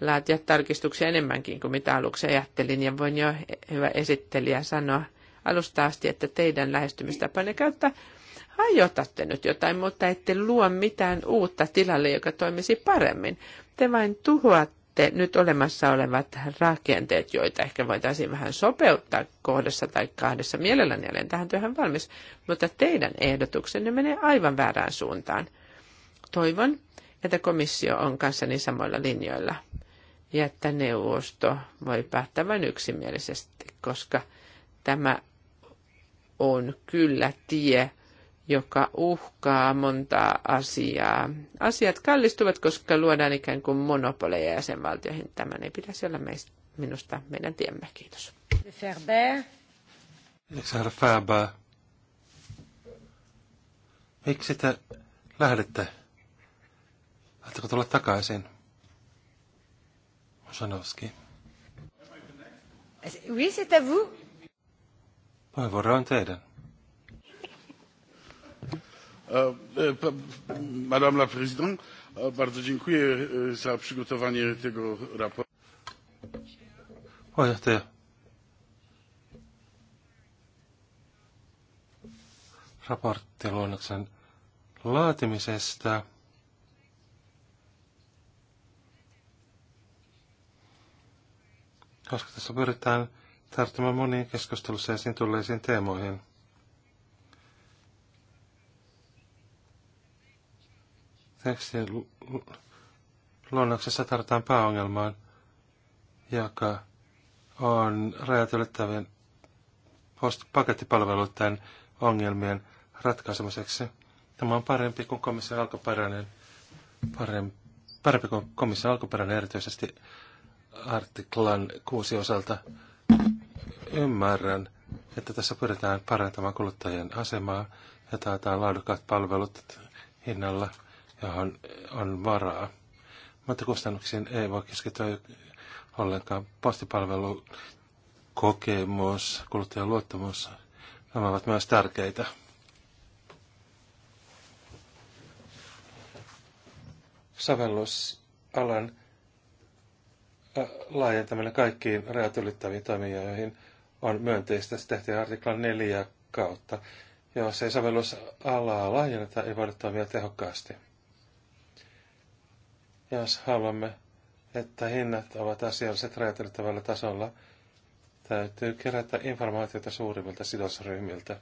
laatia tarkistuksia enemmänkin kuin mitä aluksi ajattelin. Ja voin jo, hyvä esittelijä, sanoa alusta asti, että teidän lähestymistapanne kautta hajotatte nyt jotain, mutta ette luo mitään uutta tilalle, joka toimisi paremmin. Te vain tuhoatte nyt olemassa olevat rakenteet, joita ehkä voitaisiin vähän sopeuttaa kohdassa tai kahdessa. Mielelläni olen tähän työhön valmis, mutta teidän ehdotuksenne menee aivan väärään suuntaan. Toivon, että komissio on kanssani samoilla linjoilla ja että neuvosto voi päättää vain yksimielisesti, koska tämä on kyllä tie, joka uhkaa montaa asiaa. Asiat kallistuvat, koska luodaan ikään kuin monopoleja jäsenvaltioihin. Tämän ei pitäisi olla meistä, minusta meidän tiemme. Kiitos. Miksi te lähdette? Haluatteko tulla takaisin? Osanovski. Oui, c'est à vous. Puheenvuoro on teidän. E, e, madame la Présidente, e, bardzo dziękuję za przygotowanie tego raportu. Puheenjohtaja. Raporttiluonnoksen laatimisesta. koska tässä pyritään tarttumaan moniin keskustelussa esiin tulleisiin teemoihin. Tekstin luonnoksessa tartutaan pääongelmaan, joka on rajat ylittävien pakettipalveluiden ongelmien ratkaisemiseksi. Tämä on parempi kuin komission alkuperäinen, parempi, parempi kuin komission alkuperäinen erityisesti artiklan kuusi osalta. Ymmärrän, että tässä pyritään parantamaan kuluttajien asemaa ja taataan laadukkaat palvelut hinnalla, johon on varaa. Mutta kustannuksiin ei voi keskittyä ollenkaan. Postipalvelu, kokemus, kuluttajan luottamus, nämä ovat myös tärkeitä. Sovellusalan laajentaminen kaikkiin rajat ylittäviin toimijoihin on myönteistä. Se tehtiin artiklan 4 kautta. Jos ei sovellusalaa laajenneta, ei voida toimia tehokkaasti. Jos haluamme, että hinnat ovat asialliset rajat ylittävällä tasolla, täytyy kerätä informaatiota suurimmilta sidosryhmiltä.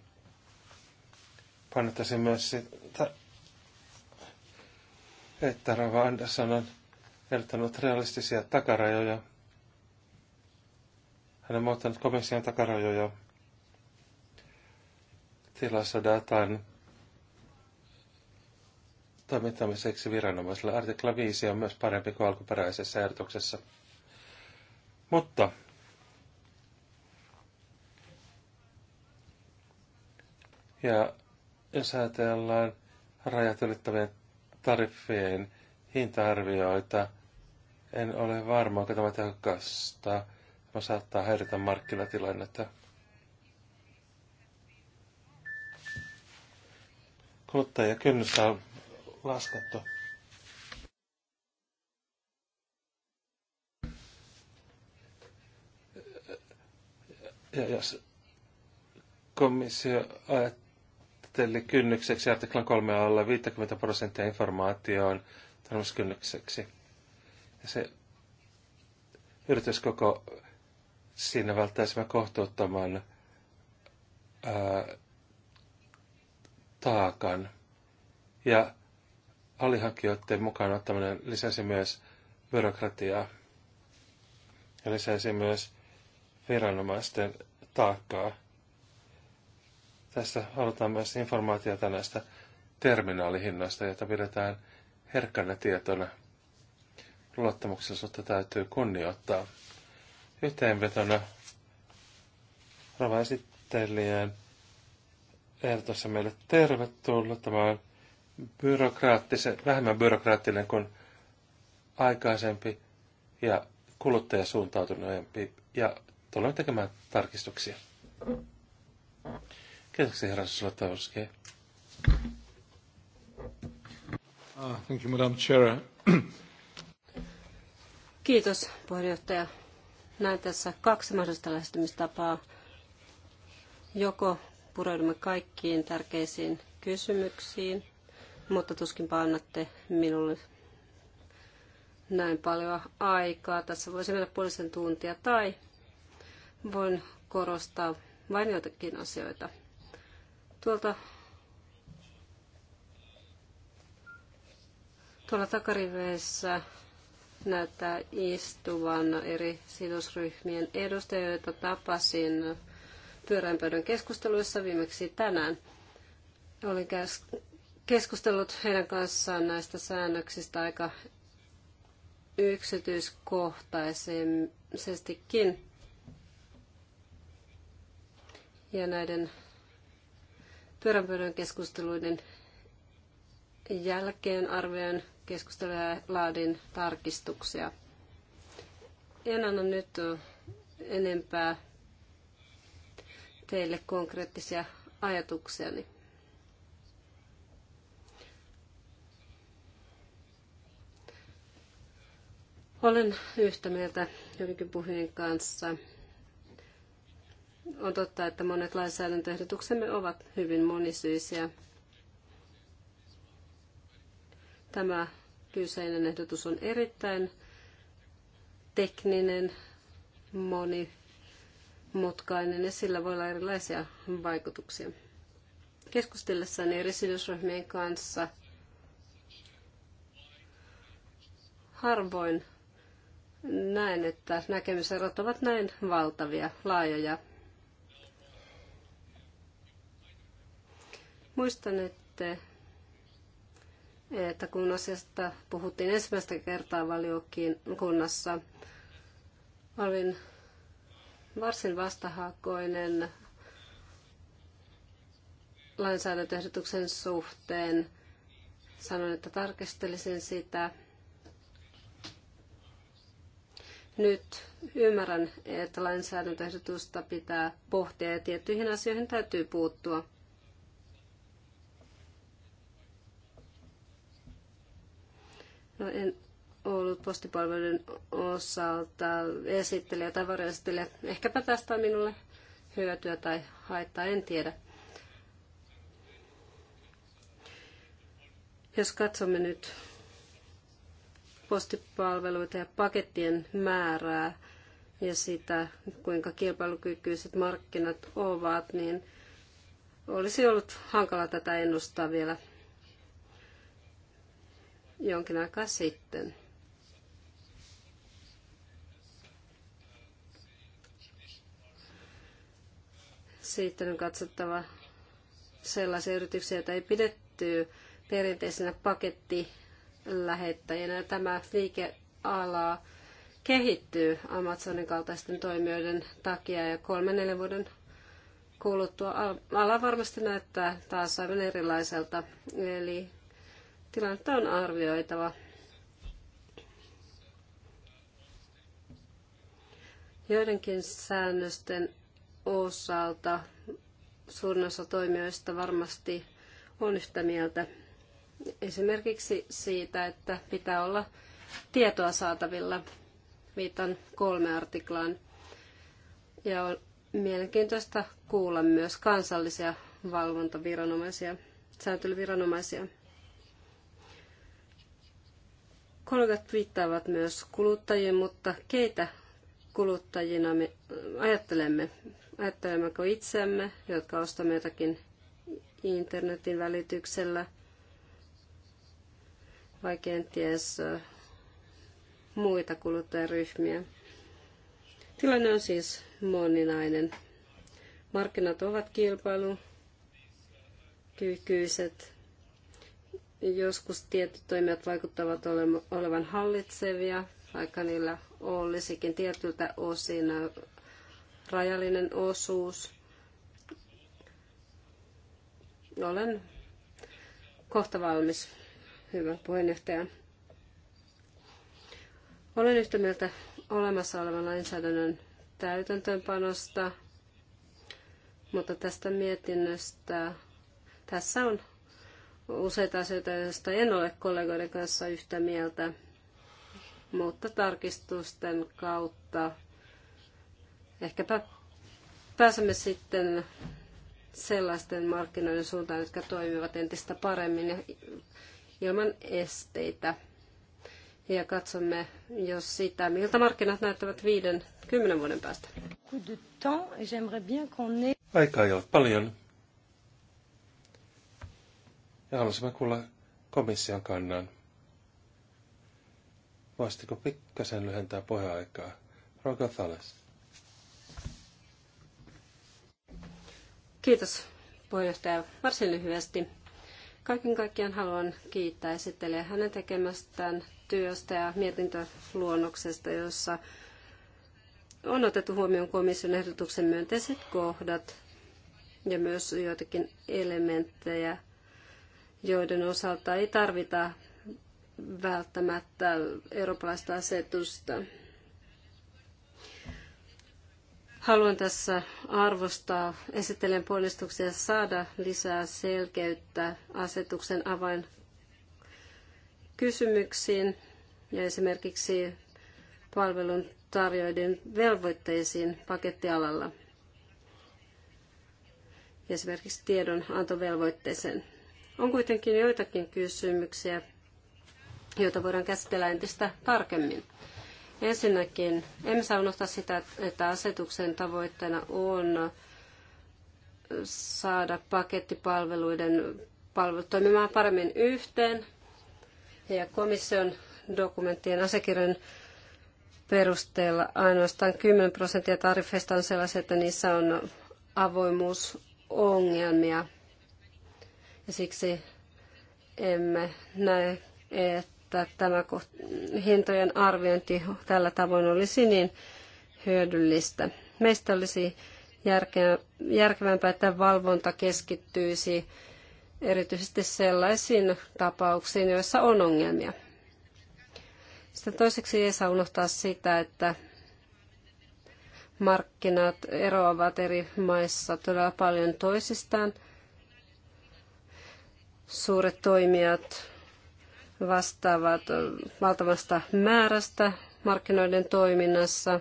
Painottaisin myös sitä, että Rava Andersson on ehdottanut realistisia takarajoja. Hän on muuttanut komission takarajoja datan toimittamiseksi viranomaisille. Artikla 5 on myös parempi kuin alkuperäisessä ehdotuksessa. Mutta ja jos ajatellaan rajat ylittävien tariffien hinta-arvioita, en ole varma, onko tämä tehokasta. Tämä saattaa häiritä markkinatilannetta. Kuluttajakynnystä on laskettu. Ja jos komissio ajatteli kynnykseksi artiklan 3 alla 50 prosenttia informaatioon tämmöiskynnykseksi. Ja se koko siinä välttäisimme kohtuuttoman ää, taakan. Ja alihankijoiden mukaan ottaminen lisäsi myös byrokratiaa ja lisäisi myös viranomaisten taakkaa. Tässä halutaan myös informaatiota näistä terminaalihinnoista, jota pidetään herkkänä tietona – luottamuksellisuutta täytyy kunnioittaa. Yhteenvetona rava ehdotossa meille tervetullut. Tämä on byrokraattisen, vähemmän byrokraattinen kuin aikaisempi ja kuluttajasuuntautuneempi. Ja tulemme tekemään tarkistuksia. Kiitoksia, herra Slotowski. Uh, thank you, Madam Chair. Kiitos puheenjohtaja. Näen tässä kaksi mahdollista lähestymistapaa. Joko pureudumme kaikkiin tärkeisiin kysymyksiin, mutta tuskinpa annatte minulle näin paljon aikaa. Tässä voisi mennä puolisen tuntia tai voin korostaa vain joitakin asioita. Tuolta tuolla takariveessä näyttää istuvan eri sidosryhmien edustajia, joita tapasin pyöräinpöydän keskusteluissa viimeksi tänään. Olin keskustellut heidän kanssaan näistä säännöksistä aika yksityiskohtaisestikin. Ja näiden pyöränpöydän keskusteluiden jälkeen arvioin keskustelua ja laadin tarkistuksia. En anna nyt enempää teille konkreettisia ajatuksiani. Olen yhtä mieltä joidenkin puhujien kanssa. On totta, että monet lainsäädäntöehdotuksemme ovat hyvin monisyisiä. Tämä Kyseinen ehdotus on erittäin tekninen, monimutkainen ja sillä voi olla erilaisia vaikutuksia. Keskustellessani eri sidosryhmien kanssa harvoin näen, että näkemyserot ovat näin valtavia, laajoja. Muistan, että että kun asiasta puhuttiin ensimmäistä kertaa valiokunnassa, olin varsin vastahakoinen lainsäädäntöehdotuksen suhteen. Sanoin, että tarkistelisin sitä. Nyt ymmärrän, että lainsäädäntöehdotusta pitää pohtia ja tiettyihin asioihin täytyy puuttua. No en ollut postipalveluiden osalta esittelijä tai varjoesittelijä. Ehkäpä tästä on minulle hyötyä tai haittaa, en tiedä. Jos katsomme nyt postipalveluita ja pakettien määrää ja sitä, kuinka kilpailukykyiset markkinat ovat, niin olisi ollut hankala tätä ennustaa vielä jonkin aikaa sitten. Sitten on katsottava sellaisia yrityksiä, joita ei pidetty perinteisenä pakettilähettäjänä. Tämä liikeala kehittyy Amazonin kaltaisten toimijoiden takia ja kolmen neljän vuoden kuluttua ala varmasti näyttää taas aivan erilaiselta. Eli Tilannetta on arvioitava. Joidenkin säännösten osalta suurin osa toimijoista varmasti on yhtä mieltä. Esimerkiksi siitä, että pitää olla tietoa saatavilla. Viitan kolme artiklaan. Ja on mielenkiintoista kuulla myös kansallisia valvontaviranomaisia, sääntelyviranomaisia. Kollegat viittaavat myös kuluttajien, mutta keitä kuluttajina me äh, ajattelemme? Ajattelemmeko itseämme, jotka ostamme jotakin internetin välityksellä, vai kenties äh, muita kuluttajaryhmiä? Tilanne on siis moninainen. Markkinat ovat kilpailukykyiset Joskus tietyt toimijat vaikuttavat olevan hallitsevia, vaikka niillä olisikin tietyltä osin rajallinen osuus. Olen kohta valmis, hyvä puheenjohtaja. Olen yhtä mieltä olemassa olevan lainsäädännön täytäntöönpanosta, mutta tästä mietinnöstä tässä on useita asioita, joista en ole kollegoiden kanssa yhtä mieltä, mutta tarkistusten kautta ehkäpä pääsemme sitten sellaisten markkinoiden suuntaan, jotka toimivat entistä paremmin ja ilman esteitä. Ja katsomme, jos sitä, miltä markkinat näyttävät viiden, kymmenen vuoden päästä. Aikaa ei ole paljon ja halusimme kuulla komission kannan. Voisitko pikkasen lyhentää puheaikaa? Roger Thales. Kiitos puheenjohtaja. Varsin lyhyesti. Kaiken kaikkiaan haluan kiittää esittelijä hänen tekemästään työstä ja mietintöluonnoksesta, jossa on otettu huomioon komission ehdotuksen myönteiset kohdat ja myös joitakin elementtejä – joiden osalta ei tarvita välttämättä eurooppalaista asetusta. Haluan tässä arvostaa esittelen ponnistuksia saada lisää selkeyttä asetuksen avain kysymyksiin ja esimerkiksi palvelun tarjoajien velvoitteisiin pakettialalla, esimerkiksi tiedonantovelvoitteeseen. On kuitenkin joitakin kysymyksiä, joita voidaan käsitellä entistä tarkemmin. Ensinnäkin emme saa unohtaa sitä, että asetuksen tavoitteena on saada pakettipalveluiden palvelut toimimaan paremmin yhteen. Ja komission dokumenttien asiakirjojen perusteella ainoastaan 10 prosenttia tariffeista on sellaisia, että niissä on avoimuusongelmia. Siksi emme näe, että tämä hintojen arviointi tällä tavoin olisi niin hyödyllistä. Meistä olisi järkevämpää, että valvonta keskittyisi erityisesti sellaisiin tapauksiin, joissa on ongelmia. Sitten toiseksi ei saa unohtaa sitä, että markkinat eroavat eri maissa todella paljon toisistaan – Suuret toimijat vastaavat valtavasta määrästä markkinoiden toiminnassa.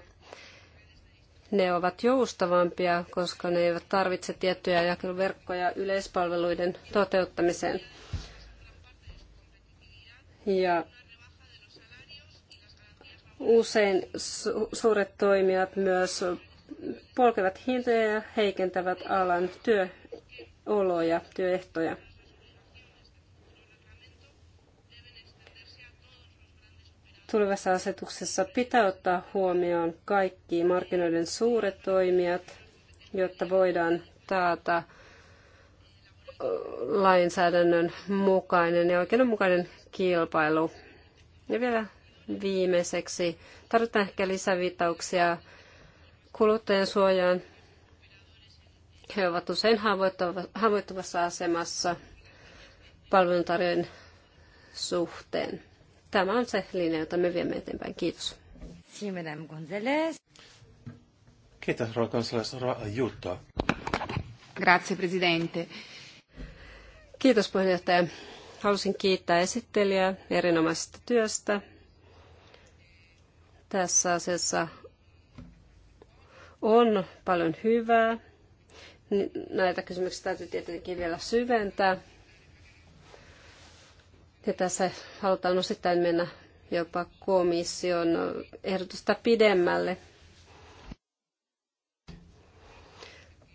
Ne ovat joustavampia, koska ne eivät tarvitse tiettyjä jakeluverkkoja yleispalveluiden toteuttamiseen. Ja usein su- suuret toimijat myös polkevat hintoja ja heikentävät alan työoloja, työehtoja. tulevassa asetuksessa pitää ottaa huomioon kaikki markkinoiden suuret toimijat, jotta voidaan taata lainsäädännön mukainen ja oikeudenmukainen kilpailu. Ja vielä viimeiseksi tarvitaan ehkä lisäviitauksia kuluttajan suojaan. He ovat usein haavoittuvassa asemassa palveluntarjoajien suhteen. Tämä on se linja, jota me viemme eteenpäin. Kiitos. Kiitos, Roa Gonzales. Roa Ayuto. Grazie, Presidente. Kiitos, puheenjohtaja. Halusin kiittää esittelijää erinomaisesta työstä. Tässä asiassa on paljon hyvää. Näitä kysymyksiä täytyy tietenkin vielä syventää. Ja tässä halutaan osittain mennä jopa komission ehdotusta pidemmälle.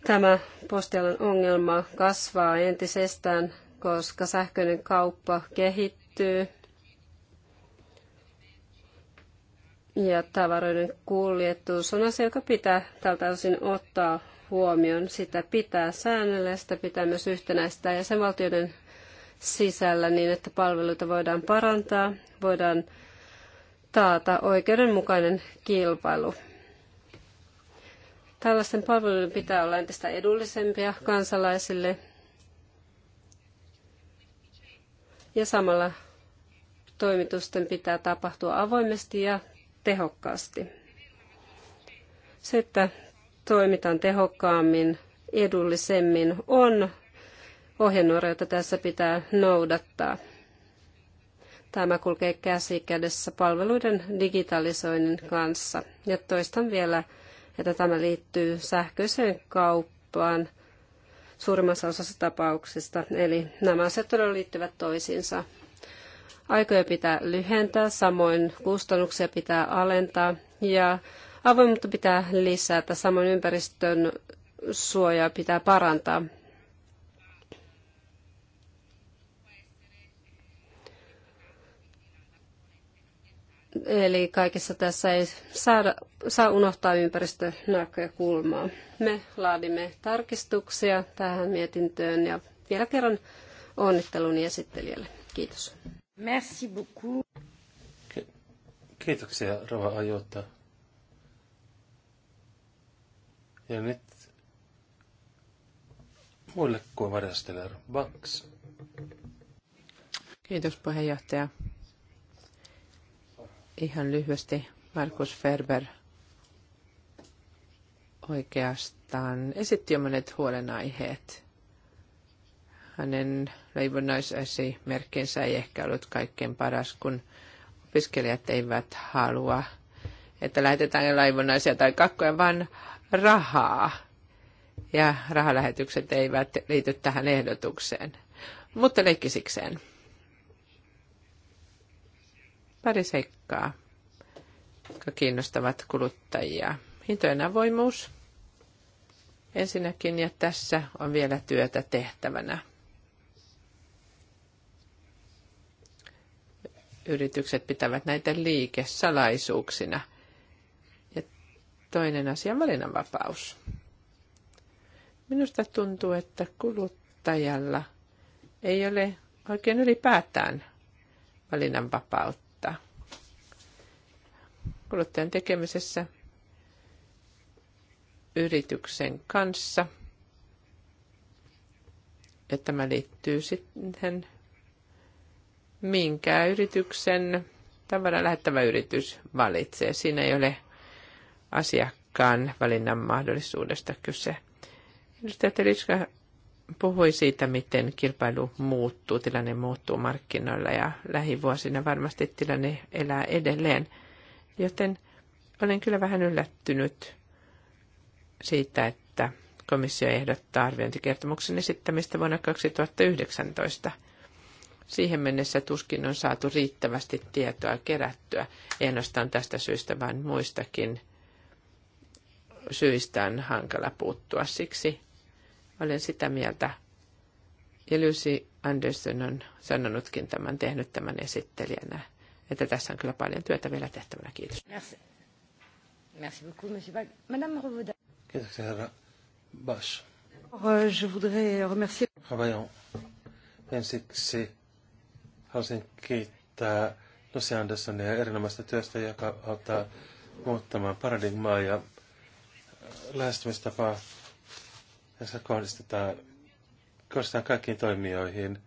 Tämä postialan ongelma kasvaa entisestään, koska sähköinen kauppa kehittyy ja tavaroiden kuljetus on asia, joka pitää tältä osin ottaa huomioon. Sitä pitää säännellä ja sitä pitää myös yhtenäistää valtioiden sisällä niin, että palveluita voidaan parantaa, voidaan taata oikeudenmukainen kilpailu. Tällaisten palveluiden pitää olla entistä edullisempia kansalaisille ja samalla toimitusten pitää tapahtua avoimesti ja tehokkaasti. Se, että toimitaan tehokkaammin, edullisemmin, on ohjenuora, jota tässä pitää noudattaa. Tämä kulkee käsi kädessä palveluiden digitalisoinnin kanssa. Ja toistan vielä, että tämä liittyy sähköiseen kauppaan suurimmassa osassa tapauksista. Eli nämä asiat todella liittyvät toisiinsa. Aikoja pitää lyhentää, samoin kustannuksia pitää alentaa ja avoimuutta pitää lisätä, samoin ympäristön suojaa pitää parantaa. Eli kaikessa tässä ei saada, saa unohtaa ympäristönäkökulmaa. Me laadimme tarkistuksia tähän mietintöön ja vielä kerran onnittelun esittelijälle. Kiitos. Merci beaucoup. Ki- kiitoksia, Rova Ajota. Ja nyt muille kuin varastelijalle. Banks. Kiitos puheenjohtaja. Ihan lyhyesti Markus Ferber oikeastaan esitti jo monet huolenaiheet. Hänen leivonnaisesimerkkinsä ei ehkä ollut kaikkein paras, kun opiskelijat eivät halua, että lähetetään leivonnaisia tai kakkoja, vaan rahaa. Ja rahalähetykset eivät liity tähän ehdotukseen. Mutta leikkisikseen. Pari seikkaa, jotka kiinnostavat kuluttajia. Hintojen avoimuus ensinnäkin, ja tässä on vielä työtä tehtävänä. Yritykset pitävät näitä liikesalaisuuksina. Ja toinen asia on valinnanvapaus. Minusta tuntuu, että kuluttajalla ei ole oikein ylipäätään valinnanvapautta kuluttajan tekemisessä yrityksen kanssa. Ja tämä liittyy sitten minkä yrityksen tavalla lähettävä yritys valitsee. Siinä ei ole asiakkaan valinnan mahdollisuudesta kyse. Edustaja Teliska puhui siitä, miten kilpailu muuttuu, tilanne muuttuu markkinoilla ja lähivuosina varmasti tilanne elää edelleen. Joten olen kyllä vähän yllättynyt siitä, että komissio ehdottaa arviointikertomuksen esittämistä vuonna 2019. Siihen mennessä tuskin on saatu riittävästi tietoa kerättyä, ei ainoastaan tästä syystä, vaan muistakin syistä on hankala puuttua. Siksi olen sitä mieltä, ja Lucy Anderson on sanonutkin tämän, tehnyt tämän esittelijänä, että tässä on kyllä paljon työtä vielä tehtävänä. Kiitos. Merci. Merci beaucoup, monsieur Madame Revaud. Kiitoksia, herra Bash. Je voudrais remercier... Havajon. Ensiksi haluaisin kiittää Lucy Andersonia erinomaista työstä, joka auttaa muuttamaan paradigmaa ja lähestymistapaa, jossa kohdistetaan, kohdistetaan kaikkiin toimijoihin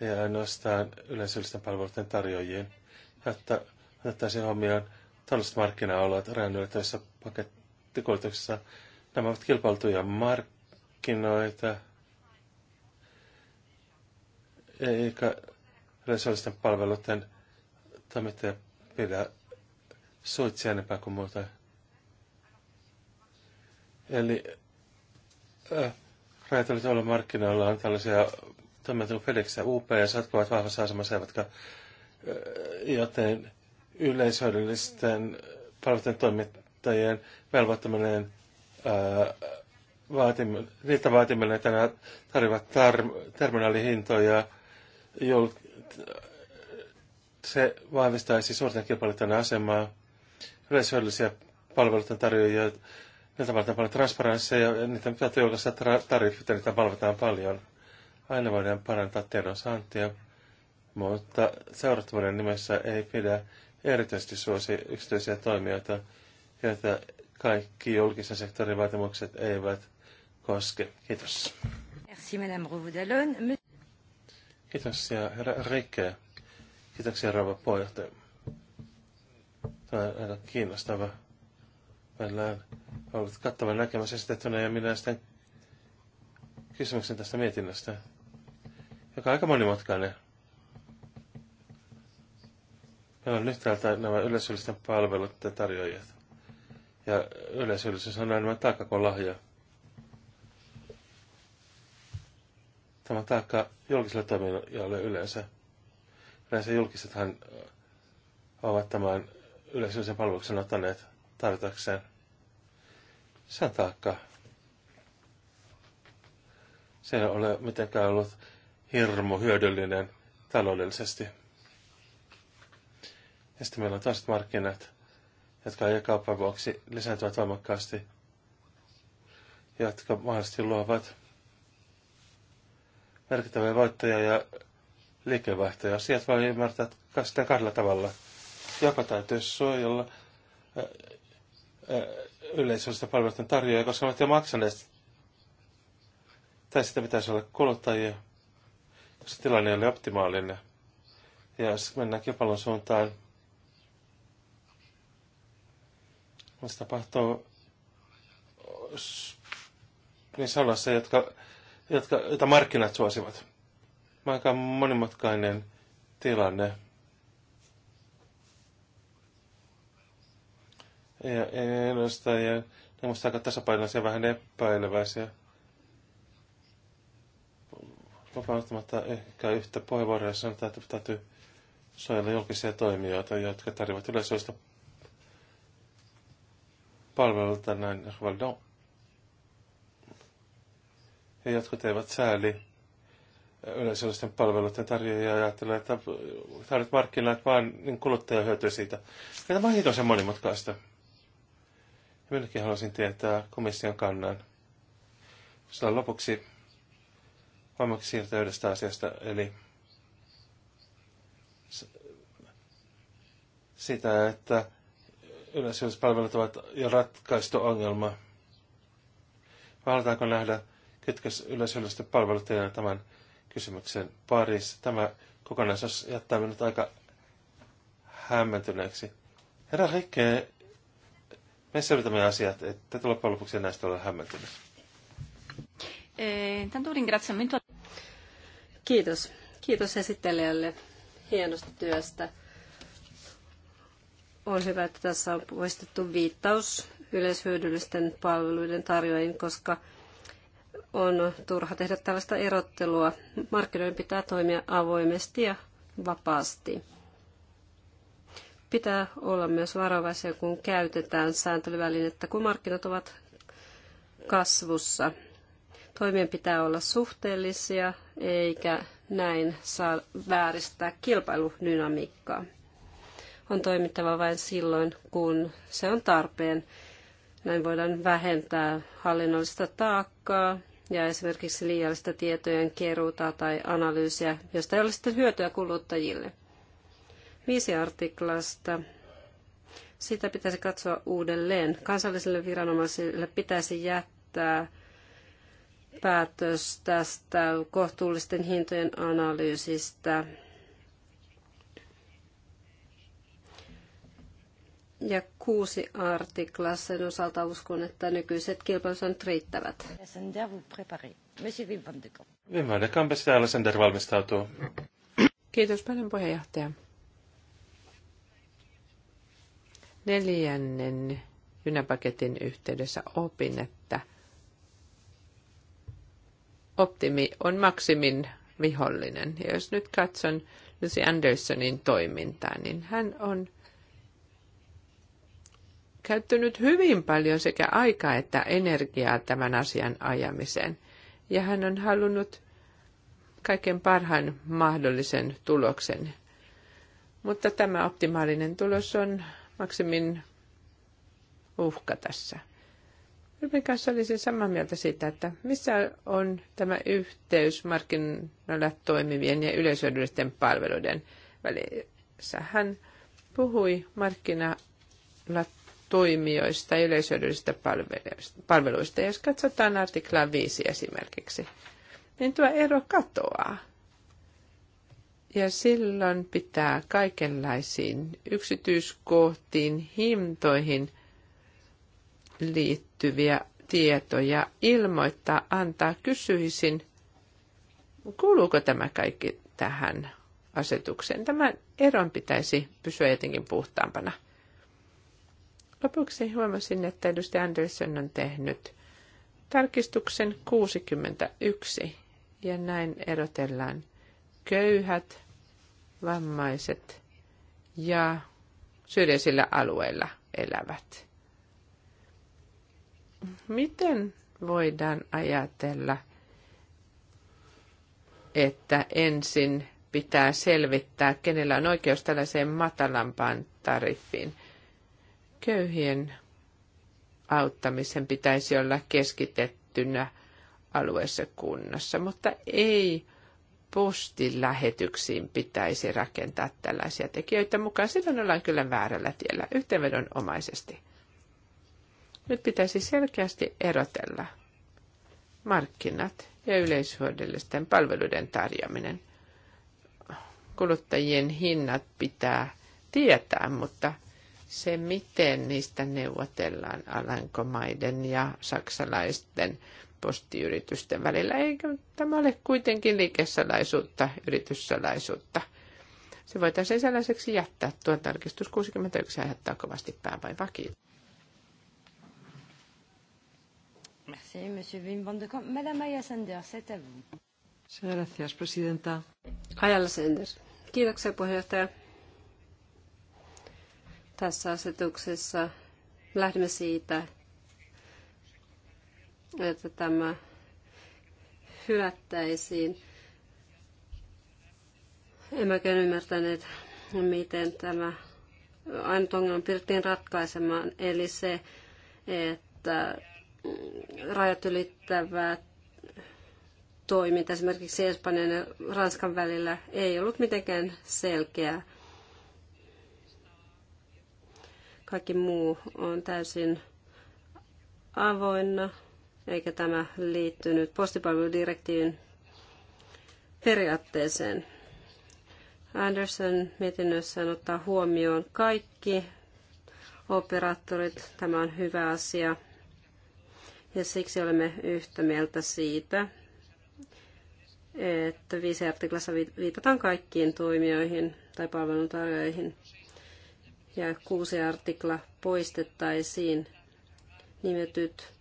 ja ainoastaan yleisöllisten palveluiden tarjoajiin että otettaisiin huomioon tällaiset markkinaolot rajanylityissä pakettikoulutuksissa. Nämä ovat kilpailtuja markkinoita, eikä resurssien palveluiden toimittaja pidä suitsia enempää kuin muuta. Eli äh, rajatulla markkinoilla on tällaisia toimintoja FedEx ja UP ja satkuvat vahvassa asemassa, eivätkä joten yleishyödyllisten palveluiden toimittajien velvoittaminen niitä vaatiminen, että nämä tarjoavat tar- terminaalihintoja, jol- se vahvistaisi suurten kilpailijoiden asemaa, yleishyödyllisiä palveluiden tarjoajia, niitä valtaan paljon transparensseja, ja niitä täytyy olla tariffit, niitä valvotaan paljon. Aina voidaan parantaa tiedonsaantia. saantia mutta seurattavuuden nimessä ei pidä erityisesti suosi yksityisiä toimijoita, joita kaikki julkisen sektorin vaatimukset eivät koske. Kiitos. Merci, Madame Kiitos ja herra Rikke. Kiitoksia rouva puheenjohtaja. Tämä on aika kiinnostava. Meillä on ollut kattava näkemys esitettynä ja minä sitten kysymyksen tästä mietinnöstä, joka on aika monimutkainen. Meillä on täältä nämä yleisöllisten ja tarjoajat. Ja yleisöllisyys on nämä taakka kuin lahja. Tämä taakka julkiselle toimijalle yleensä. Yleensä julkisethan äh, ovat tämän yleisöllisen palveluksen ottaneet tarjotakseen. Se on taakka. Se ei ole mitenkään ollut hirmu hyödyllinen taloudellisesti. Ja sitten meillä on toiset markkinat, jotka kaupan vuoksi lisääntyvät voimakkaasti, jotka mahdollisesti luovat merkittäviä voittoja ja liikevaihtoja. Sieltä voi ymmärtää sitä kahdella tavalla. Joko täytyy suojella yleisöllistä palveluiden tarjoajia, koska ovat jo maksaneet. Tai sitten pitäisi olla kuluttajia, koska tilanne oli optimaalinen. Ja jos mennään kilpailun suuntaan, Mutta tapahtuu niin salassa, jotka, jotka, joita markkinat suosivat? Aika monimutkainen tilanne. Ja edustajien, ne musta aika tasapainoisia, vähän epäileväisiä. Vapauttamatta ehkä yhtä puheenvuoroa sanotaan, että täytyy suojella julkisia toimijoita, jotka tarvitsevat yleisöistä palvelut näin Valdon. Ja jotkut eivät sääli yleisöllisten palveluiden tarjoajia ja ajattelee, että tarvit että vaan, niin kuluttaja hyötyy siitä. Ja tämä on hitoisen monimutkaista. Ja minäkin haluaisin tietää komission kannan. Sillä lopuksi voimmeko siirtyä yhdestä asiasta, eli sitä, että yleisyyspalvelut ovat jo ratkaistu ongelma. Halutaanko nähdä ketkä yleisöllisten palvelut teidän tämän kysymyksen parissa? Tämä kokonaisuus jättää minut aika hämmentyneeksi. Herra Rikke, me selvitämme asiat, että loppujen lopuksi näistä olla hämmentynyt. Eh, Kiitos. Kiitos esittelijälle hienosta työstä. On hyvä, että tässä on poistettu viittaus yleishyödyllisten palveluiden tarjoajiin, koska on turha tehdä tällaista erottelua. Markkinoiden pitää toimia avoimesti ja vapaasti. Pitää olla myös varovaisia, kun käytetään sääntelyvälinettä, kun markkinat ovat kasvussa. Toimien pitää olla suhteellisia, eikä näin saa vääristää kilpailudynamiikkaa on toimittava vain silloin, kun se on tarpeen. Näin voidaan vähentää hallinnollista taakkaa ja esimerkiksi liiallista tietojen keruuta tai analyysiä, josta ei ole sitten hyötyä kuluttajille. Viisi artiklasta. Sitä pitäisi katsoa uudelleen. Kansallisille viranomaisille pitäisi jättää päätös tästä kohtuullisten hintojen analyysistä ja kuusi artikla. Sen osalta uskon, että nykyiset kilpailusäännöt riittävät. Wim van de Kamp täällä valmistautuu. Kiitos paljon puheenjohtaja. Neljännen junapaketin yhteydessä opin, että optimi on maksimin vihollinen. Ja jos nyt katson Lucy Andersonin toimintaa, niin hän on – käyttänyt hyvin paljon sekä aikaa että energiaa tämän asian ajamiseen. Ja hän on halunnut kaiken parhaan mahdollisen tuloksen. Mutta tämä optimaalinen tulos on maksimin uhka tässä. Ylpin kanssa olisin samaa mieltä siitä, että missä on tämä yhteys markkinoilla toimivien ja yleisöllisten palveluiden välissä. Hän puhui markkinoilla toimijoista ja palveluista. Jos katsotaan artiklaa 5 esimerkiksi, niin tuo ero katoaa. Ja silloin pitää kaikenlaisiin yksityiskohtiin, hintoihin liittyviä tietoja ilmoittaa, antaa. Kysyisin, kuuluuko tämä kaikki tähän asetukseen? Tämän eron pitäisi pysyä jotenkin puhtaampana. Lopuksi huomasin, että edustaja Andersson on tehnyt tarkistuksen 61 ja näin erotellaan köyhät, vammaiset ja syrjäisillä alueilla elävät. Miten voidaan ajatella, että ensin pitää selvittää, kenellä on oikeus tällaiseen matalampaan tariffiin – Köyhien auttamisen pitäisi olla keskitettynä alueessa kunnassa, mutta ei postilähetyksiin pitäisi rakentaa tällaisia tekijöitä mukaan. Silloin ollaan kyllä väärällä tiellä yhteenvedonomaisesti. Nyt pitäisi selkeästi erotella markkinat ja yleishuodellisten palveluiden tarjoaminen. Kuluttajien hinnat pitää tietää, mutta se, miten niistä neuvotellaan Alankomaiden ja saksalaisten postiyritysten välillä. Eikö tämä ole kuitenkin liikesalaisuutta, yrityssalaisuutta? Se voitaisiin sellaiseksi jättää. Tuo tarkistus 61 aiheuttaa kovasti päävaivaa. Kiitos. Merci, Monsieur Wim van de Kamp. Madame Aya c'est à vous. Gracias, Presidenta. Ayala Kiitoksia, puheenjohtaja. Tässä asetuksessa lähdemme siitä, että tämä hylättäisiin. Emmekä ymmärtäneet, miten tämä ainut ongelma pyrittiin ratkaisemaan, eli se, että rajat ylittävää toiminta esimerkiksi Espanjan ja Ranskan välillä ei ollut mitenkään selkeää Kaikki muu on täysin avoinna, eikä tämä liittynyt postipalveludirektiivin periaatteeseen. Anderson mietinnössään ottaa huomioon kaikki operaattorit. Tämä on hyvä asia ja siksi olemme yhtä mieltä siitä, että viisi artiklassa viitataan kaikkiin toimijoihin tai palveluntarjoajiin ja kuusi artikla poistettaisiin nimetyt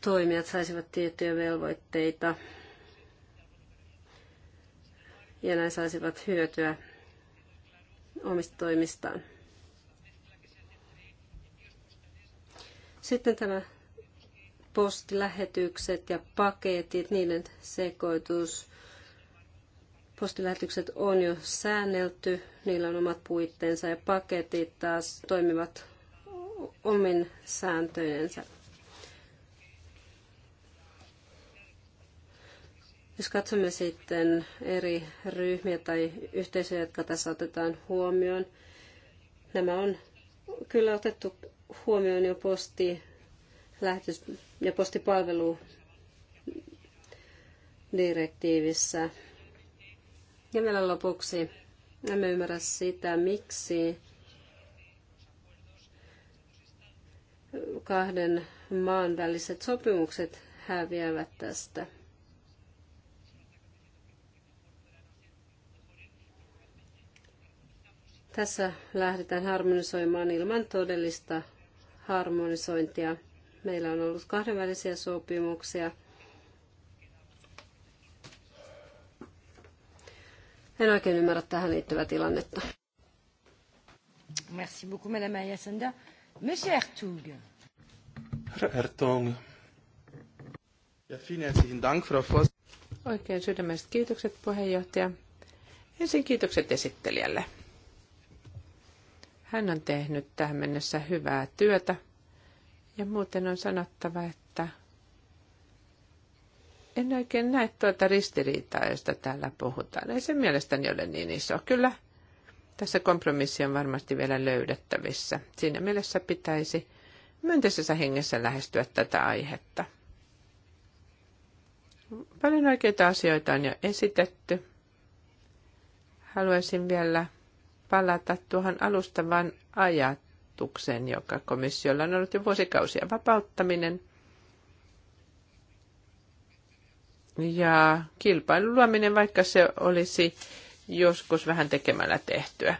toimijat saisivat tiettyjä velvoitteita ja näin saisivat hyötyä omista toimistaan. Sitten tämä postilähetykset ja paketit, niiden sekoitus. Postilähetykset on jo säännelty, niillä on omat puitteensa ja paketit taas toimivat omin sääntöjensä. Jos katsomme sitten eri ryhmiä tai yhteisöjä, jotka tässä otetaan huomioon, nämä on kyllä otettu huomioon jo posti lähetys- ja postipalveludirektiivissä. Ja vielä lopuksi emme ymmärrä sitä, miksi kahden maan väliset sopimukset häviävät tästä. Tässä lähdetään harmonisoimaan ilman todellista harmonisointia. Meillä on ollut kahdenvälisiä sopimuksia – En oikein ymmärrä tähän liittyvää tilannetta. Merci beaucoup, Madame Ayasanda. Monsieur Ertug. Herra Ja vielen Dank, Frau Voss. Oikein sydämelliset kiitokset, puheenjohtaja. Ensin kiitokset esittelijälle. Hän on tehnyt tähän mennessä hyvää työtä ja muuten on sanottava, että en oikein näe tuota ristiriitaa, josta täällä puhutaan. Ei se mielestäni ole niin iso. Kyllä tässä kompromissi on varmasti vielä löydettävissä. Siinä mielessä pitäisi myönteisessä hengessä lähestyä tätä aihetta. Paljon oikeita asioita on jo esitetty. Haluaisin vielä palata tuohon alustavan ajatukseen, joka komissiolla on ollut jo vuosikausia. Vapauttaminen ja kilpailun luominen, vaikka se olisi joskus vähän tekemällä tehtyä.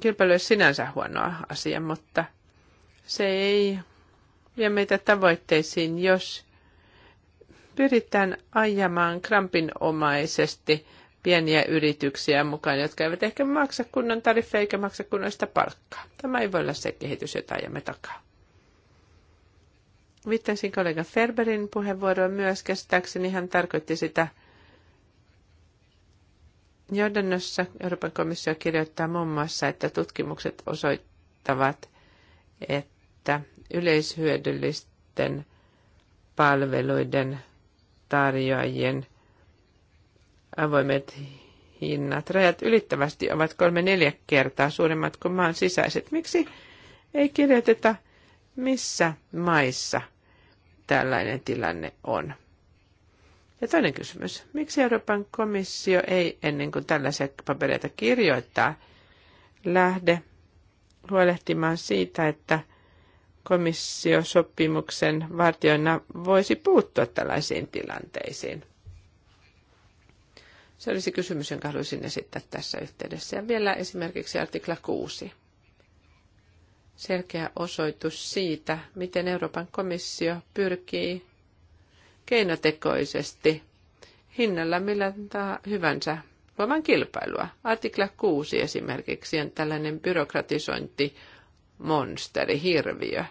Kilpailu ei sinänsä huono asia, mutta se ei vie meitä tavoitteisiin, jos pyritään ajamaan krampinomaisesti pieniä yrityksiä mukaan, jotka eivät ehkä maksa kunnon tariffeja eikä maksa kunnoista palkkaa. Tämä ei voi olla se kehitys, jota ajamme takaa. Viittasin kollega Ferberin puheenvuoroon myös käsittääkseni. Hän tarkoitti sitä johdannossa. Euroopan komissio kirjoittaa muun muassa, että tutkimukset osoittavat, että yleishyödyllisten palveluiden tarjoajien avoimet hinnat rajat ylittävästi ovat kolme neljä kertaa suuremmat kuin maan sisäiset. Miksi ei kirjoiteta missä maissa tällainen tilanne on. Ja toinen kysymys, miksi Euroopan komissio ei ennen kuin tällaisia papereita kirjoittaa lähde huolehtimaan siitä, että komissiosopimuksen vartioina voisi puuttua tällaisiin tilanteisiin? Se olisi kysymys, jonka haluaisin esittää tässä yhteydessä. Ja vielä esimerkiksi artikla 6 selkeä osoitus siitä, miten Euroopan komissio pyrkii keinotekoisesti hinnalla millä hyvänsä luomaan kilpailua. Artikla 6 esimerkiksi on tällainen byrokratisointi monsteri, hirviö,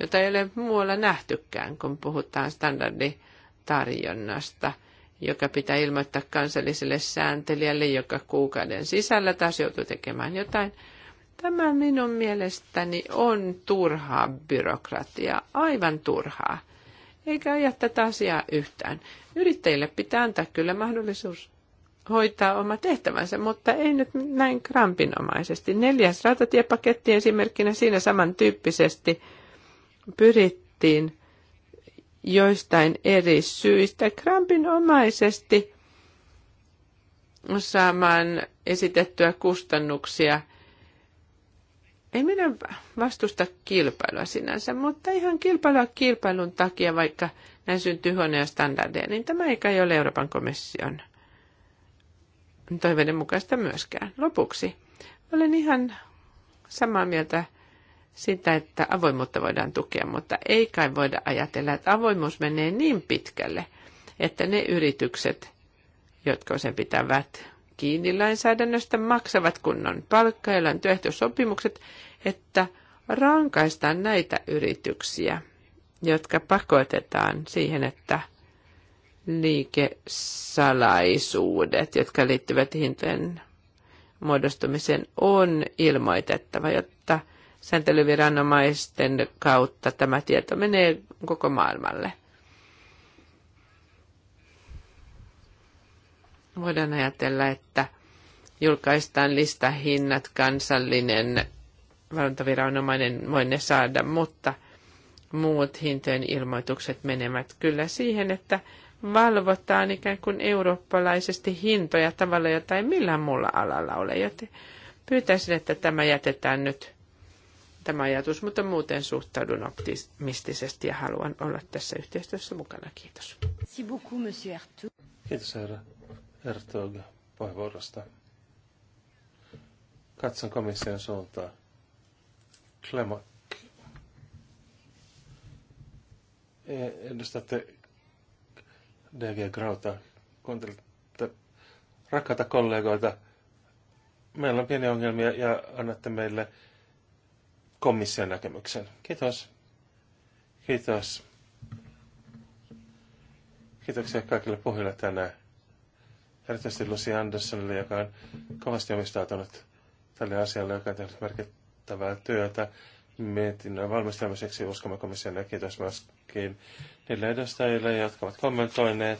jota ei ole muualla nähtykään, kun puhutaan standarditarjonnasta, joka pitää ilmoittaa kansalliselle sääntelijälle joka kuukauden sisällä taas joutuu tekemään jotain Tämä minun mielestäni on turhaa byrokratiaa, aivan turhaa. Eikä aja tätä asiaa yhtään. Yrittäjille pitää antaa kyllä mahdollisuus hoitaa oma tehtävänsä, mutta ei nyt näin krampinomaisesti. Neljäs rautatiepaketti esimerkkinä siinä samantyyppisesti pyrittiin joistain eri syistä krampinomaisesti saamaan esitettyä kustannuksia ei minä vastusta kilpailua sinänsä, mutta ihan kilpailua kilpailun takia, vaikka näin syntyy huonoja standardeja, niin tämä ei kai ole Euroopan komission toiveiden mukaista myöskään. Lopuksi olen ihan samaa mieltä sitä, että avoimuutta voidaan tukea, mutta ei kai voida ajatella, että avoimuus menee niin pitkälle, että ne yritykset, jotka sen pitävät kiinni lainsäädännöstä, maksavat kunnon palkkaa, työehtosopimukset, että rankaistaan näitä yrityksiä, jotka pakotetaan siihen, että liikesalaisuudet, jotka liittyvät hintojen muodostumiseen, on ilmoitettava, jotta sääntelyviranomaisten kautta tämä tieto menee koko maailmalle. voidaan ajatella, että julkaistaan listahinnat, kansallinen valvontaviranomainen voi ne saada, mutta muut hintojen ilmoitukset menevät kyllä siihen, että valvotaan ikään kuin eurooppalaisesti hintoja tavalla, jota ei millään muulla alalla ole. Joten pyytäisin, että tämä jätetään nyt, tämä ajatus, mutta muuten suhtaudun optimistisesti ja haluan olla tässä yhteistyössä mukana. Kiitos. Kiitos, herra. Hertog puheenvuorosta. Katson komission suuntaan. Klemak. E, edustatte DG Grauta. Kuuntelette rakkaita kollegoita. Meillä on pieniä ongelmia ja annatte meille komission näkemyksen. Kiitos. Kiitos. Kiitoksia kaikille puhujille tänään erityisesti Lucy Andersonille, joka on kovasti omistautunut tälle asialle, joka on tehnyt merkittävää työtä mietinnön valmistelemiseksi uskomakomissiolle ja kiitos myöskin niille edustajille, jotka ovat kommentoineet.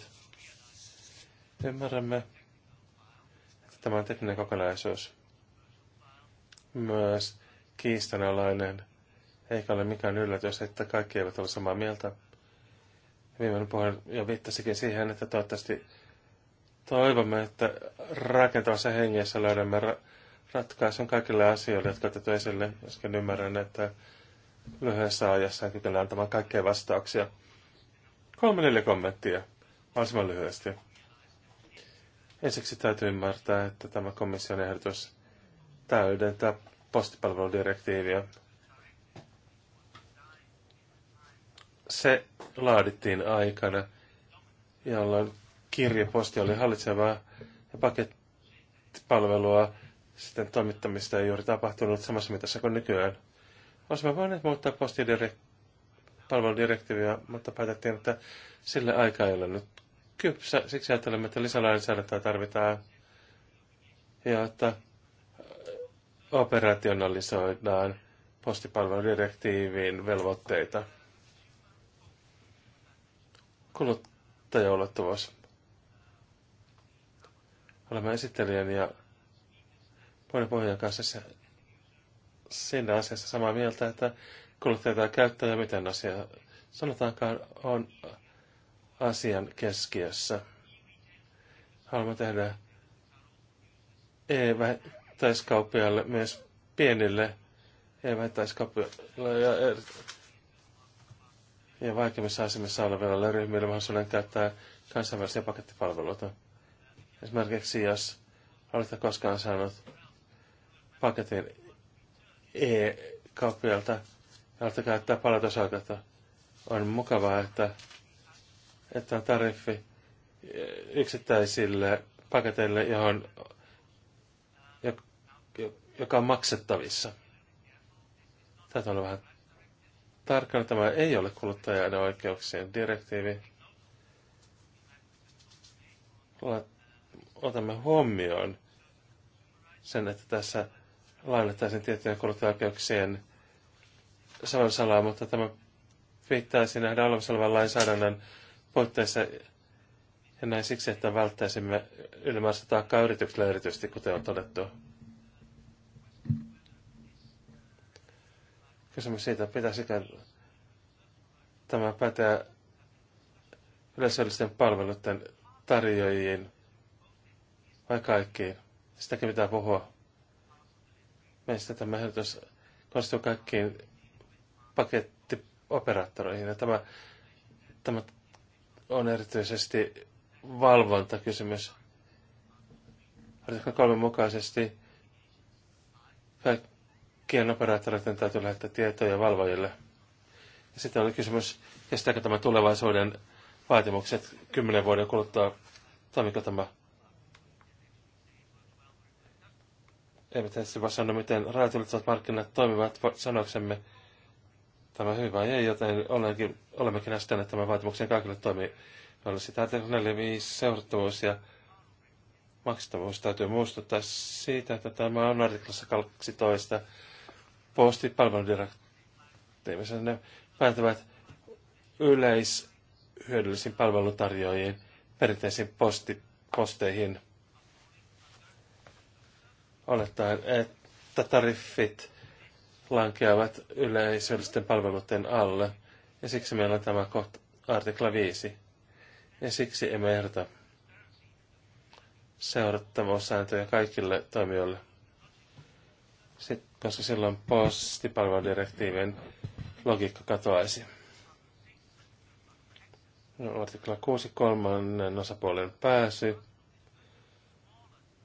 Ymmärrämme, että tämä on tekninen kokonaisuus. Myös kiistanalainen, eikä ole mikään yllätys, että kaikki eivät ole samaa mieltä. Viimeinen puhe jo viittasikin siihen, että toivottavasti Toivomme, että rakentavassa hengessä löydämme ra- ratkaisun kaikille asioille, jotka otettu esille, joskin ymmärrän, että lyhyessä ajassa en kykene antamaan kaikkea vastauksia. Kolme neljä kommenttia, mahdollisimman lyhyesti. Ensiksi täytyy ymmärtää, että tämä komission ehdotus täydentää postipalveludirektiiviä. Se laadittiin aikana, jolloin kirjeposti oli hallitsevaa ja pakettipalvelua sitten toimittamista ei juuri tapahtunut samassa mitassa kuin nykyään. Olisimme voineet muuttaa postipalveludirektiiviä, mutta päätettiin, että sille aika ei ole nyt kypsä. Siksi ajattelemme, että lisälainsäädäntöä tarvitaan ja että operationalisoidaan postipalveludirektiiviin velvoitteita. Kuluttajaulottuvuus. Olemme esittelijän ja Poinen Pohjan kanssa siinä asiassa samaa mieltä, että kuluttajia käyttää ja miten asia sanotaankaan, on asian keskiössä. Haluamme tehdä e-vähittäiskauppiaille myös pienille e-vähittäiskauppiaille ja, er- ja vaikeimmissa asemissa oleville ryhmille mahdollisuuden käyttää kansainvälisiä pakettipalveluita. Esimerkiksi jos olette koskaan saanut paketin e-kauppialta ja niin olette käyttää palautusaikata, on mukavaa, että, että on tariffi yksittäisille paketeille, johon, joka on maksettavissa. Tätä on vähän tarkkana. Tämä ei ole kuluttajan oikeuksien direktiivi otamme huomioon sen, että tässä lainattaisiin tiettyjen kuluttajaoikeuksien salonsalaa, mutta tämä pitäisi nähdä olemassa olevan lainsäädännön puitteissa ja näin siksi, että välttäisimme ylimääräistä taakkaa yrityksille erityisesti, kuten on todettu. Kysymys siitä, pitäisikö tämä päteä yleisöllisten palveluiden tarjoajiin vai kaikkiin. Sitäkin pitää puhua. Meistä tämä ehdotus koostuu kaikkiin pakettioperaattoreihin. Ja tämä, tämä on erityisesti valvontakysymys. Artikla kolme mukaisesti kaikkien operaattoreiden täytyy lähettää tietoja valvojille. Ja sitten oli kysymys, kestääkö tämä tulevaisuuden vaatimukset kymmenen vuoden kuluttua, toimiko tämä Eivät tietysti voi sanoa, miten rajoitetut markkinat toimivat, sanoksemme tämä hyvä vai ei, joten olenkin, olemmekin astaneet tämän vaatimuksen kaikille toimii. Oli sitä, että 45 seurattavuus ja maksettavuus täytyy muistuttaa siitä, että tämä on artiklassa 12 postipalveludirektiivissä. Ne päätävät yleishyödyllisiin palvelutarjoajiin perinteisiin posti, posteihin – olettaen, että tariffit lankeavat yleisöllisten palveluiden alle, ja siksi meillä on tämä kohta artikla 5. Ja siksi emme ehdota seurattavuussääntöjä kaikille toimijoille, Sitten, koska silloin postipalveludirektiivin logiikka katoaisi. No, artikla 6, kolmannen osapuolen pääsy.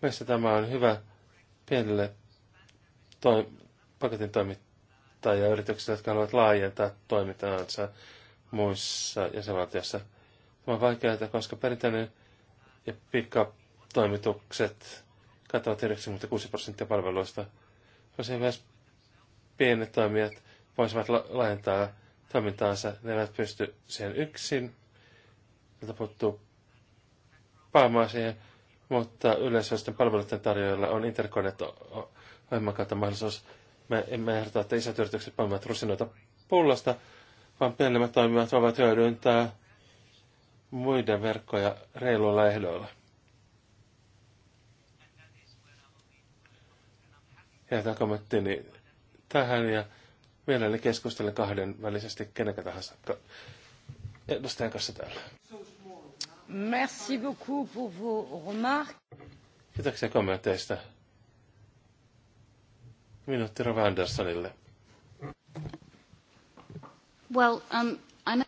Mielestäni tämä on hyvä pienille toi, paketin toimittajayrityksille, jotka haluavat laajentaa toimintaansa muissa jäsenvaltioissa. Tämä on vaikeaa, koska perinteinen ja pikatoimitukset mutta 96 prosenttia palveluista. Tosin myös pienet toimijat voisivat la- laajentaa toimintaansa. Ne eivät pysty siihen yksin. Tätä puuttuu palmaa siihen mutta yleisöisten palveluiden tarjoajilla on interconnect-ohjelman kautta mahdollisuus. Me emme ehdota, että isät yritykset painavat rusinoita pullasta, vaan pienemmät toimijat voivat hyödyntää muiden verkkoja reiluilla ehdoilla. Jätän kommenttini niin tähän ja mielelläni keskustelen kahden välisesti kenenkä tahansa edustajan kanssa täällä. Merci beaucoup pour vos remarques. Kiitoksia kommenteista. Minuutti Rova Anderssonille. Well, um, I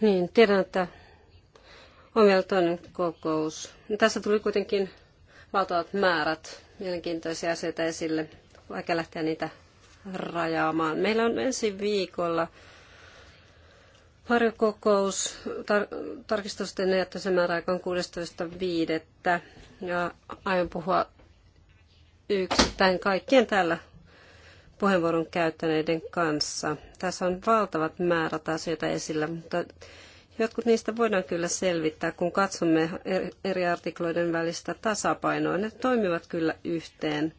Niin, tiedän, että on vielä toinen kokous. No, tässä tuli kuitenkin valtavat määrät mielenkiintoisia asioita esille. Vaikea lähteä niitä rajaamaan. Meillä on ensi viikolla Varjokokous tar- tarkistusten jättöisen määräaika on 16.5. Ja aion puhua yksittäin kaikkien täällä puheenvuoron käyttäneiden kanssa. Tässä on valtavat määrät asioita esillä, mutta jotkut niistä voidaan kyllä selvittää, kun katsomme er-, eri artikloiden välistä tasapainoa. Ne toimivat kyllä yhteen.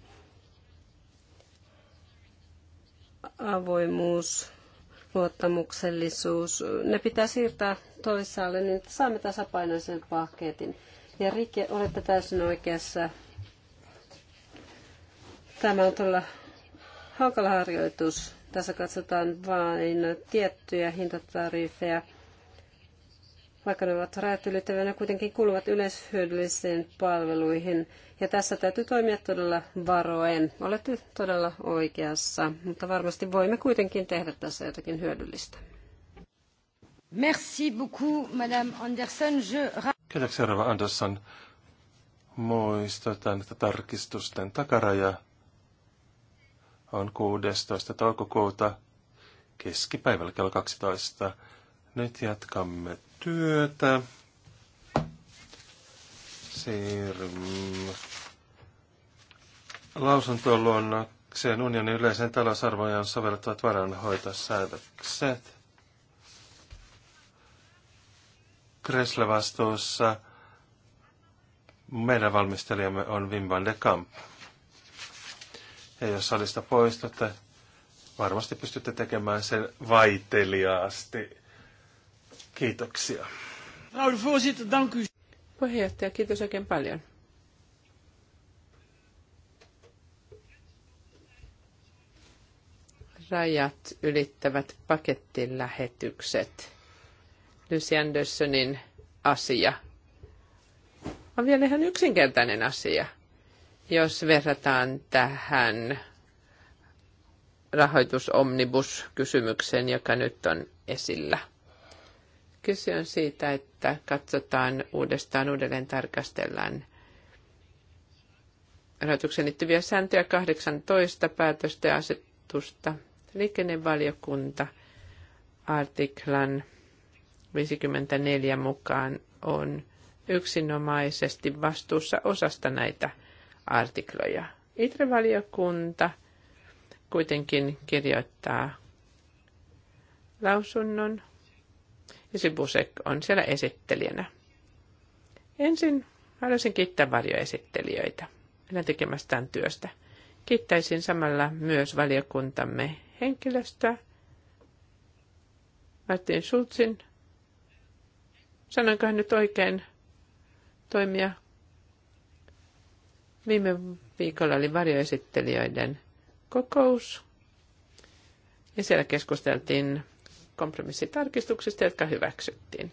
Avoimuus, luottamuksellisuus, ne pitää siirtää toisaalle niin, että saamme tasapainoisen paketin. Ja Rike, olette täysin oikeassa. Tämä on todella hankala harjoitus. Tässä katsotaan vain tiettyjä hintatariffeja vaikka ne ovat rajat ylittäviä, ne kuitenkin kuuluvat yleishyödyllisiin palveluihin. Ja tässä täytyy toimia todella varoen. Olette todella oikeassa, mutta varmasti voimme kuitenkin tehdä tässä jotakin hyödyllistä. Merci beaucoup, Madame Anderson. Je... Kiitoksia, Rava Anderson. Muistutan, että tarkistusten takaraja on 16. toukokuuta keskipäivällä kello 12. Nyt jatkamme työtä. Siirrymme lausuntoon luonnokseen unionin yleisen talousarvojaan sovellettavat varainhoitosäädökset. Kresle vastuussa. Meidän valmistelijamme on Wim van de Kamp. Ja jos salista poistutte, varmasti pystytte tekemään sen vaiteliaasti. Kiitoksia. Puheenjohtaja, kiitos oikein paljon. Rajat ylittävät pakettilähetykset. Lucy Andersonin asia on vielä ihan yksinkertainen asia, jos verrataan tähän rahoitusomnibus-kysymykseen, joka nyt on esillä – Kyse on siitä, että katsotaan uudestaan, uudelleen tarkastellaan rajoitukseen liittyviä sääntöjä 18 päätöstä ja asetusta. Liikennevaliokunta artiklan 54 mukaan on yksinomaisesti vastuussa osasta näitä artikloja. Itrevaliokunta kuitenkin kirjoittaa lausunnon Sibusek on siellä esittelijänä. Ensin haluaisin kiittää varjoesittelijöitä heidän tekemästään työstä. Kiittäisin samalla myös valiokuntamme henkilöstöä, Martin Schulzin, sanoinko hän nyt oikein toimia. Viime viikolla oli varjoesittelijöiden kokous ja siellä keskusteltiin kompromissitarkistuksista, jotka hyväksyttiin.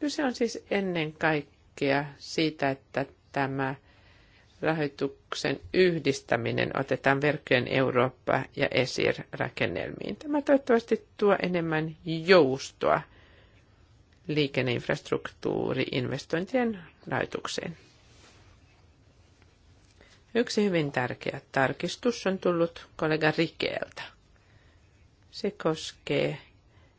Kyse on siis ennen kaikkea siitä, että tämä rahoituksen yhdistäminen otetaan verkkojen Eurooppa- ja ESIR-rakennelmiin. Tämä toivottavasti tuo enemmän joustoa liikenneinfrastruktuuri-investointien rahoitukseen. Yksi hyvin tärkeä tarkistus on tullut kollega Rikeeltä. Se koskee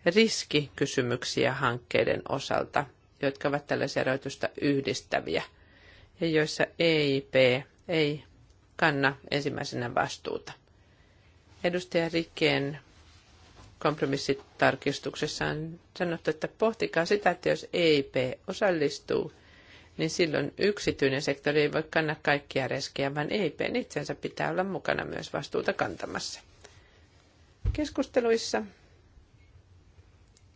riskikysymyksiä hankkeiden osalta, jotka ovat tällaisia rahoitusta yhdistäviä ja joissa EIP ei kanna ensimmäisenä vastuuta. Edustaja rikkeen kompromissitarkistuksessa on sanottu, että pohtikaa sitä, että jos EIP osallistuu, niin silloin yksityinen sektori ei voi kannata kaikkia riskejä, vaan EIPn itsensä pitää olla mukana myös vastuuta kantamassa. Keskusteluissa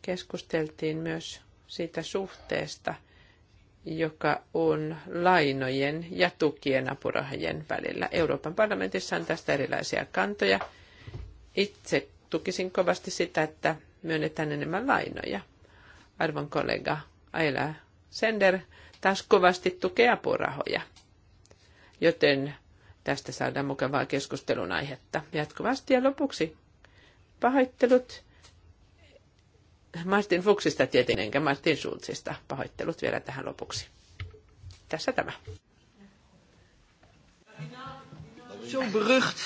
keskusteltiin myös siitä suhteesta, joka on lainojen ja tukien apurahojen välillä. Euroopan parlamentissa on tästä erilaisia kantoja. Itse tukisin kovasti sitä, että myönnetään enemmän lainoja. Arvon kollega Aila Sender taas kovasti tukee apurahoja. Joten tästä saadaan mukavaa keskustelun aihetta jatkuvasti. Ja lopuksi pahoittelut Martin Fuchsista tietenkin, enkä Martin Schulzista. Pahoittelut vielä tähän lopuksi. Tässä tämä. Zo berucht.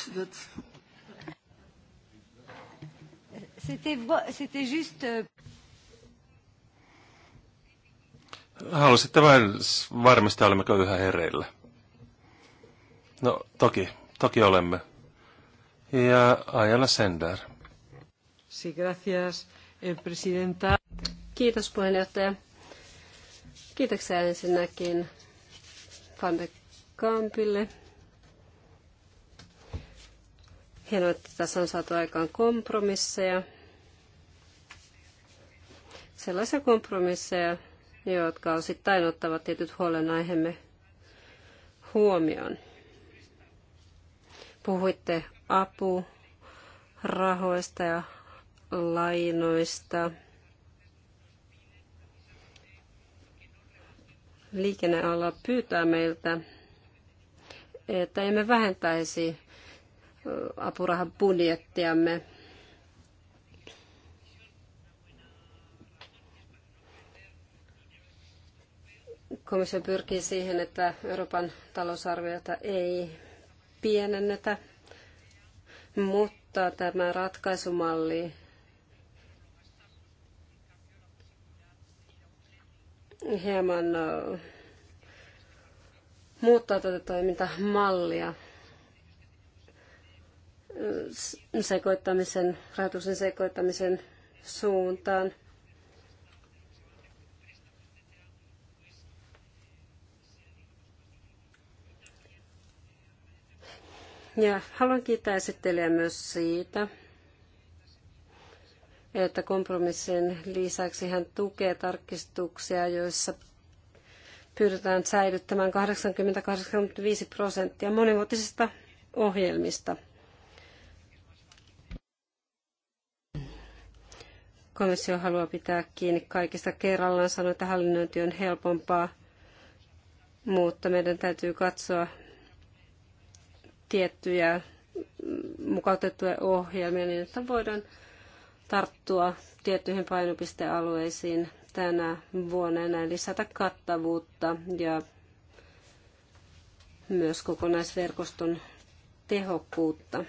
C'était juste... Euh, Halusitte vain varmistaa, olemmeko yhä hereillä. No, toki, toki olemme. Ja Ayala Sender. Sí, gracias. Eh, presidenta. Kiitos puheenjohtaja. Kiitoksia ensinnäkin Van de Kampille. Hienoa, että tässä on saatu aikaan kompromisseja. Sellaisia kompromisseja, jotka osittain ottavat tietyt huolenaiheemme huomioon. Puhuitte apurahoista ja lainoista. Liikenneala pyytää meiltä, että emme vähentäisi apurahan budjettiamme. Komissio pyrkii siihen, että Euroopan talousarviota ei pienennetä, mutta tämä ratkaisumalli hieman muuttaa tätä toimintamallia sekoittamisen, rahoituksen sekoittamisen suuntaan. Ja haluan kiittää esittelijä myös siitä, että kompromissin lisäksi hän tukee tarkistuksia, joissa pyydetään säilyttämään 80-85 prosenttia monivuotisista ohjelmista. Komissio haluaa pitää kiinni kaikista kerrallaan, sanoi, että hallinnointi on helpompaa, mutta meidän täytyy katsoa tiettyjä mm, mukautettuja ohjelmia niin, että voidaan tarttua tiettyihin painopistealueisiin tänä vuonna ja näin lisätä kattavuutta ja myös kokonaisverkoston tehokkuutta.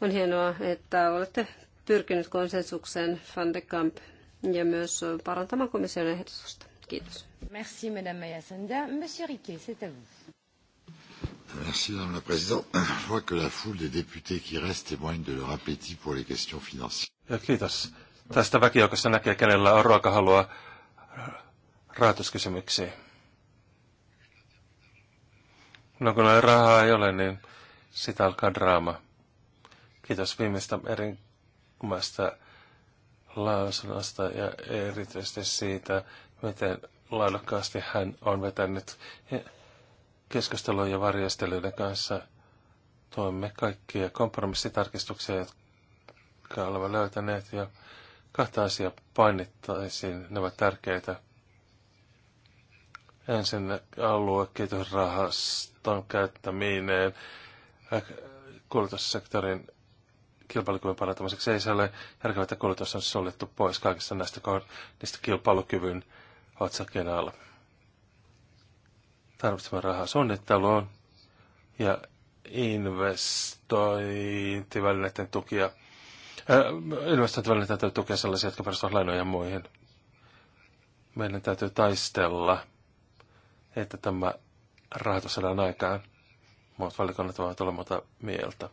On hienoa, että olette pyrkinyt konsensukseen Van de Kamp ja myös parantamaan komission ehdotusta. Kiitos. Merci, Madame Mayasanda. Monsieur Riquet, c'est à vous. Merci Madame la Présidente. Je vois que la foule des députés qui restent témoigne de leur appétit pour les questions financières. kiitos. Tästä väkijoukossa näkee, kenellä on ruokahalua rahoituskysymyksiin. No kun rahaa ei ole, niin sitä alkaa draama. Kiitos viimeistä erinomaista lausunnosta ja erityisesti siitä, miten laadukkaasti hän on vetänyt keskustelujen varjastelijoiden kanssa toimme kaikkia kompromissitarkistuksia, jotka olemme löytäneet, ja kahta asiaa painittaisiin. Ne ovat tärkeitä. Ensin aluekehitysrahaston käyttäminen kulutussektorin kilpailukyvyn parantamiseksi. Ei se ole järkevää, että kulutus on suljettu pois kaikista näistä niistä kilpailukyvyn otsakkeen alla tarvitsema rahaa suunnitteluun ja investointivälineiden tukia, äh, investointivälineiden täytyy tukea sellaisia, jotka perustuvat lainoja muihin. Meidän täytyy taistella, että tämä rahoitus saadaan aikaan. Muut valikonnat voivat olla muuta mieltä.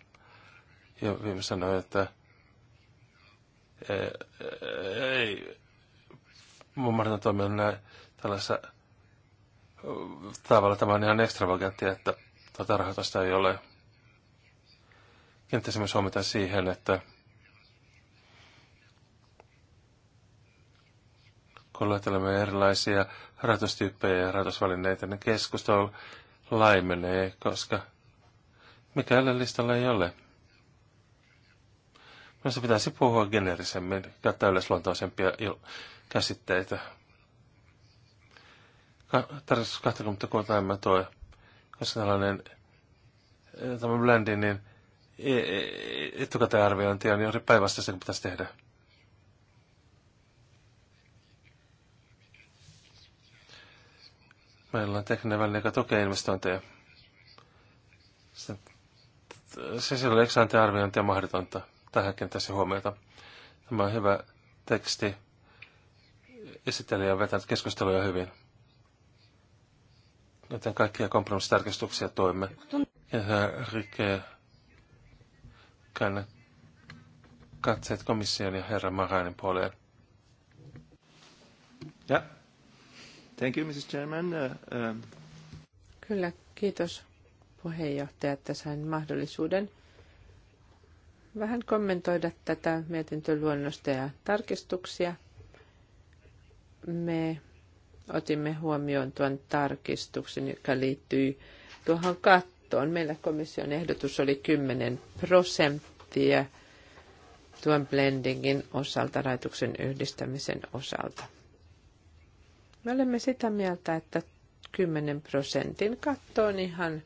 Ja viime sanoi, että e, e, ei, mun markkinatoimi on näin tällaisessa tavalla tämä on ihan ekstravagantti, että tätä rahoitusta ei ole. myös huomiota siihen, että kun luettelemme erilaisia rahoitustyyppejä ja rahoitusvälineitä, niin keskustelu laimenee, koska mikä listalla ei ole. Minusta pitäisi puhua generisemmin, käyttää yleisluontoisempia käsitteitä tarkastus 23 en mä toi, koska tällainen eh, tämä blendi, niin e- e- e- etukäteen arviointi on juuri päivästä se, kun pitäisi tehdä. Meillä on tekninen väline, joka tukee investointeja. Sisällä eksäänteen arviointia mahdotonta. Tähänkin tässä huomiota. Tämä on hyvä teksti. Esittelijä on vetänyt keskusteluja hyvin. Joten kaikkia kompromissitarkistuksia toimme. Ja Rike käännä katseet komission ja herra Marainen puoleen. Ja. Thank you, Mrs. Chairman. Uh, um. Kyllä, kiitos puheenjohtaja, että sain mahdollisuuden vähän kommentoida tätä mietintöluonnosta ja tarkistuksia. Me otimme huomioon tuon tarkistuksen, joka liittyy tuohon kattoon. Meillä komission ehdotus oli 10 prosenttia tuon blendingin osalta, rajoituksen yhdistämisen osalta. Me olemme sitä mieltä, että 10 prosentin katto on ihan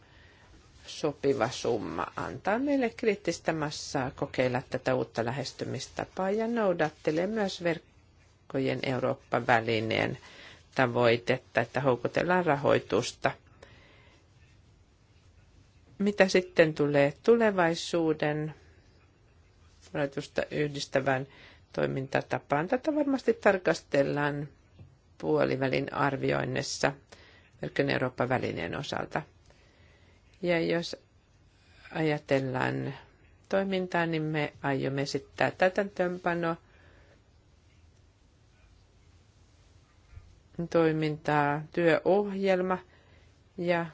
sopiva summa. Antaa meille kriittistä massaa kokeilla tätä uutta lähestymistapaa ja noudattelee myös verkkojen Eurooppa-välineen tavoitetta, että houkutellaan rahoitusta. Mitä sitten tulee tulevaisuuden rahoitusta yhdistävän toimintatapaan? Tätä varmasti tarkastellaan puolivälin arvioinnissa Verkon Euroopan välineen osalta. Ja jos ajatellaan toimintaa, niin me aiomme esittää täytäntöönpanoa toimintaa työohjelma ja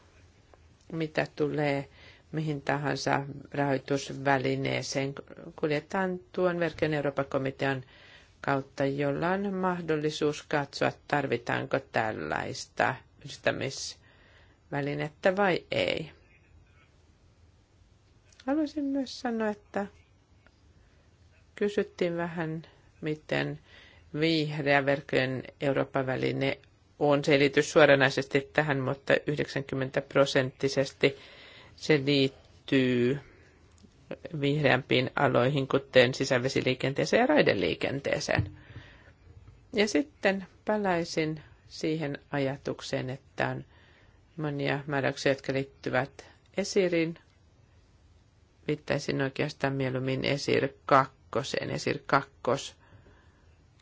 mitä tulee mihin tahansa rahoitusvälineeseen. Kuljetaan tuon verkon Euroopan komitean kautta, jolla on mahdollisuus katsoa, tarvitaanko tällaista ystämisvälinettä vai ei. Haluaisin myös sanoa, että kysyttiin vähän, miten vihreä verkkojen Euroopan väline on. selitys suoranaisesti tähän, mutta 90 prosenttisesti se liittyy vihreämpiin aloihin, kuten sisävesiliikenteeseen ja raideliikenteeseen. Ja sitten palaisin siihen ajatukseen, että on monia määräyksiä, jotka liittyvät esiriin. Viittaisin oikeastaan mieluummin esir kakkoseen. Esir kakkos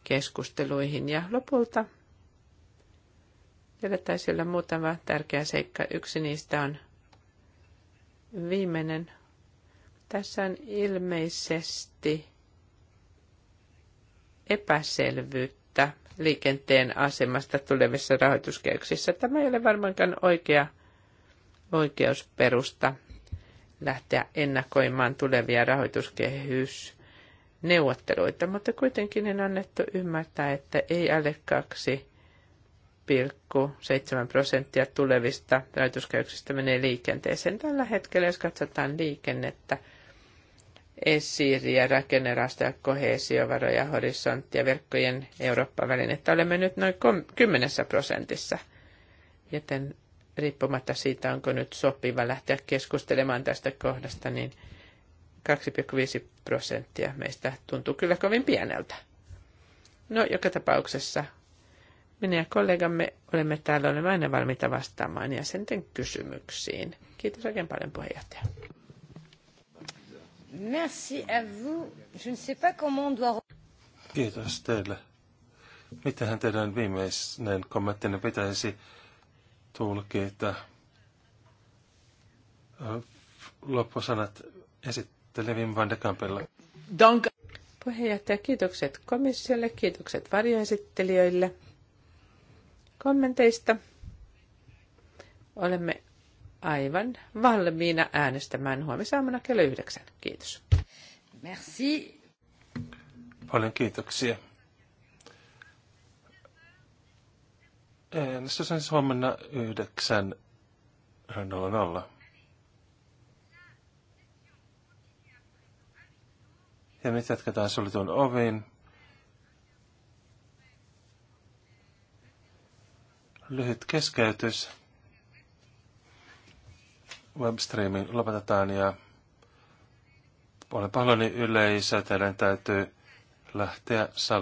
keskusteluihin. Ja lopulta teillä taisi olla muutama tärkeä seikka. Yksi niistä on viimeinen. Tässä on ilmeisesti epäselvyyttä liikenteen asemasta tulevissa rahoituskeyksissä. Tämä ei ole varmaankaan oikea oikeusperusta lähteä ennakoimaan tulevia rahoituskehys neuvotteluita, mutta kuitenkin on annettu ymmärtää, että ei alle 2,7 prosenttia tulevista rajoituskäyksistä menee liikenteeseen. Tällä hetkellä, jos katsotaan liikennettä, esiiriä, ja kohesiovaroja, horisonttia, verkkojen Eurooppa-välinettä, olemme nyt noin 10 prosentissa. Joten riippumatta siitä, onko nyt sopiva lähteä keskustelemaan tästä kohdasta, niin – 2,5 prosenttia meistä tuntuu kyllä kovin pieneltä. No, joka tapauksessa minä ja kollegamme olemme täällä, olemme aina valmiita vastaamaan jäsenten kysymyksiin. Kiitos oikein paljon puheenjohtaja. Merci à vous. Je ne sais pas comment on doit... Kiitos teille. Mitähän teidän viimeinen kommenttinen pitäisi tulkita? Äh, loppusanat esit- esitteli Wim van de Kampella. Dank. Puheenjohtaja, kiitokset komissiolle, kiitokset varjoesittelijöille kommenteista. Olemme aivan valmiina äänestämään huomisaamuna kello yhdeksän. Kiitos. Merci. Paljon kiitoksia. Äänestys on siis huomenna yhdeksän nolla nolla. Ja nyt jatketaan suljetun ovin. Lyhyt keskeytys. Webstreami lopetetaan ja olen paljon yleisö. Teidän täytyy lähteä sal